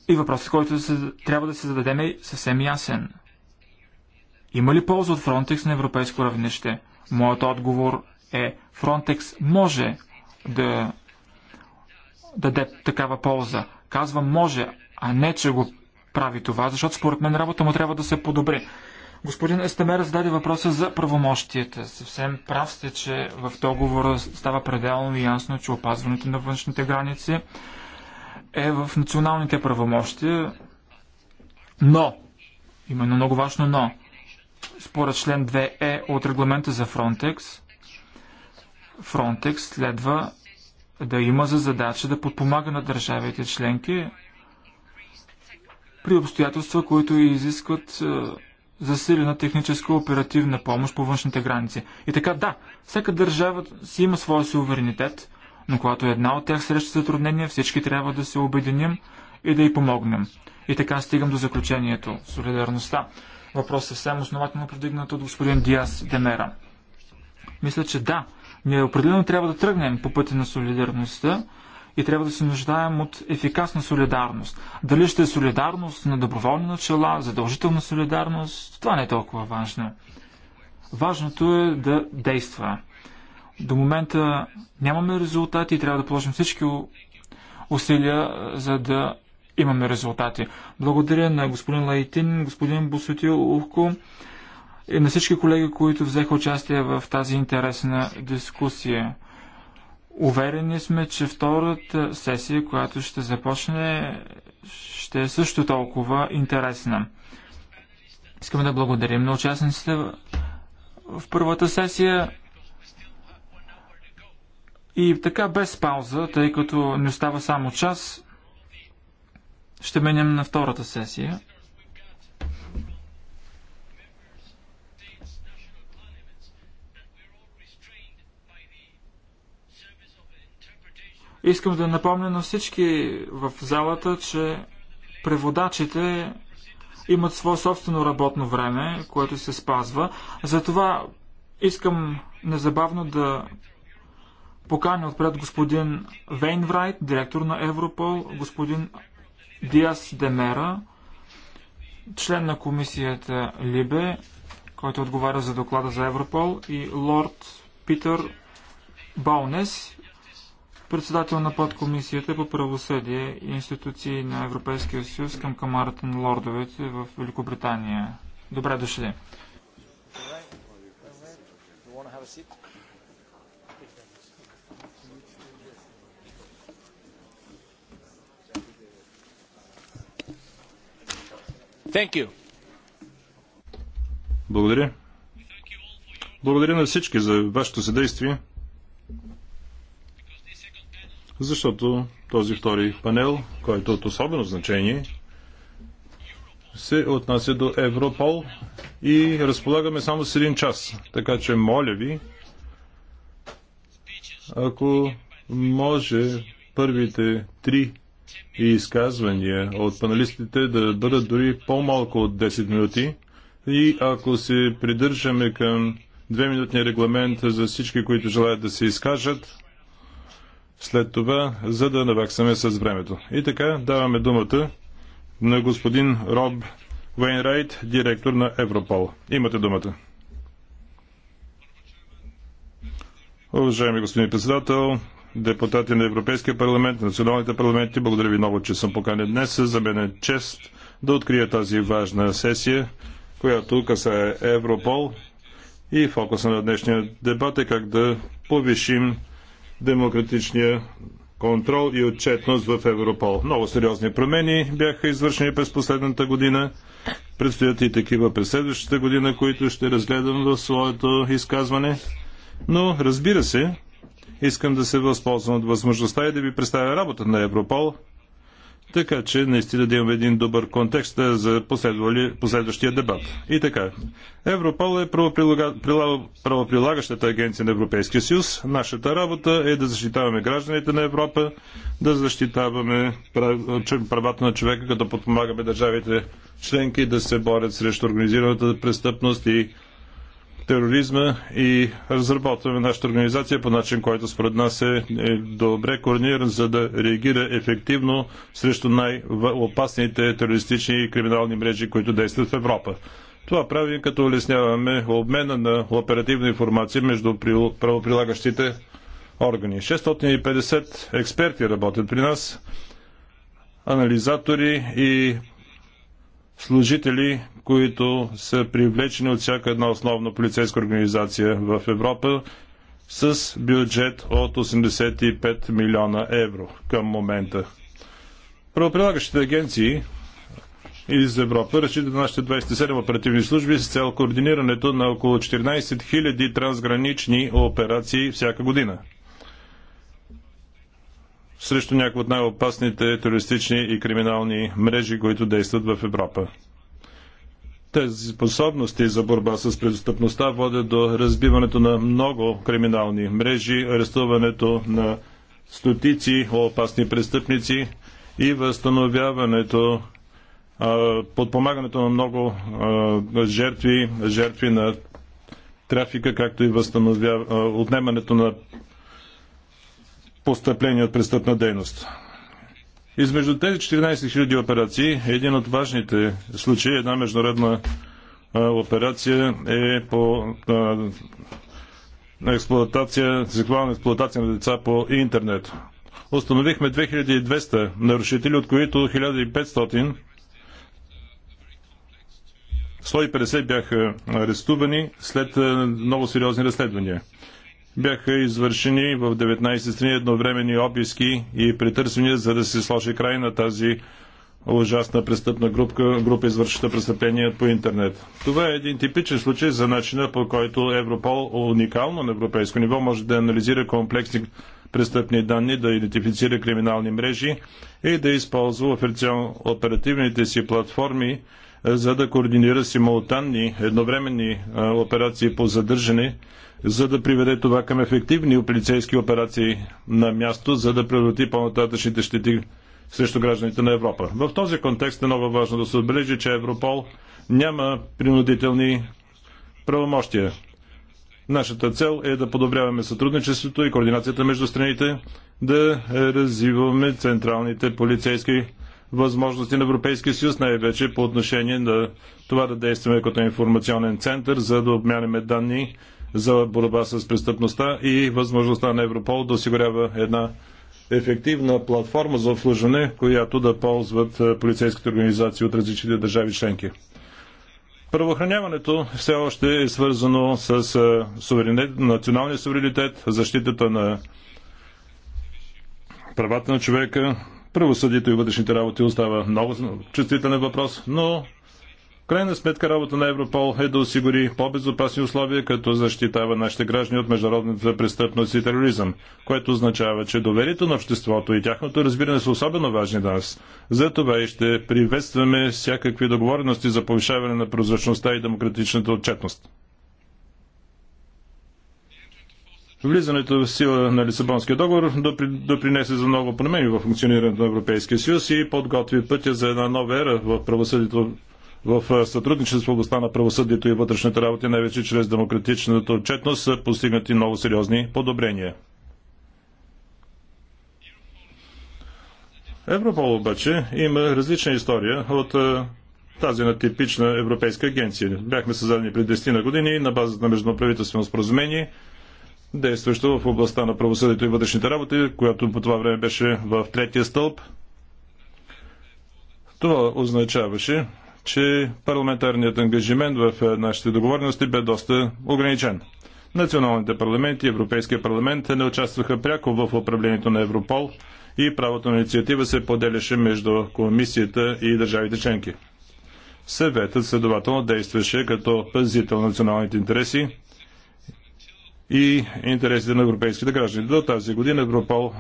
A: И въпросът, който се, трябва да се зададем е съвсем ясен. Има ли полза от Фронтекс на европейско равнище? Моят отговор е Фронтекс може да даде такава полза. Казвам може, а не, че го прави това, защото според мен работа му трябва да се подобри. Господин Естемер зададе въпроса за правомощията. Съвсем прав сте, че в договора става пределно ясно, че опазването на външните граници е в националните правомощия. Но, именно много важно но, според член 2е е от регламента за Фронтекс, Фронтекс следва да има за задача да подпомага на държавите членки при обстоятелства, които изискват е, засилена техническа оперативна помощ по външните граници. И така, да, всяка държава си има своя суверенитет, но когато една от тях среща затруднения, всички трябва да се обединим и да й помогнем. И така стигам до заключението. Солидарността. Въпрос съвсем основателно повдигнат от господин Диас Демера. Мисля, че да, ние определено трябва да тръгнем по пътя на солидарността, и трябва да се нуждаем от ефикасна солидарност. Дали ще е солидарност на доброволни начала, задължителна солидарност, това не е толкова важно. Важното е да действа. До момента нямаме резултати и трябва да положим всички усилия, за да имаме резултати. Благодаря на господин Лайтин, господин Босотил Ухко и на всички колеги, които взеха участие в тази интересна дискусия. Уверени сме, че втората сесия, която ще започне, ще е също толкова интересна. Искаме да благодарим на участниците в първата сесия. И така без пауза, тъй като не остава само час, ще минем на втората сесия. Искам да напомня на всички в залата, че преводачите имат свое собствено работно време, което се спазва. Затова искам незабавно да поканя отпред господин Вейнврайт, директор на Европол, господин Диас Демера, член на комисията Либе, който отговаря за доклада за Европол, и лорд Питър Баунес, председател на подкомисията по правосъдие и институции на Европейския съюз към Камарата на лордовете в Великобритания. Добре дошли!
B: Благодаря. Благодаря на всички за вашето съдействие защото този втори панел, който е от особено значение, се отнася до Европол и разполагаме само с един час. Така че, моля ви, ако може първите три изказвания от паналистите да бъдат дори по-малко от 10 минути и ако се придържаме към 2-минутния регламент за всички, които желаят да се изкажат, след това, за да наваксаме с времето. И така, даваме думата на господин Роб Вейнрайт, директор на Европол. Имате думата. Уважаеми господин председател, депутати на Европейския парламент, националните парламенти, благодаря ви много, че съм поканен днес. За мен е чест да открия тази важна сесия, която касае Европол и фокуса на днешния дебат е как да повишим демократичния контрол и отчетност в Европол. Много сериозни промени бяха извършени през последната година. Предстоят и такива през следващата година, които ще разгледам в своето изказване. Но, разбира се, искам да се възползвам от възможността и да ви представя работа на Европол – така че наистина да имаме един добър контекст за последващия дебат. И така, Европол е правоприлагащата агенция на Европейския съюз. Нашата работа е да защитаваме гражданите на Европа, да защитаваме правата на човека, като подпомагаме държавите членки да се борят срещу организираната престъпност и тероризма и разработваме нашата организация по начин, който според нас е, е добре координиран, за да реагира ефективно срещу най-опасните терористични и криминални мрежи, които действат в Европа. Това правим като улесняваме обмена на оперативна информация между правоприлагащите органи. 650 експерти работят при нас, анализатори и служители, които са привлечени от всяка една основна полицейска организация в Европа с бюджет от 85 милиона евро към момента. Правоприлагащите агенции из Европа разчита на нашите 27 оперативни служби с цел координирането на около 14 000 трансгранични операции всяка година срещу някои от най-опасните терористични и криминални мрежи, които действат в Европа. Тези способности за борба с престъпността водят до разбиването на много криминални мрежи, арестуването на стотици опасни престъпници и възстановяването, подпомагането на много жертви, жертви на трафика, както и възстановяването отнемането на постъпления от престъпна дейност. Измежду тези 14 000 операции, един от важните случаи, една международна а, операция е по а, експлуатация, сексуална експлуатация на деца по интернет. Установихме 2200 нарушители, от които 1500 150 бяха арестувани след много сериозни разследвания бяха извършени в 19 страни едновременни обиски и претърсвания, за да се сложи край на тази ужасна престъпна група, група извършваща престъпления по интернет. Това е един типичен случай за начина по който Европол уникално на европейско ниво може да анализира комплексни престъпни данни, да идентифицира криминални мрежи и да използва оперативните си платформи, за да координира симултанни, едновременни операции по задържане за да приведе това към ефективни полицейски операции на място, за да предоти по-нататъчните щети срещу гражданите на Европа. В този контекст е много важно да се отбележи, че Европол няма принудителни правомощия. Нашата цел е да подобряваме сътрудничеството и координацията между страните, да развиваме централните полицейски възможности на Европейския съюз, най-вече по отношение на това да действаме като информационен център, за да обмяняме данни за борба с престъпността и възможността на Европол да осигурява една ефективна платформа за обслужване, която да ползват полицейските организации от различните държави членки. Правоохраняването все още е свързано с суверенит, националния суверенитет, защитата на правата на човека, правосъдието и вътрешните работи остава много чувствителен въпрос, но крайна сметка работа на Европол е да осигури по-безопасни условия, като защитава нашите граждани от международната престъпност и тероризъм, което означава, че доверието на обществото и тяхното разбиране са особено важни за нас. За това и ще приветстваме всякакви договорености за повишаване на прозрачността и демократичната отчетност. Влизането в сила на Лисабонския договор допринесе за много промени в функционирането на Европейския съюз и подготви пътя за една нова ера в правосъдието в сътрудничество в областта на правосъдието и вътрешните работи, най-вече чрез демократичната отчетност, са постигнати много сериозни подобрения. Европол обаче има различна история от тази на типична европейска агенция. Бяхме създадени пред 10 на години на базата на междуправителствено споразумение, действащо в областта на правосъдието и вътрешните работи, която по това време беше в третия стълб. Това означаваше, че парламентарният ангажимент в е, нашите договорености бе доста ограничен. Националните парламенти и Европейския парламент не участваха пряко в управлението на Европол и правото на инициатива се поделяше между комисията и държавите членки. Съветът следователно действаше като пазител на националните интереси и интересите на европейските граждани. До тази година Европол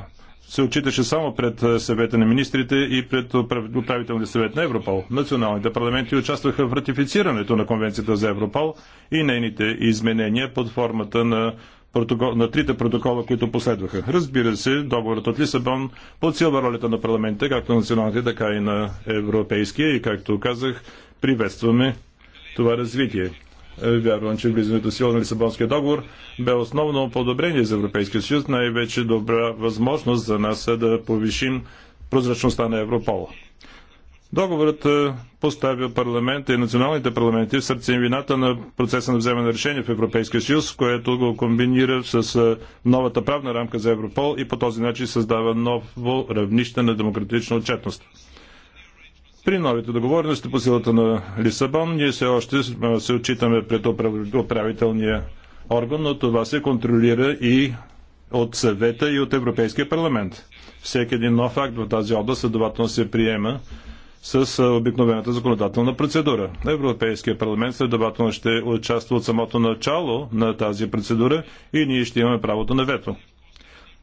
B: се отчиташе само пред е, съвета на министрите и пред управителния съвет на Европол. Националните парламенти участваха в ратифицирането на конвенцията за Европол и нейните изменения под формата на, протокол, на трите протокола, които последваха. Разбира се, договорът от Лисабон подсилва ролята на парламента, както на националните, така и на европейския и, както казах, приветстваме това развитие. Е, вярвам, че влизането сила на Лисабонския договор бе основно подобрение за Европейския съюз, най-вече добра възможност за нас е да повишим прозрачността на Европола. Договорът е, поставя парламента и националните парламенти в вината на процеса на вземане на решение в Европейския съюз, което го комбинира с е, новата правна рамка за Европол и по този начин създава ново равнище на демократична отчетност. При новите договорености по силата на Лисабон ние все още се отчитаме пред управителния орган, но това се контролира и от съвета и от Европейския парламент. Всеки един нов акт в тази област следователно се приема с обикновената законодателна процедура. Европейския парламент следователно ще участва от самото начало на тази процедура и ние ще имаме правото на вето.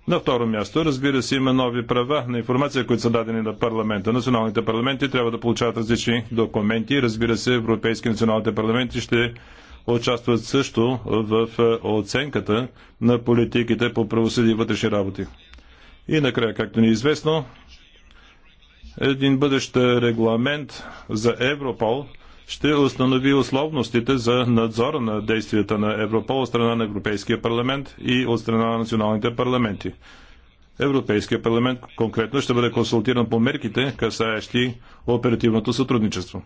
B: На второ място, разбира се, има нови права на информация, които са дадени на парламента. Националните парламенти трябва да получават различни документи. Разбира се, европейски националните парламенти ще участват също в е, оценката на политиките по правосъдие и вътрешни работи. И накрая, както ни е известно, един бъдещ регламент за Европол – ще установи условностите за надзор на действията на Европол от страна на Европейския парламент и от страна на националните парламенти. Европейския парламент конкретно ще бъде консултиран по мерките, касаещи оперативното сътрудничество.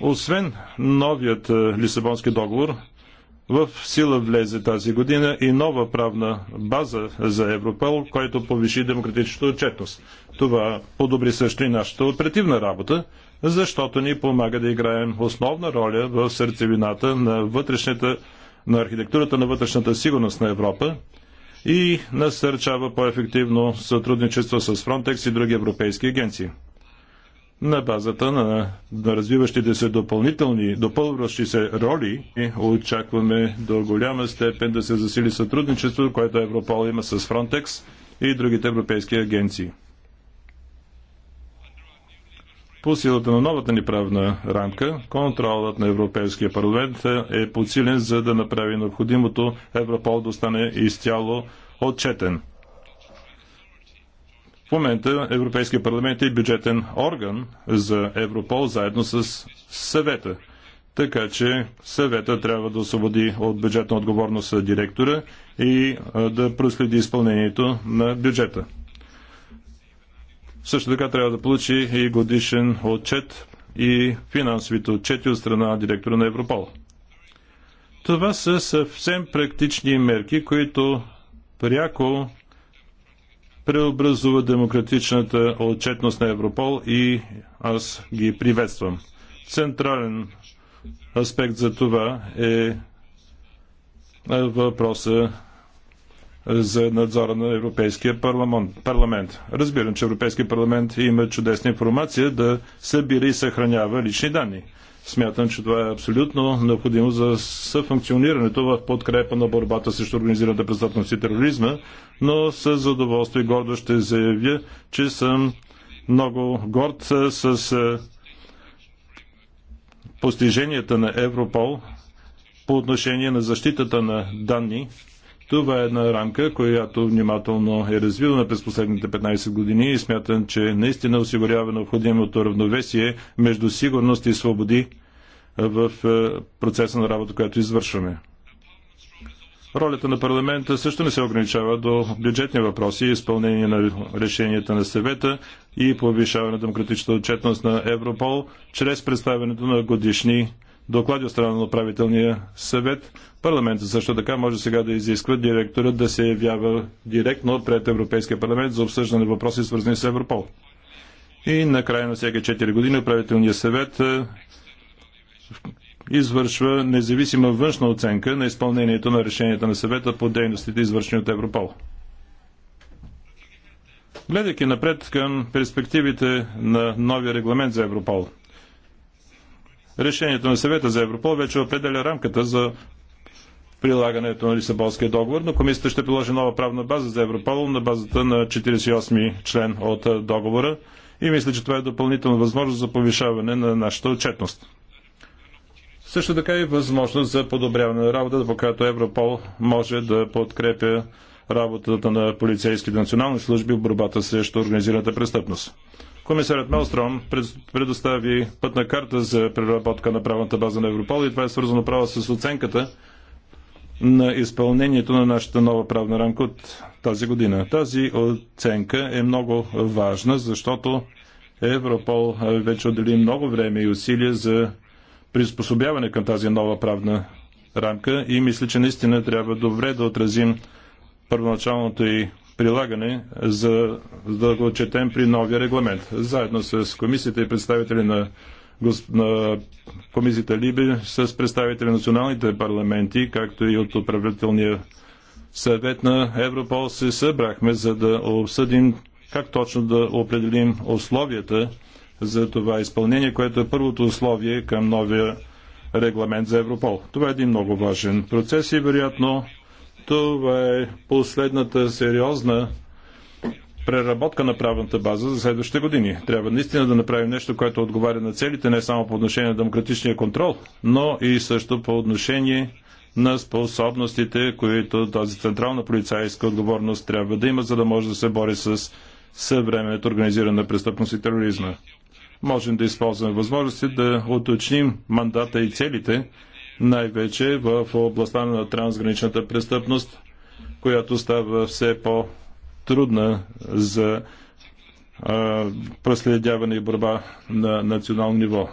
B: Освен новият е, Лисабонски договор, в сила влезе тази година и нова правна база за Европол, който повиши демократичната отчетност. Това подобри също и нашата оперативна работа, защото ни помага да играем основна роля в сърцевината на вътрешната на архитектурата на вътрешната сигурност на Европа и насърчава по-ефективно сътрудничество с Frontex и други европейски агенции. На базата на, на развиващите се допълнителни, допълващи се роли, е, очакваме до голяма степен да се засили сътрудничеството, което Европол има с Frontex и другите европейски агенции. По силата на новата ни правна рамка, контролът на Европейския парламент е подсилен за да направи необходимото Европол да стане изцяло отчетен. В момента Европейския парламент е бюджетен орган за Европол заедно с съвета. Така че съвета трябва да освободи от бюджетна отговорност директора и да проследи изпълнението на бюджета. Също така трябва да получи и годишен отчет и финансовите отчети от страна на директора на Европол. Това са съвсем практични мерки, които пряко преобразува демократичната отчетност на Европол и аз ги приветствам. Централен аспект за това е въпроса за надзора на Европейския парламент. Разбирам, че Европейския парламент има чудесна информация да събира и съхранява лични данни. Смятам, че това е абсолютно необходимо за съфункционирането в подкрепа на борбата срещу организираната престъпност и тероризма, но с задоволство и гордо ще заявя, че съм много горд с е, постиженията на Европол по отношение на защитата на данни това е една рамка, която внимателно е развивана през последните 15 години и смятам, че наистина осигурява необходимото равновесие между сигурност и свободи в е, процеса на работа, която извършваме. Ролята на парламента също не се ограничава до бюджетни въпроси, изпълнение на решенията на съвета и повишаване на демократичната отчетност на Европол чрез представянето на годишни доклади от страна на управителния съвет. Парламентът също така може сега да изисква директора да се явява директно пред Европейския парламент за обсъждане въпроси, свързани с Европол. И на края на всяка 4 години управителният съвет е, извършва независима външна оценка на изпълнението на решенията на съвета по дейностите, извършени от Европол. Гледайки напред към перспективите на новия регламент за Европол – Решението на съвета за Европол вече определя рамката за прилагането на Лисабонския договор, но комисията ще приложи нова правна база за Европол на базата на 48 член от договора и мисля, че това е допълнителна възможност за повишаване на нашата отчетност. Също така и възможност за подобряване на работата, по която Европол може да подкрепя работата на полицейските национални служби в борбата срещу организираната престъпност. Комисарят Мелстром предостави пътна карта за преработка на правната база на Европол и това е свързано право с оценката на изпълнението на нашата нова правна рамка от тази година. Тази оценка е много важна, защото Европол вече отдели много време и усилия за приспособяване към тази нова правна рамка и мисля, че наистина трябва добре да отразим първоначалното и прилагане, за, да го четем при новия регламент. Заедно с комисията и представители на, на комисията Либи, с представители на националните парламенти, както и от управителния съвет на Европол, се събрахме, за да обсъдим как точно да определим условията за това изпълнение, което е първото условие към новия регламент за Европол. Това е един много важен процес и вероятно това е последната сериозна преработка на правната база за следващите години. Трябва наистина да направим нещо, което отговаря на целите, не само по отношение на демократичния контрол, но и също по отношение на способностите, които тази централна полицайска отговорност трябва да има, за да може да се бори с съвременната организирана престъпност и тероризма. Можем да използваме възможности да уточним мандата и целите най-вече в областта на трансграничната престъпност, която става все по-трудна за а, проследяване и борба на национално ниво.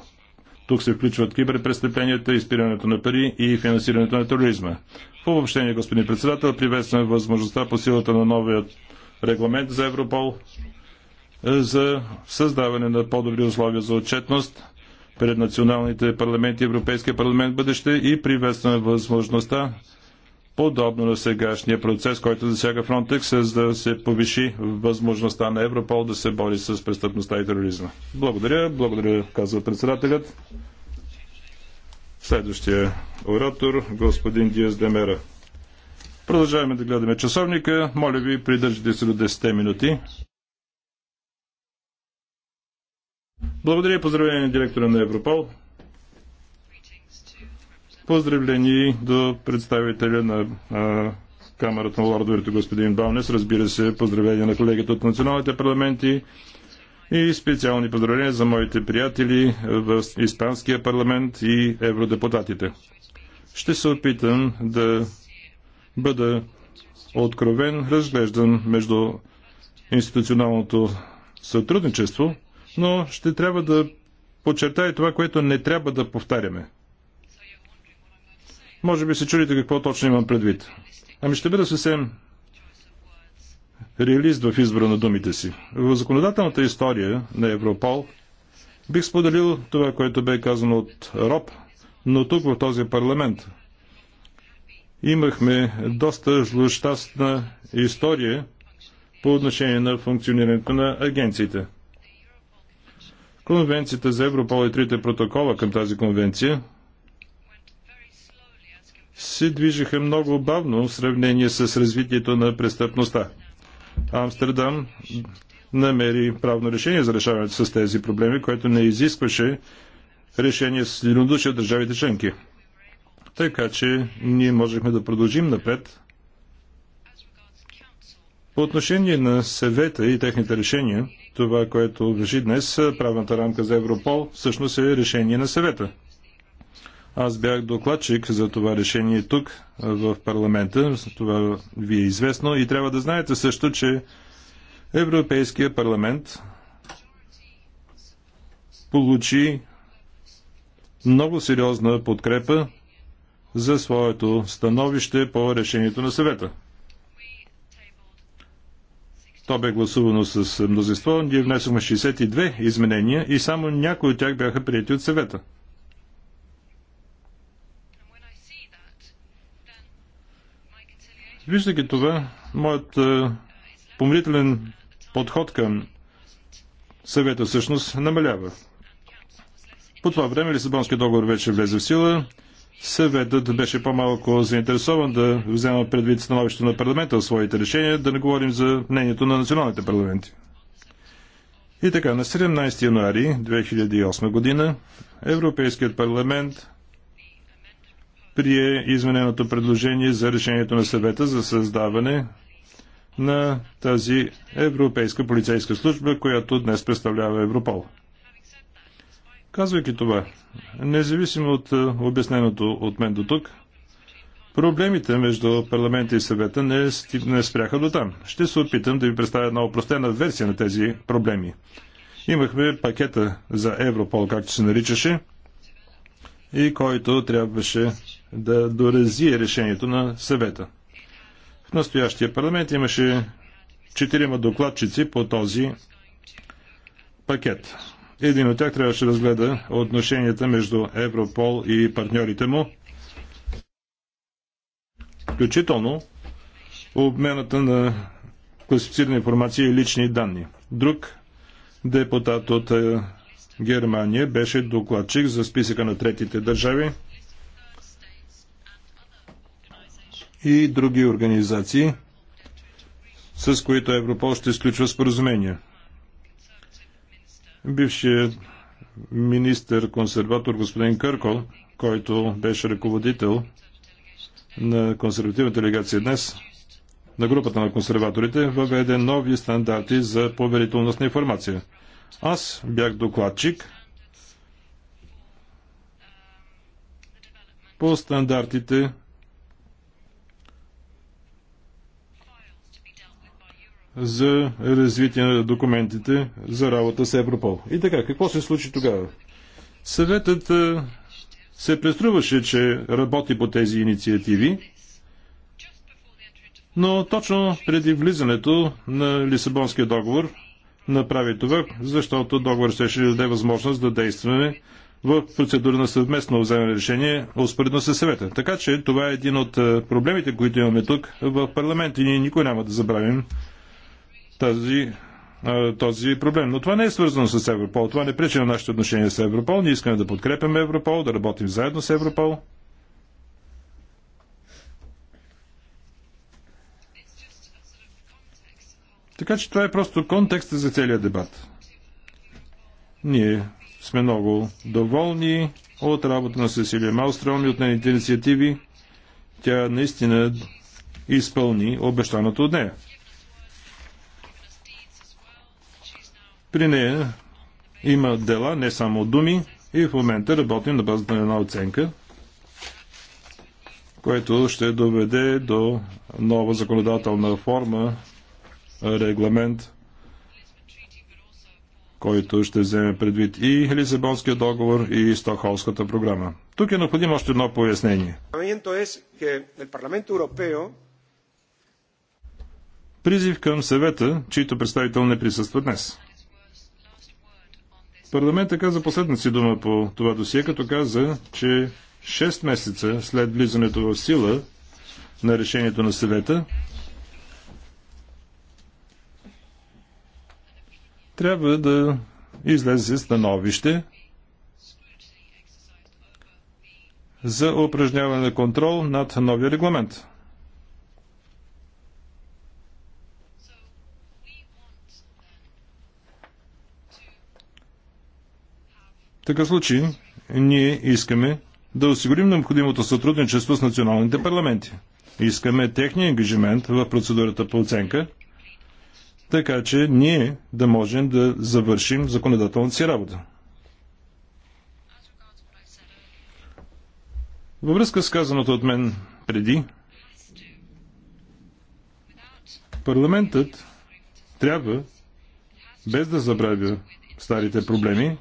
B: Тук се включват киберпрестъпленията, изпирането на пари и финансирането на тероризма. В обобщение, господин председател, приветствам възможността по силата на новия регламент за Европол за създаване на по-добри условия за отчетност пред националните парламенти, Европейския парламент бъдеще и приветстваме възможността подобно на сегашния процес, който засяга Фронтекс, за да се повиши възможността на Европол да се бори с престъпността и тероризма. Благодаря, благодаря, казва председателят. Следващия оратор, господин Диас Демера. Продължаваме да гледаме часовника. Моля ви, придържите се до 10 минути. Благодаря и поздравление на директора на Европол. Поздравление до представителя на а, Камерата на лордовете господин Балнес. Разбира се, поздравление на колегите от националните парламенти и специални поздравления за моите приятели в Испанския парламент и евродепутатите. Ще се опитам да бъда откровен, разглеждан между институционалното сътрудничество – но ще трябва да подчертая това, което не трябва да повтаряме. Може би се чудите какво точно имам предвид. Ами ще бъда съвсем реалист в избора на думите си. В законодателната история на Европол бих споделил това, което бе казано от Роб, но тук в този парламент имахме доста злощастна история по отношение на функционирането на агенциите – Конвенцията за Европол и трите протокола към тази конвенция се движиха много бавно в сравнение с развитието на престъпността. Амстердам намери правно решение за решаването с тези проблеми, което не изискваше решение с единодушие от държавите членки. Така че ние можехме да продължим напред. По отношение на съвета и техните решения, това, което реши днес правната рамка за Европол, всъщност е решение на съвета. Аз бях докладчик за това решение тук, в парламента. Това ви е известно. И трябва да знаете също, че Европейския парламент получи много сериозна подкрепа за своето становище по решението на съвета. То бе гласувано с мнозинство. Ние внесохме 62 изменения и само някои от тях бяха прияти от съвета. Виждайки това, моят е, помирителен подход към съвета всъщност намалява. По това време Лисабонския договор вече влезе в сила съветът беше по-малко заинтересован да взема предвид становището на парламента в своите решения, да не говорим за мнението на националните парламенти. И така, на 17 януари 2008 година Европейският парламент прие измененото предложение за решението на съвета за създаване на тази Европейска полицейска служба, която днес представлява Европол. Казвайки това, независимо от е, обясненото от мен до тук, проблемите между парламента и съвета не, не спряха до там. Ще се опитам да ви представя една опростена версия на тези проблеми. Имахме пакета за Европол, както се наричаше, и който трябваше да дорази решението на съвета. В настоящия парламент имаше четирима докладчици по този пакет. Един от тях трябваше да разгледа отношенията между Европол и партньорите му, включително обмената на класифицирана информация и лични данни. Друг депутат от е, Германия беше докладчик за списъка на третите държави и други организации, с които Европол ще изключва споразумения бившият министър-консерватор господин Къркол, който беше ръководител на консервативната делегация днес, на групата на консерваторите, въведе нови стандарти за поверителност на информация. Аз бях докладчик по стандартите за развитие на документите за работа с Европол. И така, какво се случи тогава? Съветът се преструваше, че работи по тези инициативи, но точно преди влизането на Лисабонския договор направи това, защото договор ще, ще даде възможност да действаме в процедура на съвместно вземане решение, успоредно със съвета. Така че това е един от проблемите, които имаме тук в парламента. и ние никой няма да забравим тази този проблем. Но това не е свързано с Европол. Това не причина на нашите отношения с Европол. Ние искаме да подкрепяме Европол, да работим заедно с Европол. Така че това е просто контекста за целият дебат. Ние сме много доволни от работа на Сесилия Малстром и от нейните инициативи. Тя наистина изпълни обещаното от нея. При нея има дела, не само думи, и в момента работим на базата на една оценка, което ще доведе до нова законодателна форма, регламент, който ще вземе предвид и Лисабонския договор, и Стокхолмската програма. Тук е необходимо още едно пояснение. Е, Призив към съвета, чието представител не присъства днес. Парламента каза последна си дума по това досие, като каза, че 6 месеца след влизането в сила на решението на съвета, трябва да излезе становище за упражняване на контрол над новия регламент. такъв случай ние искаме да осигурим необходимото сътрудничество с националните парламенти. Искаме техния ангажимент в процедурата по оценка, така че ние да можем да завършим законодателната си работа. Във връзка с казаното от мен преди, парламентът трябва, без да забравя старите проблеми,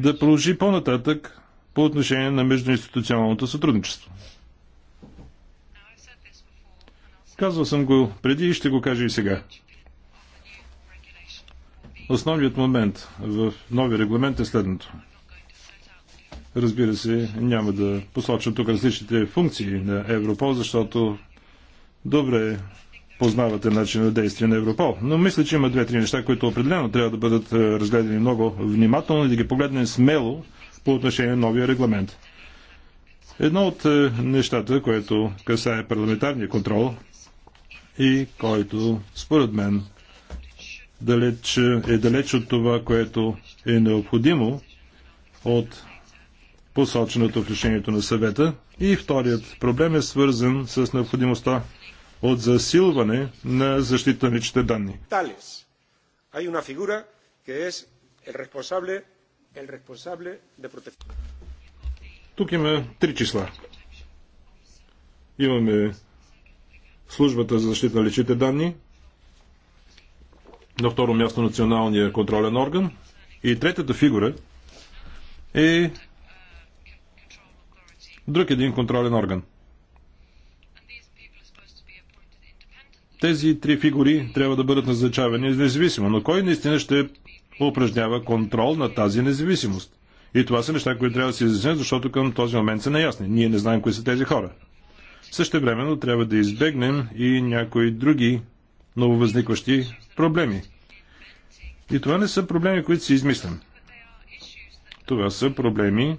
B: да продължи по-нататък по отношение на междуинституционалното сътрудничество. Казвал съм го преди и ще го кажа и сега. Основният момент в нови регламент е следното. Разбира се, няма да посоча тук различните функции на Европол, защото добре познавате начин на действие на Европол. Но мисля, че има две-три неща, които определено трябва да бъдат е, разгледани много внимателно и да ги погледнем смело по отношение на новия регламент. Едно от е, нещата, което касае парламентарния контрол и който според мен далеч, е далеч от това, което е необходимо от посоченото в решението на съвета. И вторият проблем е свързан с необходимостта от засилване на защита на личните данни. Тук има три числа. Имаме службата за защита на личните данни, на второ място националния контролен орган и третата фигура е друг един контролен орган – Тези три фигури трябва да бъдат назначавани независимо, но кой наистина ще упражнява контрол на тази независимост? И това са неща, които трябва да се изяснят, защото към този момент са неясни. Ние не знаем кои са тези хора. Също времено трябва да избегнем и някои други нововъзникващи проблеми. И това не са проблеми, които си измислям. Това са проблеми,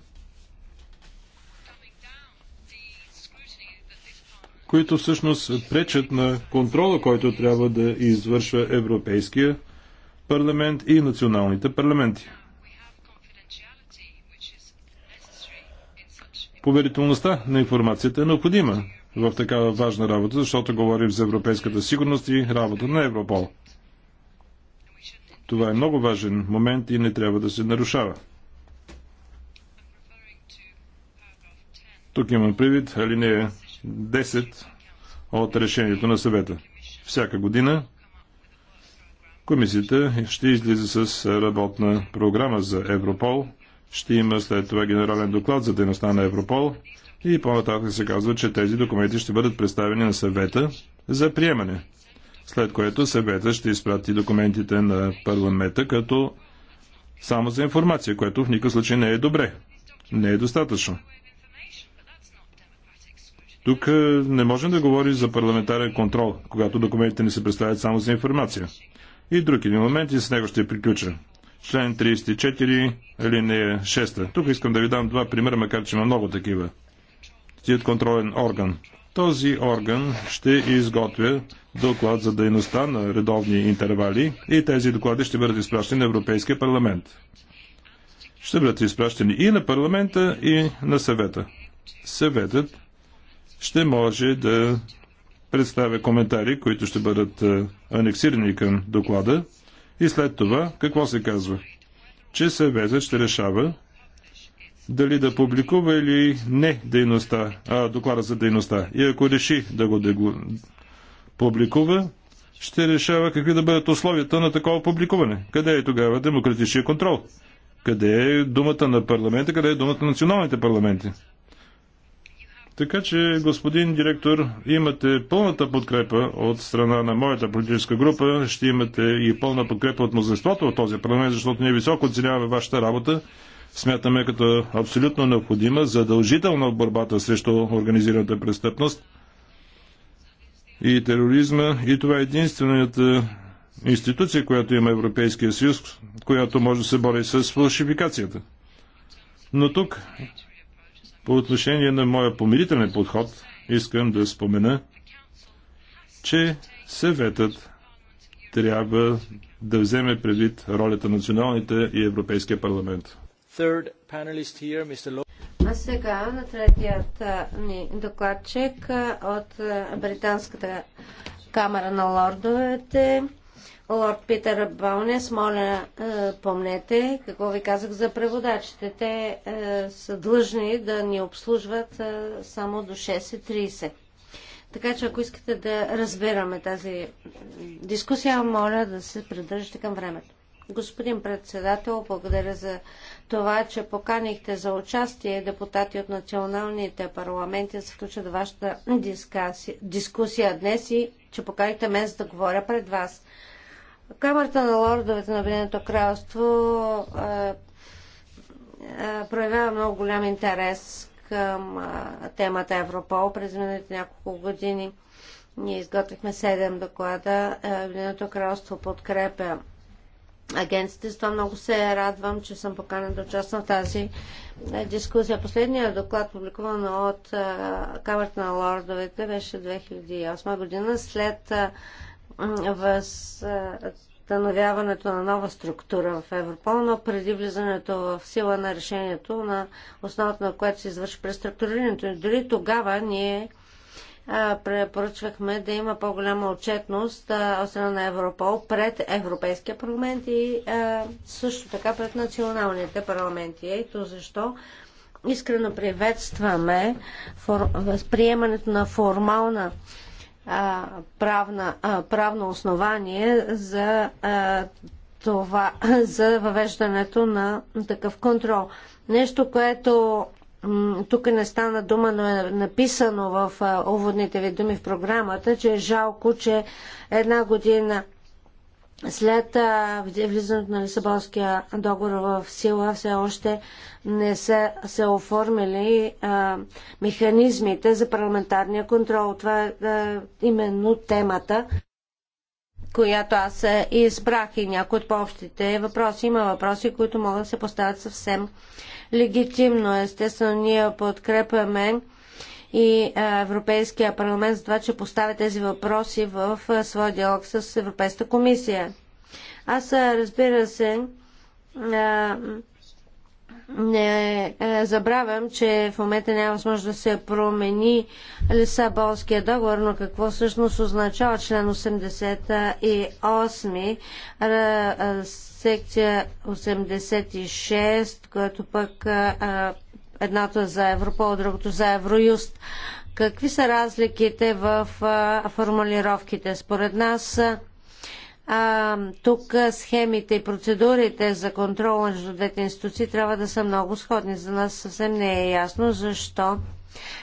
B: които всъщност пречат на контрола, който трябва да извършва Европейския парламент и националните парламенти. Поверителността на информацията е необходима в такава важна работа, защото говорим за европейската сигурност и работа на Европол. Това е много важен момент и не трябва да се нарушава. Тук имам привид алинея 10 от решението на съвета. Всяка година комисията ще излиза с работна програма за Европол, ще има след това генерален доклад за дейността на Европол и по-нататък се казва, че тези документи ще бъдат представени на съвета за приемане, след което съвета ще изпрати документите на парламента като само за информация, което в никакъв случай не е добре. Не е достатъчно. Тук е, не можем да говорим за парламентарен контрол, когато документите не се представят само за информация. И други един момент и с него ще приключа. Член 34, алинея 6. Тук искам да ви дам два примера, макар че има много такива. Тият контролен орган. Този орган ще изготвя доклад за дейността на редовни интервали и тези доклади ще бъдат изпращани на Европейския парламент. Ще бъдат изпращани и на парламента, и на съвета. Съветът ще може да представя коментари, които ще бъдат е, анексирани към доклада. И след това, какво се казва? Че съветът ще решава дали да публикува или не дейността, а, доклада за дейността. И ако реши да го публикува, ще решава какви да бъдат условията на такова публикуване. Къде е тогава демократичния контрол? Къде е думата на парламента, къде е думата на националните парламенти? Така че, господин директор, имате пълната подкрепа от страна на моята политическа група, ще имате и пълна подкрепа от мнозинството от този парламент, защото ние високо оценяваме вашата работа. Смятаме като абсолютно необходима, задължителна в борбата срещу организираната престъпност и тероризма. И това е единствената институция, която има Европейския съюз, която може да се бори с фалшификацията. Но тук по отношение на моя помирителен подход, искам да спомена, че съветът трябва да вземе предвид ролята на националните и Европейския парламент.
C: А сега на третият ни докладчик от Британската камера на лордовете Лорд Питър Балнес, моля, е, помнете какво ви казах за преводачите. Те е, са длъжни да ни обслужват е, само до 6.30. Така че ако искате да разбираме тази дискусия, моля да се придържате към времето. Господин председател, благодаря за това, че поканихте за участие депутати от националните парламенти да се включат вашата дискусия днес и че поканихте мен за да говоря пред вас. Камерата на лордовете на Обединеното кралство е, е проявява много голям интерес към е, темата Европол през миналите няколко години. Ние изготвихме 7 доклада. Е, Обединеното кралство подкрепя агенците. С това много се радвам, че съм поканен да участвам в тази дискусия. Последният доклад, публикуван от Камерата на лордовете, беше 2008 година след възстановяването на нова структура в Европол, но преди влизането в сила на решението, на основата на което се извърши преструктурирането. И дори тогава ние препоръчвахме да има по-голяма отчетност от страна на Европол пред Европейския парламент и също така пред националните парламенти. Ето защо искрено приветстваме възприемането на формална правна, а, правно основание за а, това, <clears throat> за въвеждането на такъв контрол. Нещо, което тук не стана дума, но е написано в уводните ви думи в програмата, че е жалко, че една година след влизането на Лисабонския договор в сила все още не са се оформили а, механизмите за парламентарния контрол. Това е а, именно темата, която аз избрах и някои от по-общите въпроси. Има въпроси, които могат да се поставят съвсем легитимно. Естествено, ние подкрепяме и Европейския парламент за това, че поставя тези въпроси в своя диалог с Европейската комисия. Аз разбира се не забравям, че в момента няма възможност да се промени Лисабонския договор, но какво всъщност означава член 88, секция 86, който пък Едното е за Европол, другото за Евроюст. Какви са разликите в формулировките? Според нас а, тук схемите и процедурите за контрол между двете институции трябва да са много сходни. За нас съвсем не е ясно защо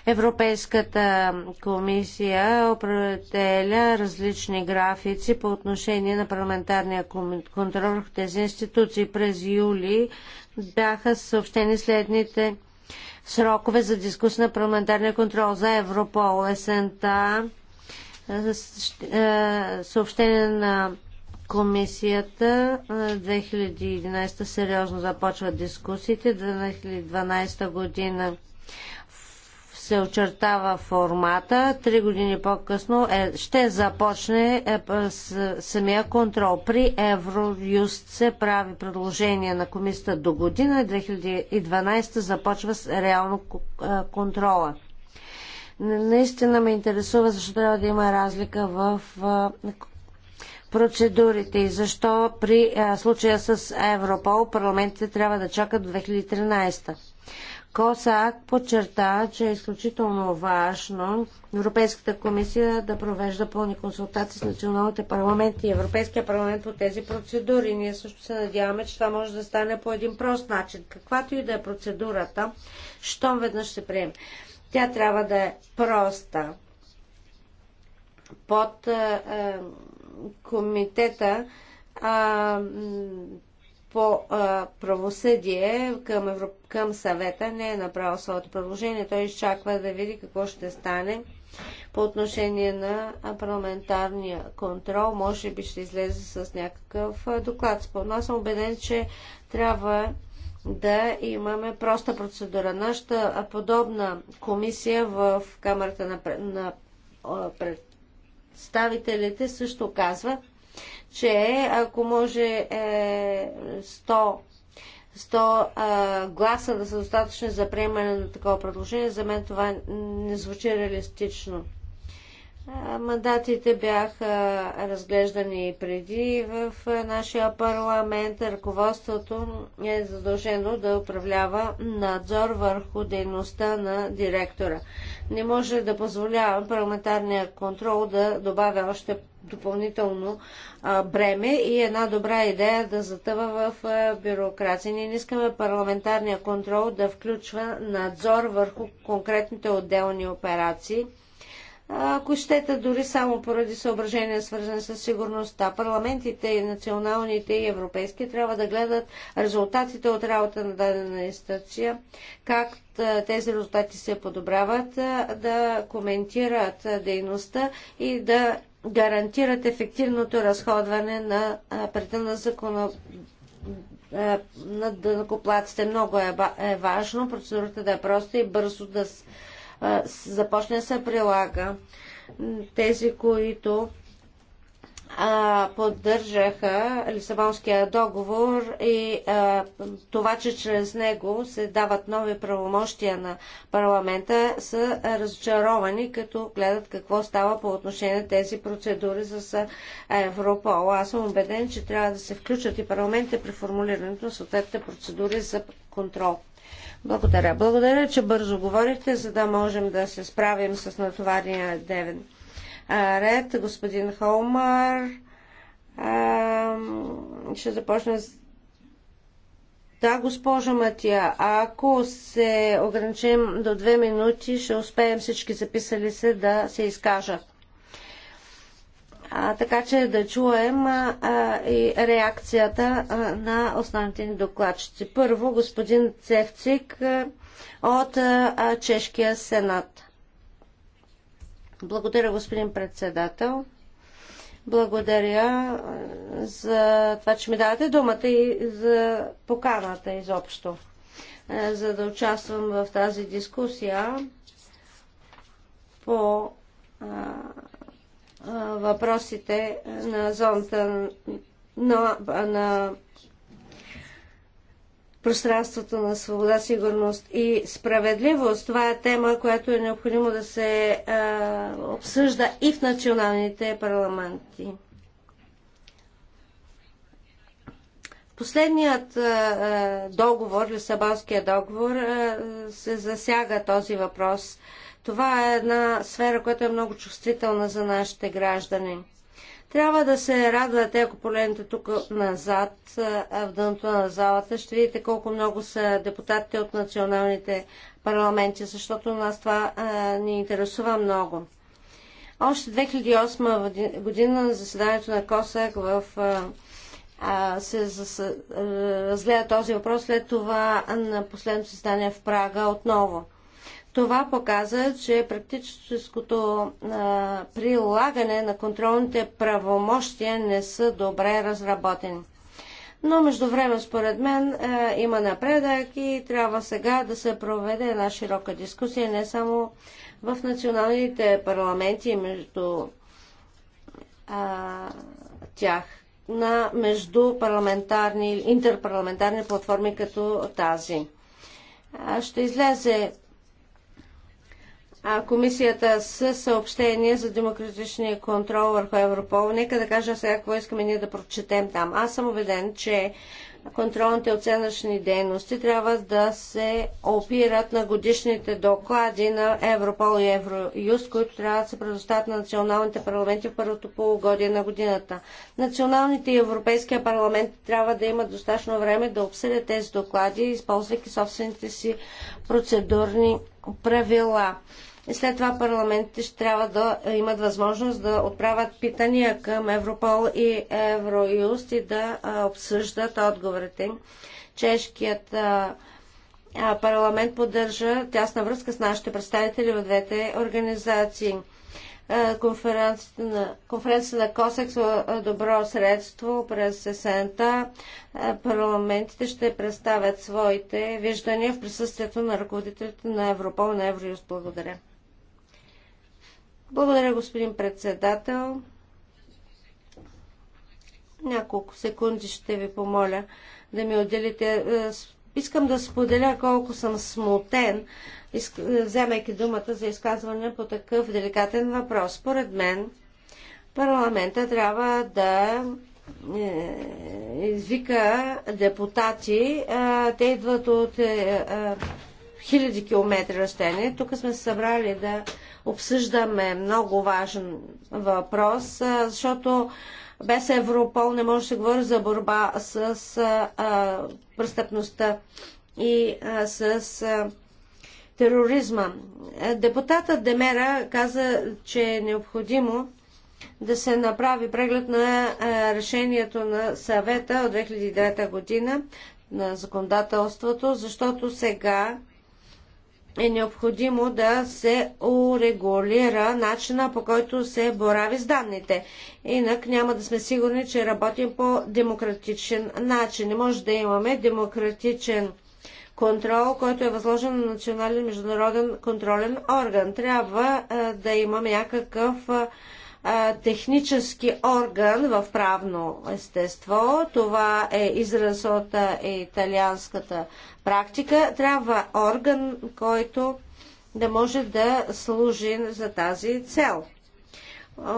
C: Европейската комисия определя различни графици по отношение на парламентарния контрол в тези институции. През юли бяха съобщени следните срокове за дискусия на парламентарния контрол за Европол. Есента е, е, съобщение на комисията 2011 е, сериозно започват дискусиите. 2012 година се очертава формата, три години по-късно е, ще започне е, с, самия контрол. При Евроюст се прави предложение на комисията до година и 2012 започва с реално е, контрола. Наистина ме интересува защо трябва да има разлика в е, процедурите и защо при е, случая с Европол парламентите трябва да чакат до 2013. Косак подчерта, че е изключително важно Европейската комисия да провежда пълни консултации с националните парламенти и Европейския парламент по тези процедури. Ние също се надяваме, че това може да стане по един прост начин. Каквато и да е процедурата, щом веднъж се приеме. Тя трябва да е проста. Под е, е комитета а, по а, правосъдие към, Европ... към съвета не е направил своето предложение. Той изчаква да види какво ще стане по отношение на парламентарния контрол. Може би ще излезе с някакъв доклад. Според аз съм убеден, че трябва да имаме проста процедура. Нашата подобна комисия в Камерата на, на представителите също казва, че ако може е, 100 100 а, гласа да са достатъчни за приемане на такова предложение, за мен това не звучи реалистично. А, е, мандатите бяха разглеждани и преди в е, нашия парламент. Ръководството е задължено да управлява надзор върху дейността на директора. Не може да позволява парламентарния контрол да добавя още допълнително бреме и една добра идея да затъва в бюрокрация. Ние не искаме парламентарния контрол да включва надзор върху конкретните отделни операции. Ако щете, дори само поради съображения, свързани с сигурността, парламентите и националните и европейски трябва да гледат резултатите от работа на дадена институция, как тези резултати се подобряват, да коментират дейността и да гарантират ефективното разходване на парите на закона на дънакоплаците. Много е, е важно процедурата да е проста и бързо да започне да се прилага. Тези, които а, поддържаха Лисабонския договор и а, това, че чрез него се дават нови правомощия на парламента, са разочаровани, като гледат какво става по отношение на тези процедури с Европол. Аз съм убеден, че трябва да се включат и парламента при формулирането на съответните процедури за контрол. Благодаря. Благодаря, че бързо говорихте, за да можем да се справим с натоварния девен ред. Господин Холмар ще започна с да, госпожо Матия, ако се ограничим до две минути, ще успеем всички записали се да се изкажат. А, така че да чуем а, и реакцията а, на основните ни докладчици. Първо, господин Цевцик а, от а, Чешкия сенат. Благодаря, господин председател. Благодаря е, за това, че ми давате думата и за поканата изобщо, е, за да участвам в тази дискусия по е, въпросите на зоната на, на пространството на свобода, сигурност и справедливост. Това е тема, която е необходимо да се а, обсъжда и в националните парламенти. Последният а, договор, Лисабонския договор, а, се засяга този въпрос. Това е една сфера, която е много чувствителна за нашите граждани. Трябва да се радвате, ако погледнете тук назад, в дъното на залата, ще видите колко много са депутатите от националните парламенти, защото нас това а, ни интересува много. Още 2008 година на заседанието на КОСАК в а, се разгледа този въпрос след това на последното заседание в Прага отново. Това показа, че практическото а, прилагане на контролните правомощия не са добре разработени. Но между време, според мен, а, има напредък и трябва сега да се проведе една широка дискусия не само в националните парламенти между а, тях на междупарламентарни, интерпарламентарни платформи като тази. Ще излезе комисията с съобщение за демократичния контрол върху Европол. Нека да кажа сега какво искаме ние да прочетем там. Аз съм убеден, че контролните оценъчни дейности трябва да се опират на годишните доклади на Европол и Евроюст, които трябва да се предоставят на националните парламенти в първото полугодие на годината. Националните и Европейския парламент трябва да имат достатъчно време да обсъдят тези доклади, използвайки собствените си процедурни правила. И след това парламентите ще трябва да имат възможност да отправят питания към Европол и Евроюст и да обсъждат отговорите им. Чешкият парламент поддържа тясна връзка с нашите представители в двете организации. Конференцията на, Косекс на е, е добро средство през сесента. Парламентите ще представят своите виждания в присъствието на ръководителите на Европол и на Евроюз. Благодаря. Благодаря, господин председател. Няколко секунди ще ви помоля да ми отделите. Е, искам да споделя колко съм смутен, е, вземайки думата за изказване по такъв деликатен въпрос. Според мен, парламента трябва да е, извика депутати. Те идват от хиляди километри разстояние. Тук сме се събрали да обсъждаме много важен въпрос, защото без Европол не може да се говори за борба с а, престъпността и а, с а, тероризма. Депутатът Демера каза, че е необходимо да се направи преглед на решението на съвета от 2009 година на законодателството, защото сега е необходимо да се урегулира начина по който се борави с данните. Инак няма да сме сигурни, че работим по демократичен начин. Не може да имаме демократичен контрол, който е възложен на национален международен контролен орган. Трябва а, да имаме някакъв а, технически орган в правно естество. Това е израз от италианската практика. Трябва орган, който да може да служи за тази цел.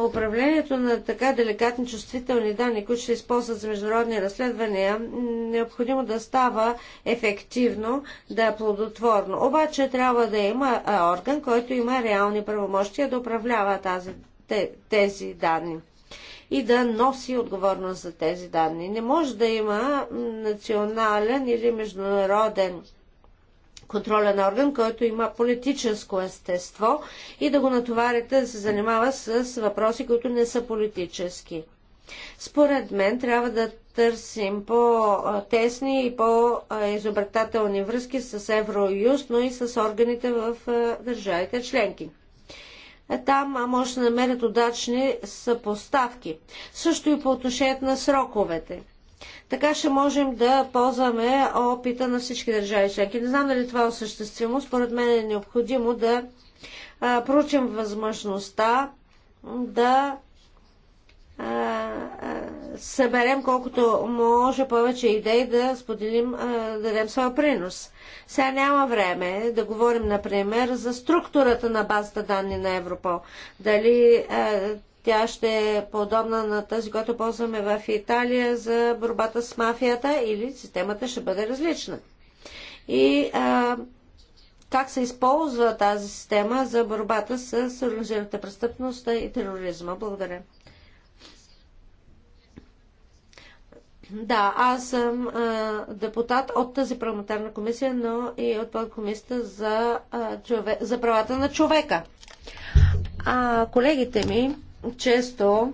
C: Управлението на така деликатни чувствителни данни, които ще използват за международни разследвания, необходимо да става ефективно, да е плодотворно. Обаче трябва да има орган, който има реални правомощия да управлява тази те, тези данни и да носи отговорност за тези данни. Не може да има национален или международен контролен орган, който има политическо естество и да го натоварите да се занимава с въпроси, които не са политически. Според мен трябва да търсим по-тесни и по-изобретателни връзки с Евроюст, но и с органите в държавите членки. Е, там може да намерят удачни съпоставки. Също и по отношение на сроковете. Така ще можем да ползваме опита на всички държави членки. Не знам дали това е осъществимо. Според мен е необходимо да проучим възможността да съберем колкото може повече идеи да споделим, да дадем своя принос. Сега няма време да говорим, например, за структурата на базата данни на Европол. Дали тя ще е подобна на тази, която ползваме в Италия за борбата с мафията или системата ще бъде различна. И а, как се използва тази система за борбата с организираната престъпност и тероризма. Благодаря. Да, аз съм а, депутат от тази парламентарна комисия, но и от комисията за, а, чове... за правата на човека. А, колегите ми често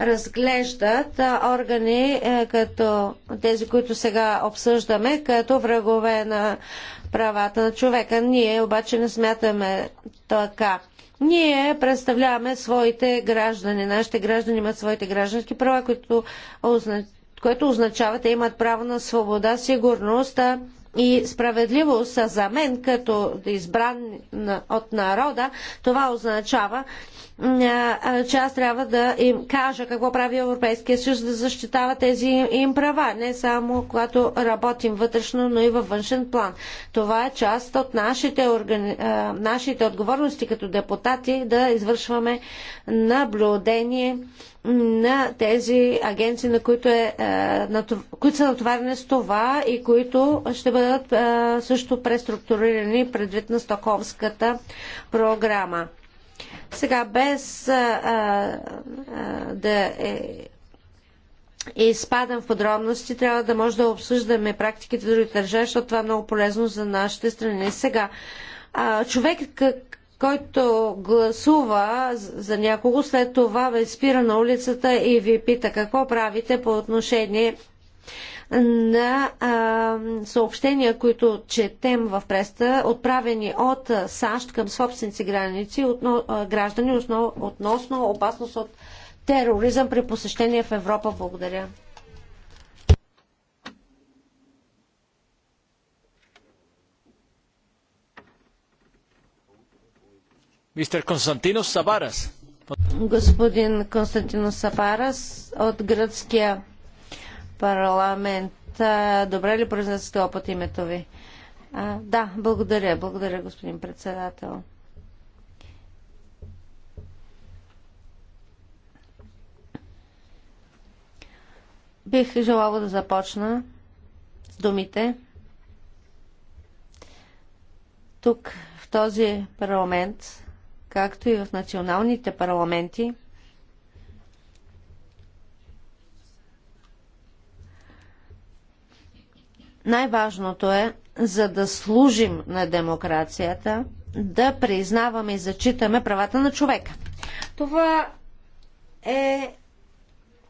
C: разглеждат а, органи а, е, като тези, които сега обсъждаме, като врагове на правата на човека. Ние обаче не смятаме така. Ние представляваме своите граждани. Нашите граждани имат своите граждански права, които, което означава, те имат право на свобода, сигурност и справедливост. А за мен, като избран от народа, това означава че аз трябва да им кажа какво прави Европейския съюз да защитава тези им права, не само когато работим вътрешно, но и във външен план. Това е част от нашите, органи... нашите отговорности като депутати да извършваме наблюдение на тези агенции, на които, е, на, които са натоварени с това и които ще бъдат е, също преструктурирани предвид на стоковската програма. Сега, без а, а, да е, изпадам в подробности, трябва да може да обсъждаме практиките в другите държави, защото това е много полезно за нашите страни. Сега, а, човек, който гласува за някого, след това ви спира на улицата и ви пита какво правите по отношение на а, съобщения, които четем в преста, отправени от САЩ към собственици граници, отно, а, граждани основ, относно опасност от тероризъм при посещение в Европа. Благодаря.
A: Мистер Константинос Сабарас.
C: Господин Константинос Сабарас от гръцкия парламент. Добре ли произнесете опът името ви? А, да, благодаря, благодаря, господин председател. Бих желала да започна с думите. Тук, в този парламент, както и в националните парламенти, Най-важното е, за да служим на демокрацията, да признаваме и зачитаме правата на човека. Това е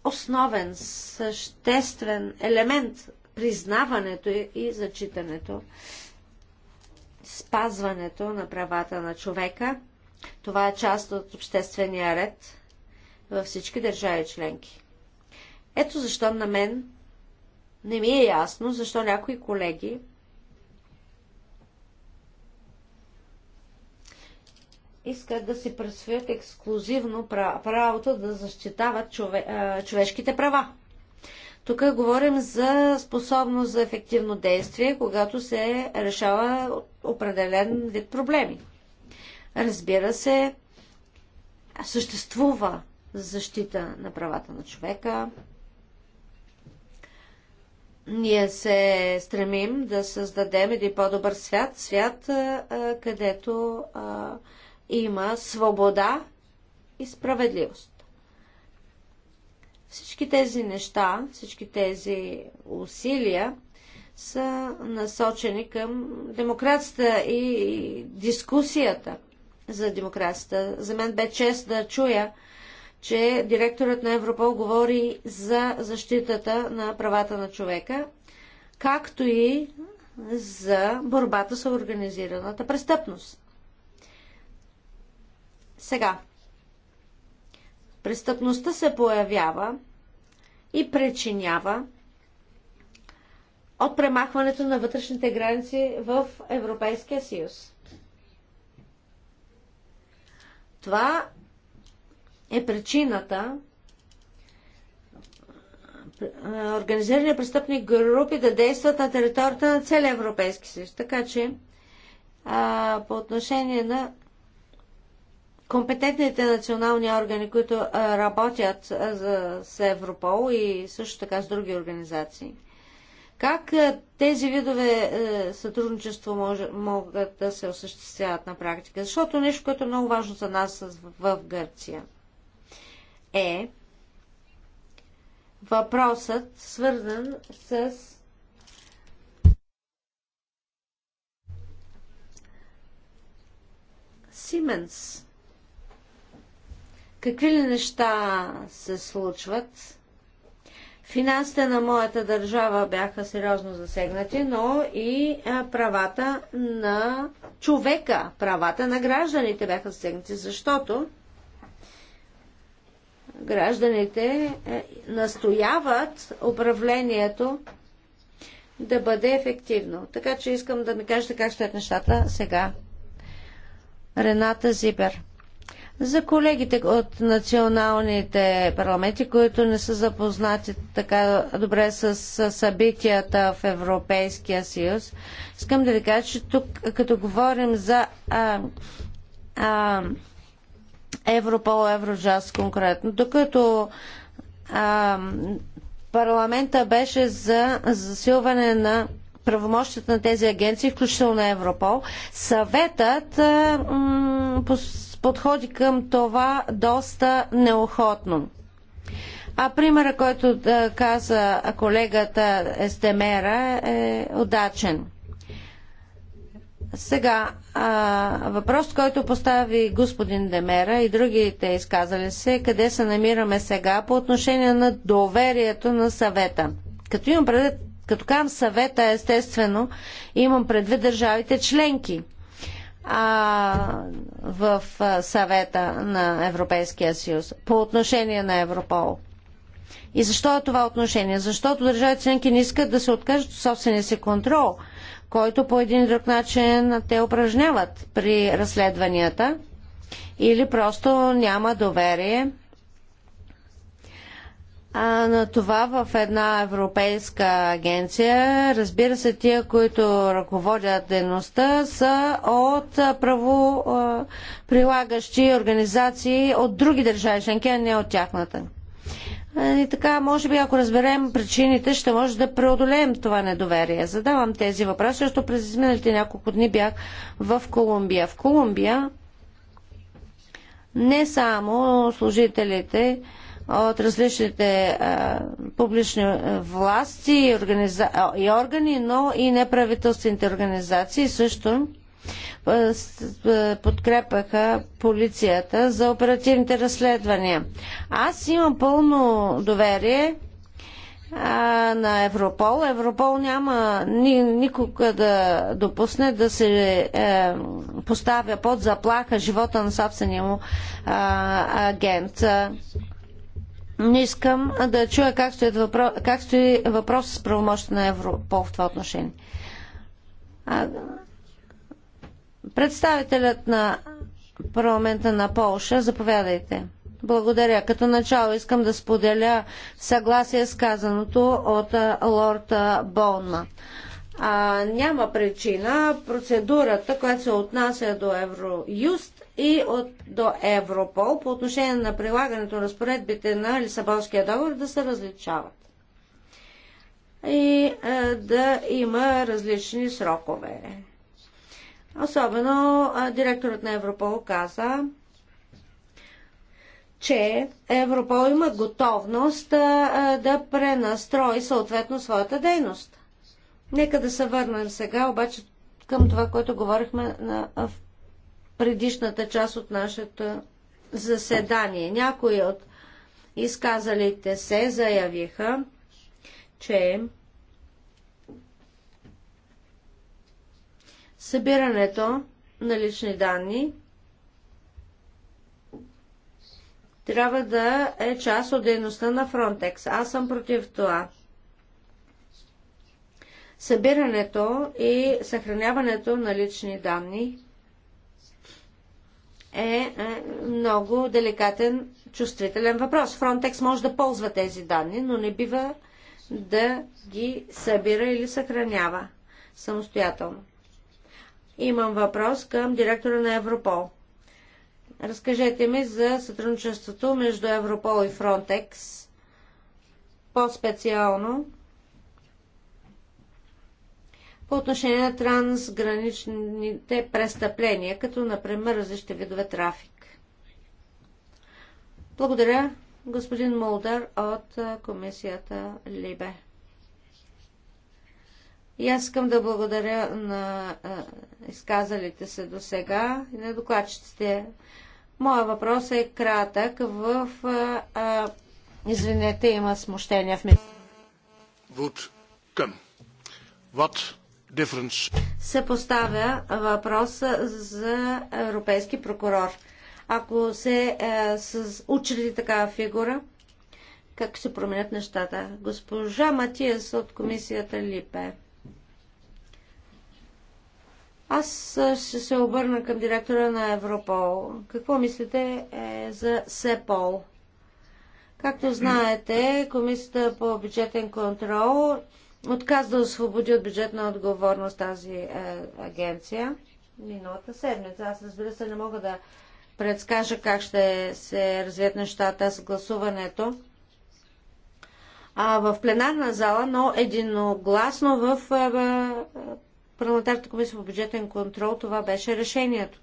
C: основен, съществен елемент признаването и зачитането, спазването на правата на човека. Това е част от обществения ред във всички държави членки. Ето защо на мен не ми е ясно защо някои колеги искат да си присвоят ексклюзивно правото да защитават чове, човешките права. Тук говорим за способност за ефективно действие, когато се решава определен вид проблеми. Разбира се, съществува защита на правата на човека, ние се стремим да създадем един по-добър свят, свят, където има свобода и справедливост. Всички тези неща, всички тези усилия са насочени към демокрацията и дискусията за демокрацията. За мен бе чест да чуя че директорът на Европол говори за защитата на правата на човека, както и за борбата с организираната престъпност. Сега, престъпността се появява и причинява от премахването на вътрешните граници в Европейския съюз. Това е причината организирани престъпни групи да действат на територията на целия Европейски съюз. Така че а, по отношение на компетентните национални органи, които а, работят а, за, с Европол и също така с други организации, как а, тези видове а, е, сътрудничество може, могат да се осъществяват на практика? Защото нещо, което е много важно за нас в, в Гърция – е въпросът, свързан с Сименс. Какви ли неща се случват? Финансите на моята държава бяха сериозно засегнати, но и правата на човека, правата на гражданите бяха засегнати, защото гражданите е, настояват управлението да бъде ефективно. Така че искам да ми кажете как стоят нещата сега. Рената Зибер. За колегите от националните парламенти, които не са запознати така добре с събитията в Европейския съюз, искам да ви кажа, че тук, като говорим за а, а, Европол, Еврожаз конкретно. Докато а, парламента беше за засилване на правомощите на тези агенции, включително на Европол, съветът а, м, подходи към това доста неохотно. А примера, който да каза колегата Естемера е удачен. Сега, а, въпрос, който постави господин Демера и другите изказали се, къде се намираме сега по отношение на доверието на съвета. Като имам предвид, като казвам съвета, естествено, имам предвид държавите членки а, в съвета на Европейския съюз по отношение на Европол. И защо е това отношение? Защото държавите членки не искат да се откажат от собствения си контрол – който по един друг начин те упражняват при разследванията или просто няма доверие а, на това в една европейска агенция. Разбира се, тия, които ръководят дейността, са от правоприлагащи организации от други държави членки, а не от тяхната. И така, може би, ако разберем причините, ще може да преодолеем това недоверие. Задавам тези въпроси, защото през изминалите няколко дни бях в Колумбия. В Колумбия не само служителите от различните а, публични власти и, организа... и органи, но и неправителствените организации също подкрепаха полицията за оперативните разследвания. Аз имам пълно доверие а, на Европол. Европол няма ни, никога да допусне да се е, поставя под заплаха живота на собствения му а, агент. Не искам да чуя как стои, въпрос, как стои въпрос с правомощта на Европол в това отношение. А, Представителят на парламента на Полша, заповядайте. Благодаря. Като начало искам да споделя съгласие с казаното от лорд Болна. А, няма причина процедурата, която се отнася до Евроюст и от, до Европол по отношение на прилагането на разпоредбите на Лисабонския договор да се различават и а, да има различни срокове. Особено директорът на Европол каза, че Европол има готовност да пренастрои съответно своята дейност. Нека да се върнем сега обаче към това, което говорихме на, в предишната част от нашето заседание. Някои от изказалите се заявиха, че Събирането на лични данни трябва да е част от дейността на Frontex. Аз съм против това. Събирането и съхраняването на лични данни е, е много деликатен, чувствителен въпрос. Frontex може да ползва тези данни, но не бива да ги събира или съхранява самостоятелно. Имам въпрос към директора на Европол. Разкажете ми за сътрудничеството между Европол и Фронтекс. По-специално по отношение на трансграничните престъпления, като например различни видове трафик. Благодаря, господин Молдър от комисията Либе. И аз искам да благодаря на изказалите се до сега и на докладчиците. Моя въпрос е кратък. В... А, извинете, има смущение в мен. Се поставя въпроса за европейски прокурор. Ако се е, с, учреди такава фигура, как се променят нещата? Госпожа Матиес от комисията Липе. Аз ще се обърна към директора на Европол. Какво мислите е, за СЕПОЛ? Както знаете, Комисията по бюджетен контрол отказа да освободи от бюджетна отговорност тази е, агенция миналата седмица. Аз разбира се не мога да предскажа как ще се развият нещата с гласуването а, в пленарна зала, но единогласно в а, е, парламентарната комисия по бюджетен контрол това беше решението.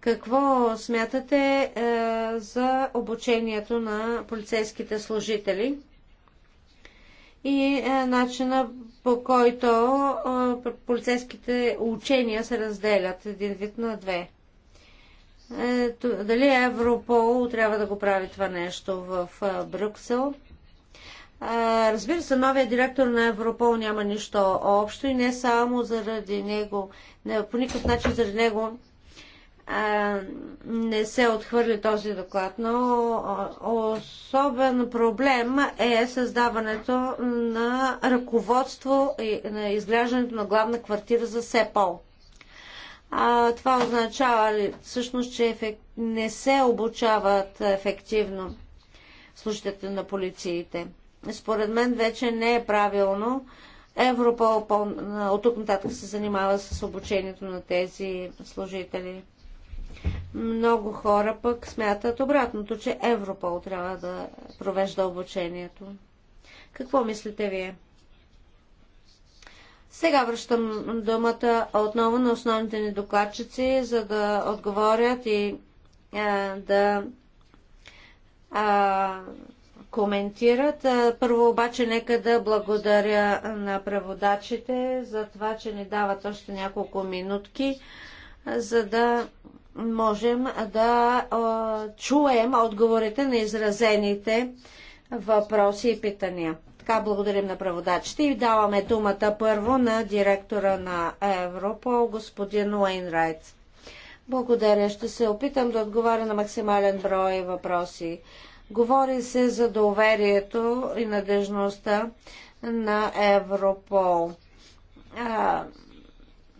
C: Какво смятате е, за обучението на полицейските служители и е, начина по който е, полицейските учения се разделят един вид на две? Е, дали Европол трябва да го прави това нещо в е, Брюксел? Разбира се, новия директор на Европол няма нищо общо и не само заради него, не, по никакъв начин заради него а, не се отхвърли този доклад, но особен проблем е създаването на ръководство и на изграждането на главна квартира за СЕПОЛ. А, това означава ли, всъщност, че ефек... не се обучават ефективно служителите на полициите според мен вече не е правилно. Европол от тук нататък се занимава с обучението на тези служители. Много хора пък смятат обратното, че Европол трябва да провежда обучението. Какво мислите вие? Сега връщам думата отново на основните ни докладчици, за да отговорят и а, да а, коментират. Първо обаче нека да благодаря на преводачите за това, че ни дават още няколко минутки, за да можем да чуем отговорите на изразените въпроси и питания. Така благодарим на преводачите и даваме думата първо на директора на Европол, господин Уейнрайт. Благодаря. Ще се опитам да отговаря на максимален брой въпроси. Говори се за доверието и надежността на Европол. А,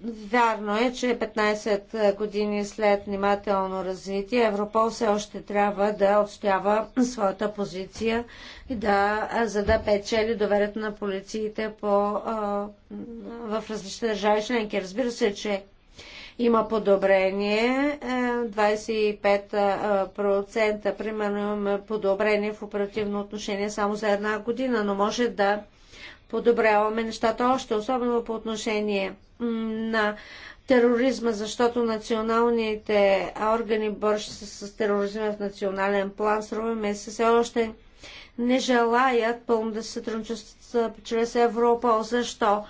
C: вярно е, че 15 години след внимателно развитие Европол все още трябва да отстоява своята позиция и да, за да печели доверието на полициите по, а, в различни държави членки. Разбира се, че има подобрение. 25% е, примерно имаме подобрение в оперативно отношение само за една година, но може да подобряваме нещата още, особено по отношение на тероризма, защото националните органи борщи се с тероризма в национален план, струваме се все още не желаят пълно да се сътрудничат чрез Европол. Защо?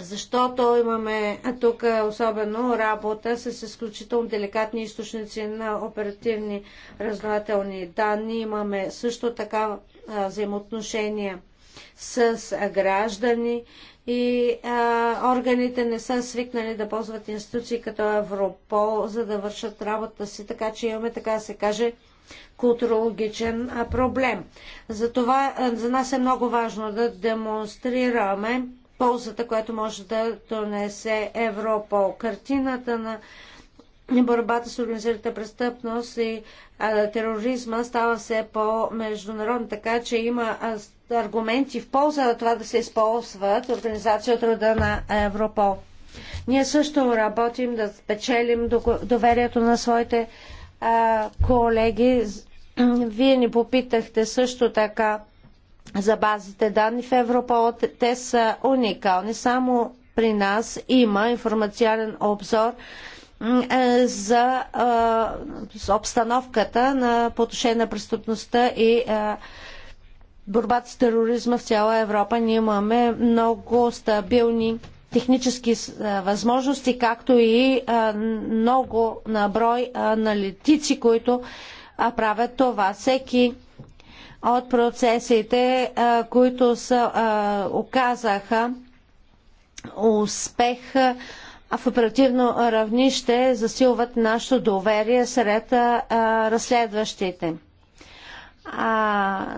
C: Защото имаме тук особено работа с изключително деликатни източници на оперативни разнователни данни. Имаме също така взаимоотношения с граждани и а, органите не са свикнали да ползват институции като Европол, за да вършат работа си, така че имаме, така да се каже, културологичен проблем. Затова за нас е много важно да демонстрираме ползата, която може да донесе Европол. Картината на борбата с организираната престъпност и тероризма става все по-международна, така че има аргументи в полза на това да се използват организация от рода на Европол. Ние също работим да спечелим доверието на своите колеги. Вие ни попитахте също така за базите данни в Европол. Те са уникални. Само при нас има информационен обзор е, за обстановката на, потушение на преступността и борбата с тероризма в цяла Европа. Ние имаме много стабилни технически възможности, както и много наброй аналитици, които правят това. Всеки от процесите, които са, оказаха успех в оперативно равнище, засилват нашето доверие сред разследващите. А,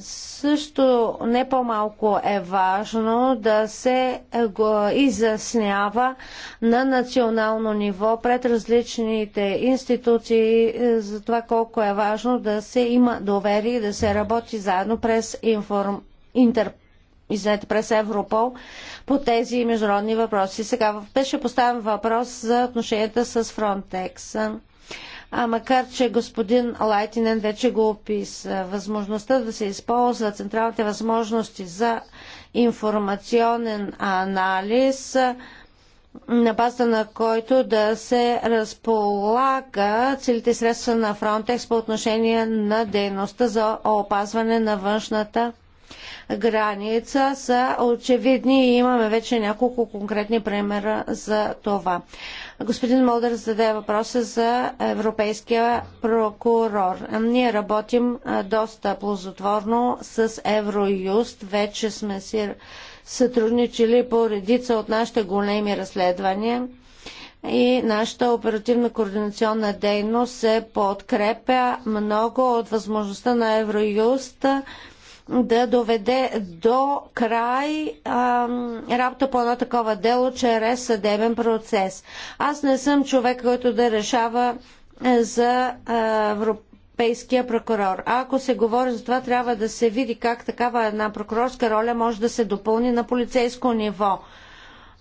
C: също не по-малко е важно да се е, го изяснява на национално ниво пред различните институции е, за това колко е важно да се има доверие и да се работи заедно през информ... интер... Извинете, през Европол по тези международни въпроси. Сега беше поставен въпрос за отношенията с Фронтекс а макар че господин Лайтинен вече го описа. Възможността да се използва централните възможности за информационен анализ, на базата на който да се разполага целите средства на Фронтекс по отношение на дейността за опазване на външната граница са очевидни и имаме вече няколко конкретни примера за това. Господин Молдър зададе въпроса за европейския прокурор. Ние работим доста плозотворно с Евроюст. Вече сме си сътрудничили по редица от нашите големи разследвания и нашата оперативна координационна дейност се подкрепя много от възможността на Евроюст да доведе до край а, работа по едно такова дело чрез съдебен процес. Аз не съм човек, който да решава е, за европейския прокурор. А ако се говори за това, трябва да се види как такава една прокурорска роля може да се допълни на полицейско ниво.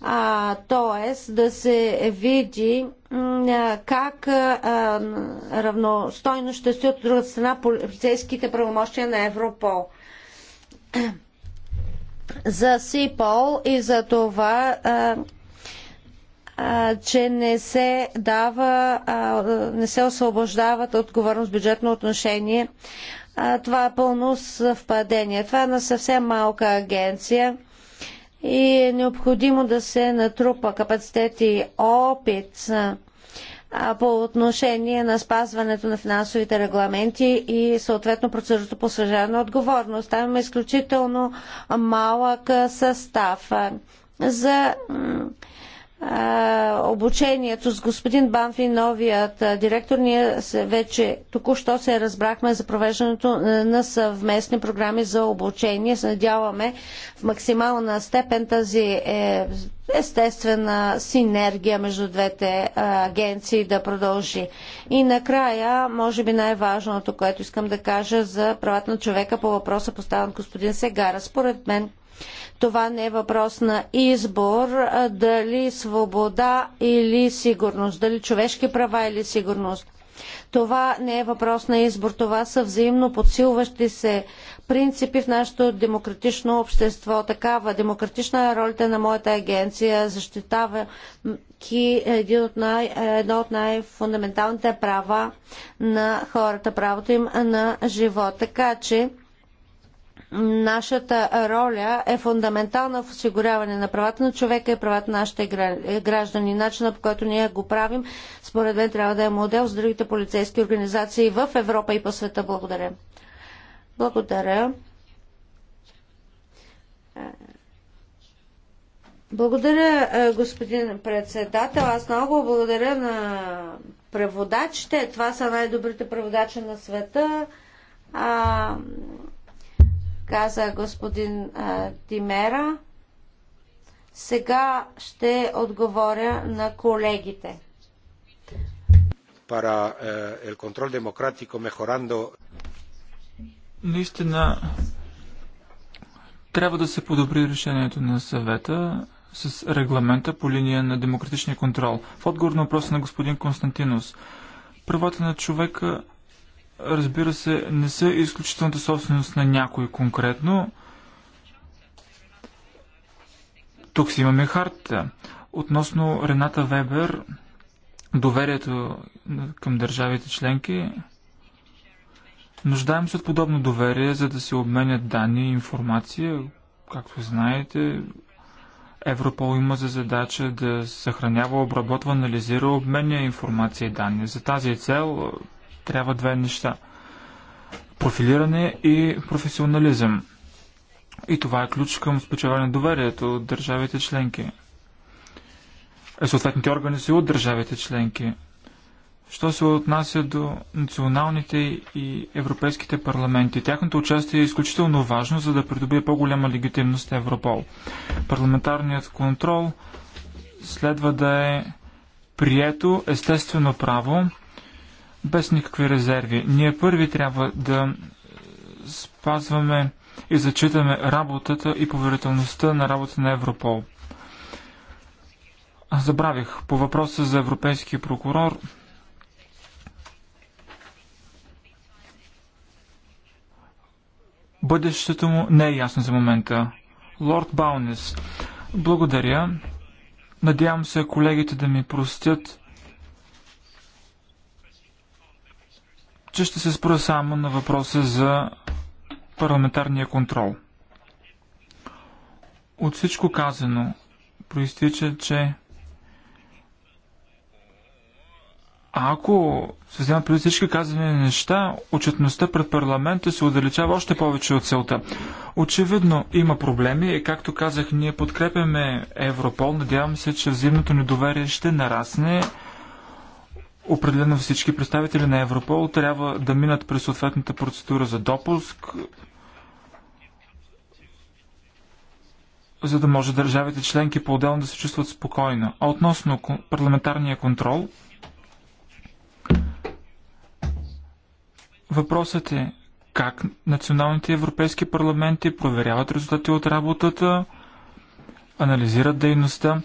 C: А, тоест да се види как а, равностойно ще стоят от другата страна полицейските правомощия на Европол. <clears throat> за СИПОЛ и за това, а, а, че не се дава, а, не се освобождават отговорност бюджетно отношение. А, това е пълно съвпадение. Това е на съвсем малка агенция и е необходимо да се натрупа капацитет и опит. А, по отношение на спазването на финансовите регламенти и съответно процедурата по съжалена отговорност. Там има изключително малък състав. За обучението с господин Банфи, новият директор, ние вече току-що се разбрахме за провеждането на съвместни програми за обучение. Се надяваме в максимална степен тази е, естествена синергия между двете агенции да продължи. И накрая, може би най-важното, което искам да кажа за правата на човека по въпроса поставен господин Сегара. Според мен това не е въпрос на избор дали свобода или сигурност, дали човешки права или сигурност. Това не е въпрос на избор, това са взаимно подсилващи се принципи в нашето демократично общество. Такава демократична е ролята на моята агенция, защитава един от най, едно от най-фундаменталните права на хората, правото им на живот. Така че Нашата роля е фундаментална в осигуряване на правата на човека и правата на нашите граждани. Начина по който ние го правим, според мен, трябва да е модел с другите полицейски организации в Европа и по света. Благодаря. Благодаря. Благодаря, е, господин председател. Аз много благодаря на преводачите. Това са най-добрите преводачи на света. А, каза господин Тимера. Сега ще отговоря на колегите.
B: Para eh, е, el control democrático mejorando.
A: Наистина трябва да се подобри решението на съвета с регламента по линия на демократичния контрол. В отговор на въпроса на господин Константинус. правата на човека разбира се, не са изключителната собственост на някой конкретно. Тук си имаме харта. Относно Рената Вебер, доверието към държавите членки, нуждаем се от подобно доверие, за да се обменят данни и информация. Както знаете, Европол има за задача да съхранява, обработва, анализира, обменя информация и данни. За тази цел трябва две неща. Профилиране и професионализъм. И това е ключ към спечелване на доверието от държавите членки. Е, съответните органи са от държавите членки. Що се отнася до националните и европейските парламенти, тяхното участие е изключително важно, за да придобие по-голяма легитимност Европол. Парламентарният контрол следва да е прието естествено право без никакви резерви. Ние първи трябва да е, спазваме и зачитаме работата и поверителността на работа на Европол. Забравих по въпроса за европейския прокурор. Бъдещето му не е ясно за момента. Лорд Баунес, благодаря. Надявам се колегите да ми простят че ще се спра само на въпроса за парламентарния контрол. От всичко казано проистича, че ако се взема преди всички казани неща, отчетността пред парламента се отдалечава още повече от целта. Очевидно има проблеми и както казах, ние подкрепяме Европол. Надявам се, че взаимното недоверие ще нарасне Определено всички представители на Европол трябва да минат през съответната процедура за допуск, за да може държавите членки по-отделно да се чувстват спокойно. А относно парламентарния контрол, въпросът е как националните европейски парламенти проверяват резултати от работата, анализират дейността.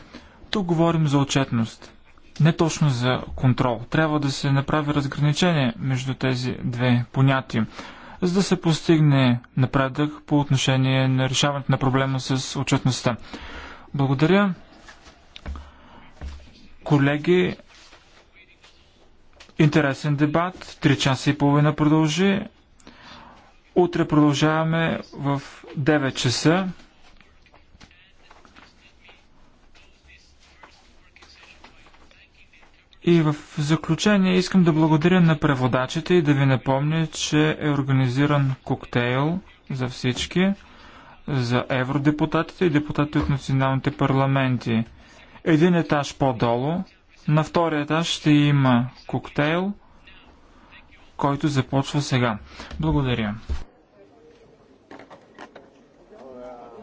A: Тук говорим за отчетност не точно за контрол. Трябва да се направи разграничение между тези две понятия, за да се постигне напредък по отношение на решаването на проблема с отчетността. Благодаря. Колеги, интересен дебат. Три часа и половина продължи. Утре продължаваме в 9 часа. И в заключение искам да благодаря на преводачите и да ви напомня, че е организиран коктейл за всички, за евродепутатите и депутати от националните парламенти. Един етаж по-долу, на втория етаж ще има коктейл, който започва сега. Благодаря.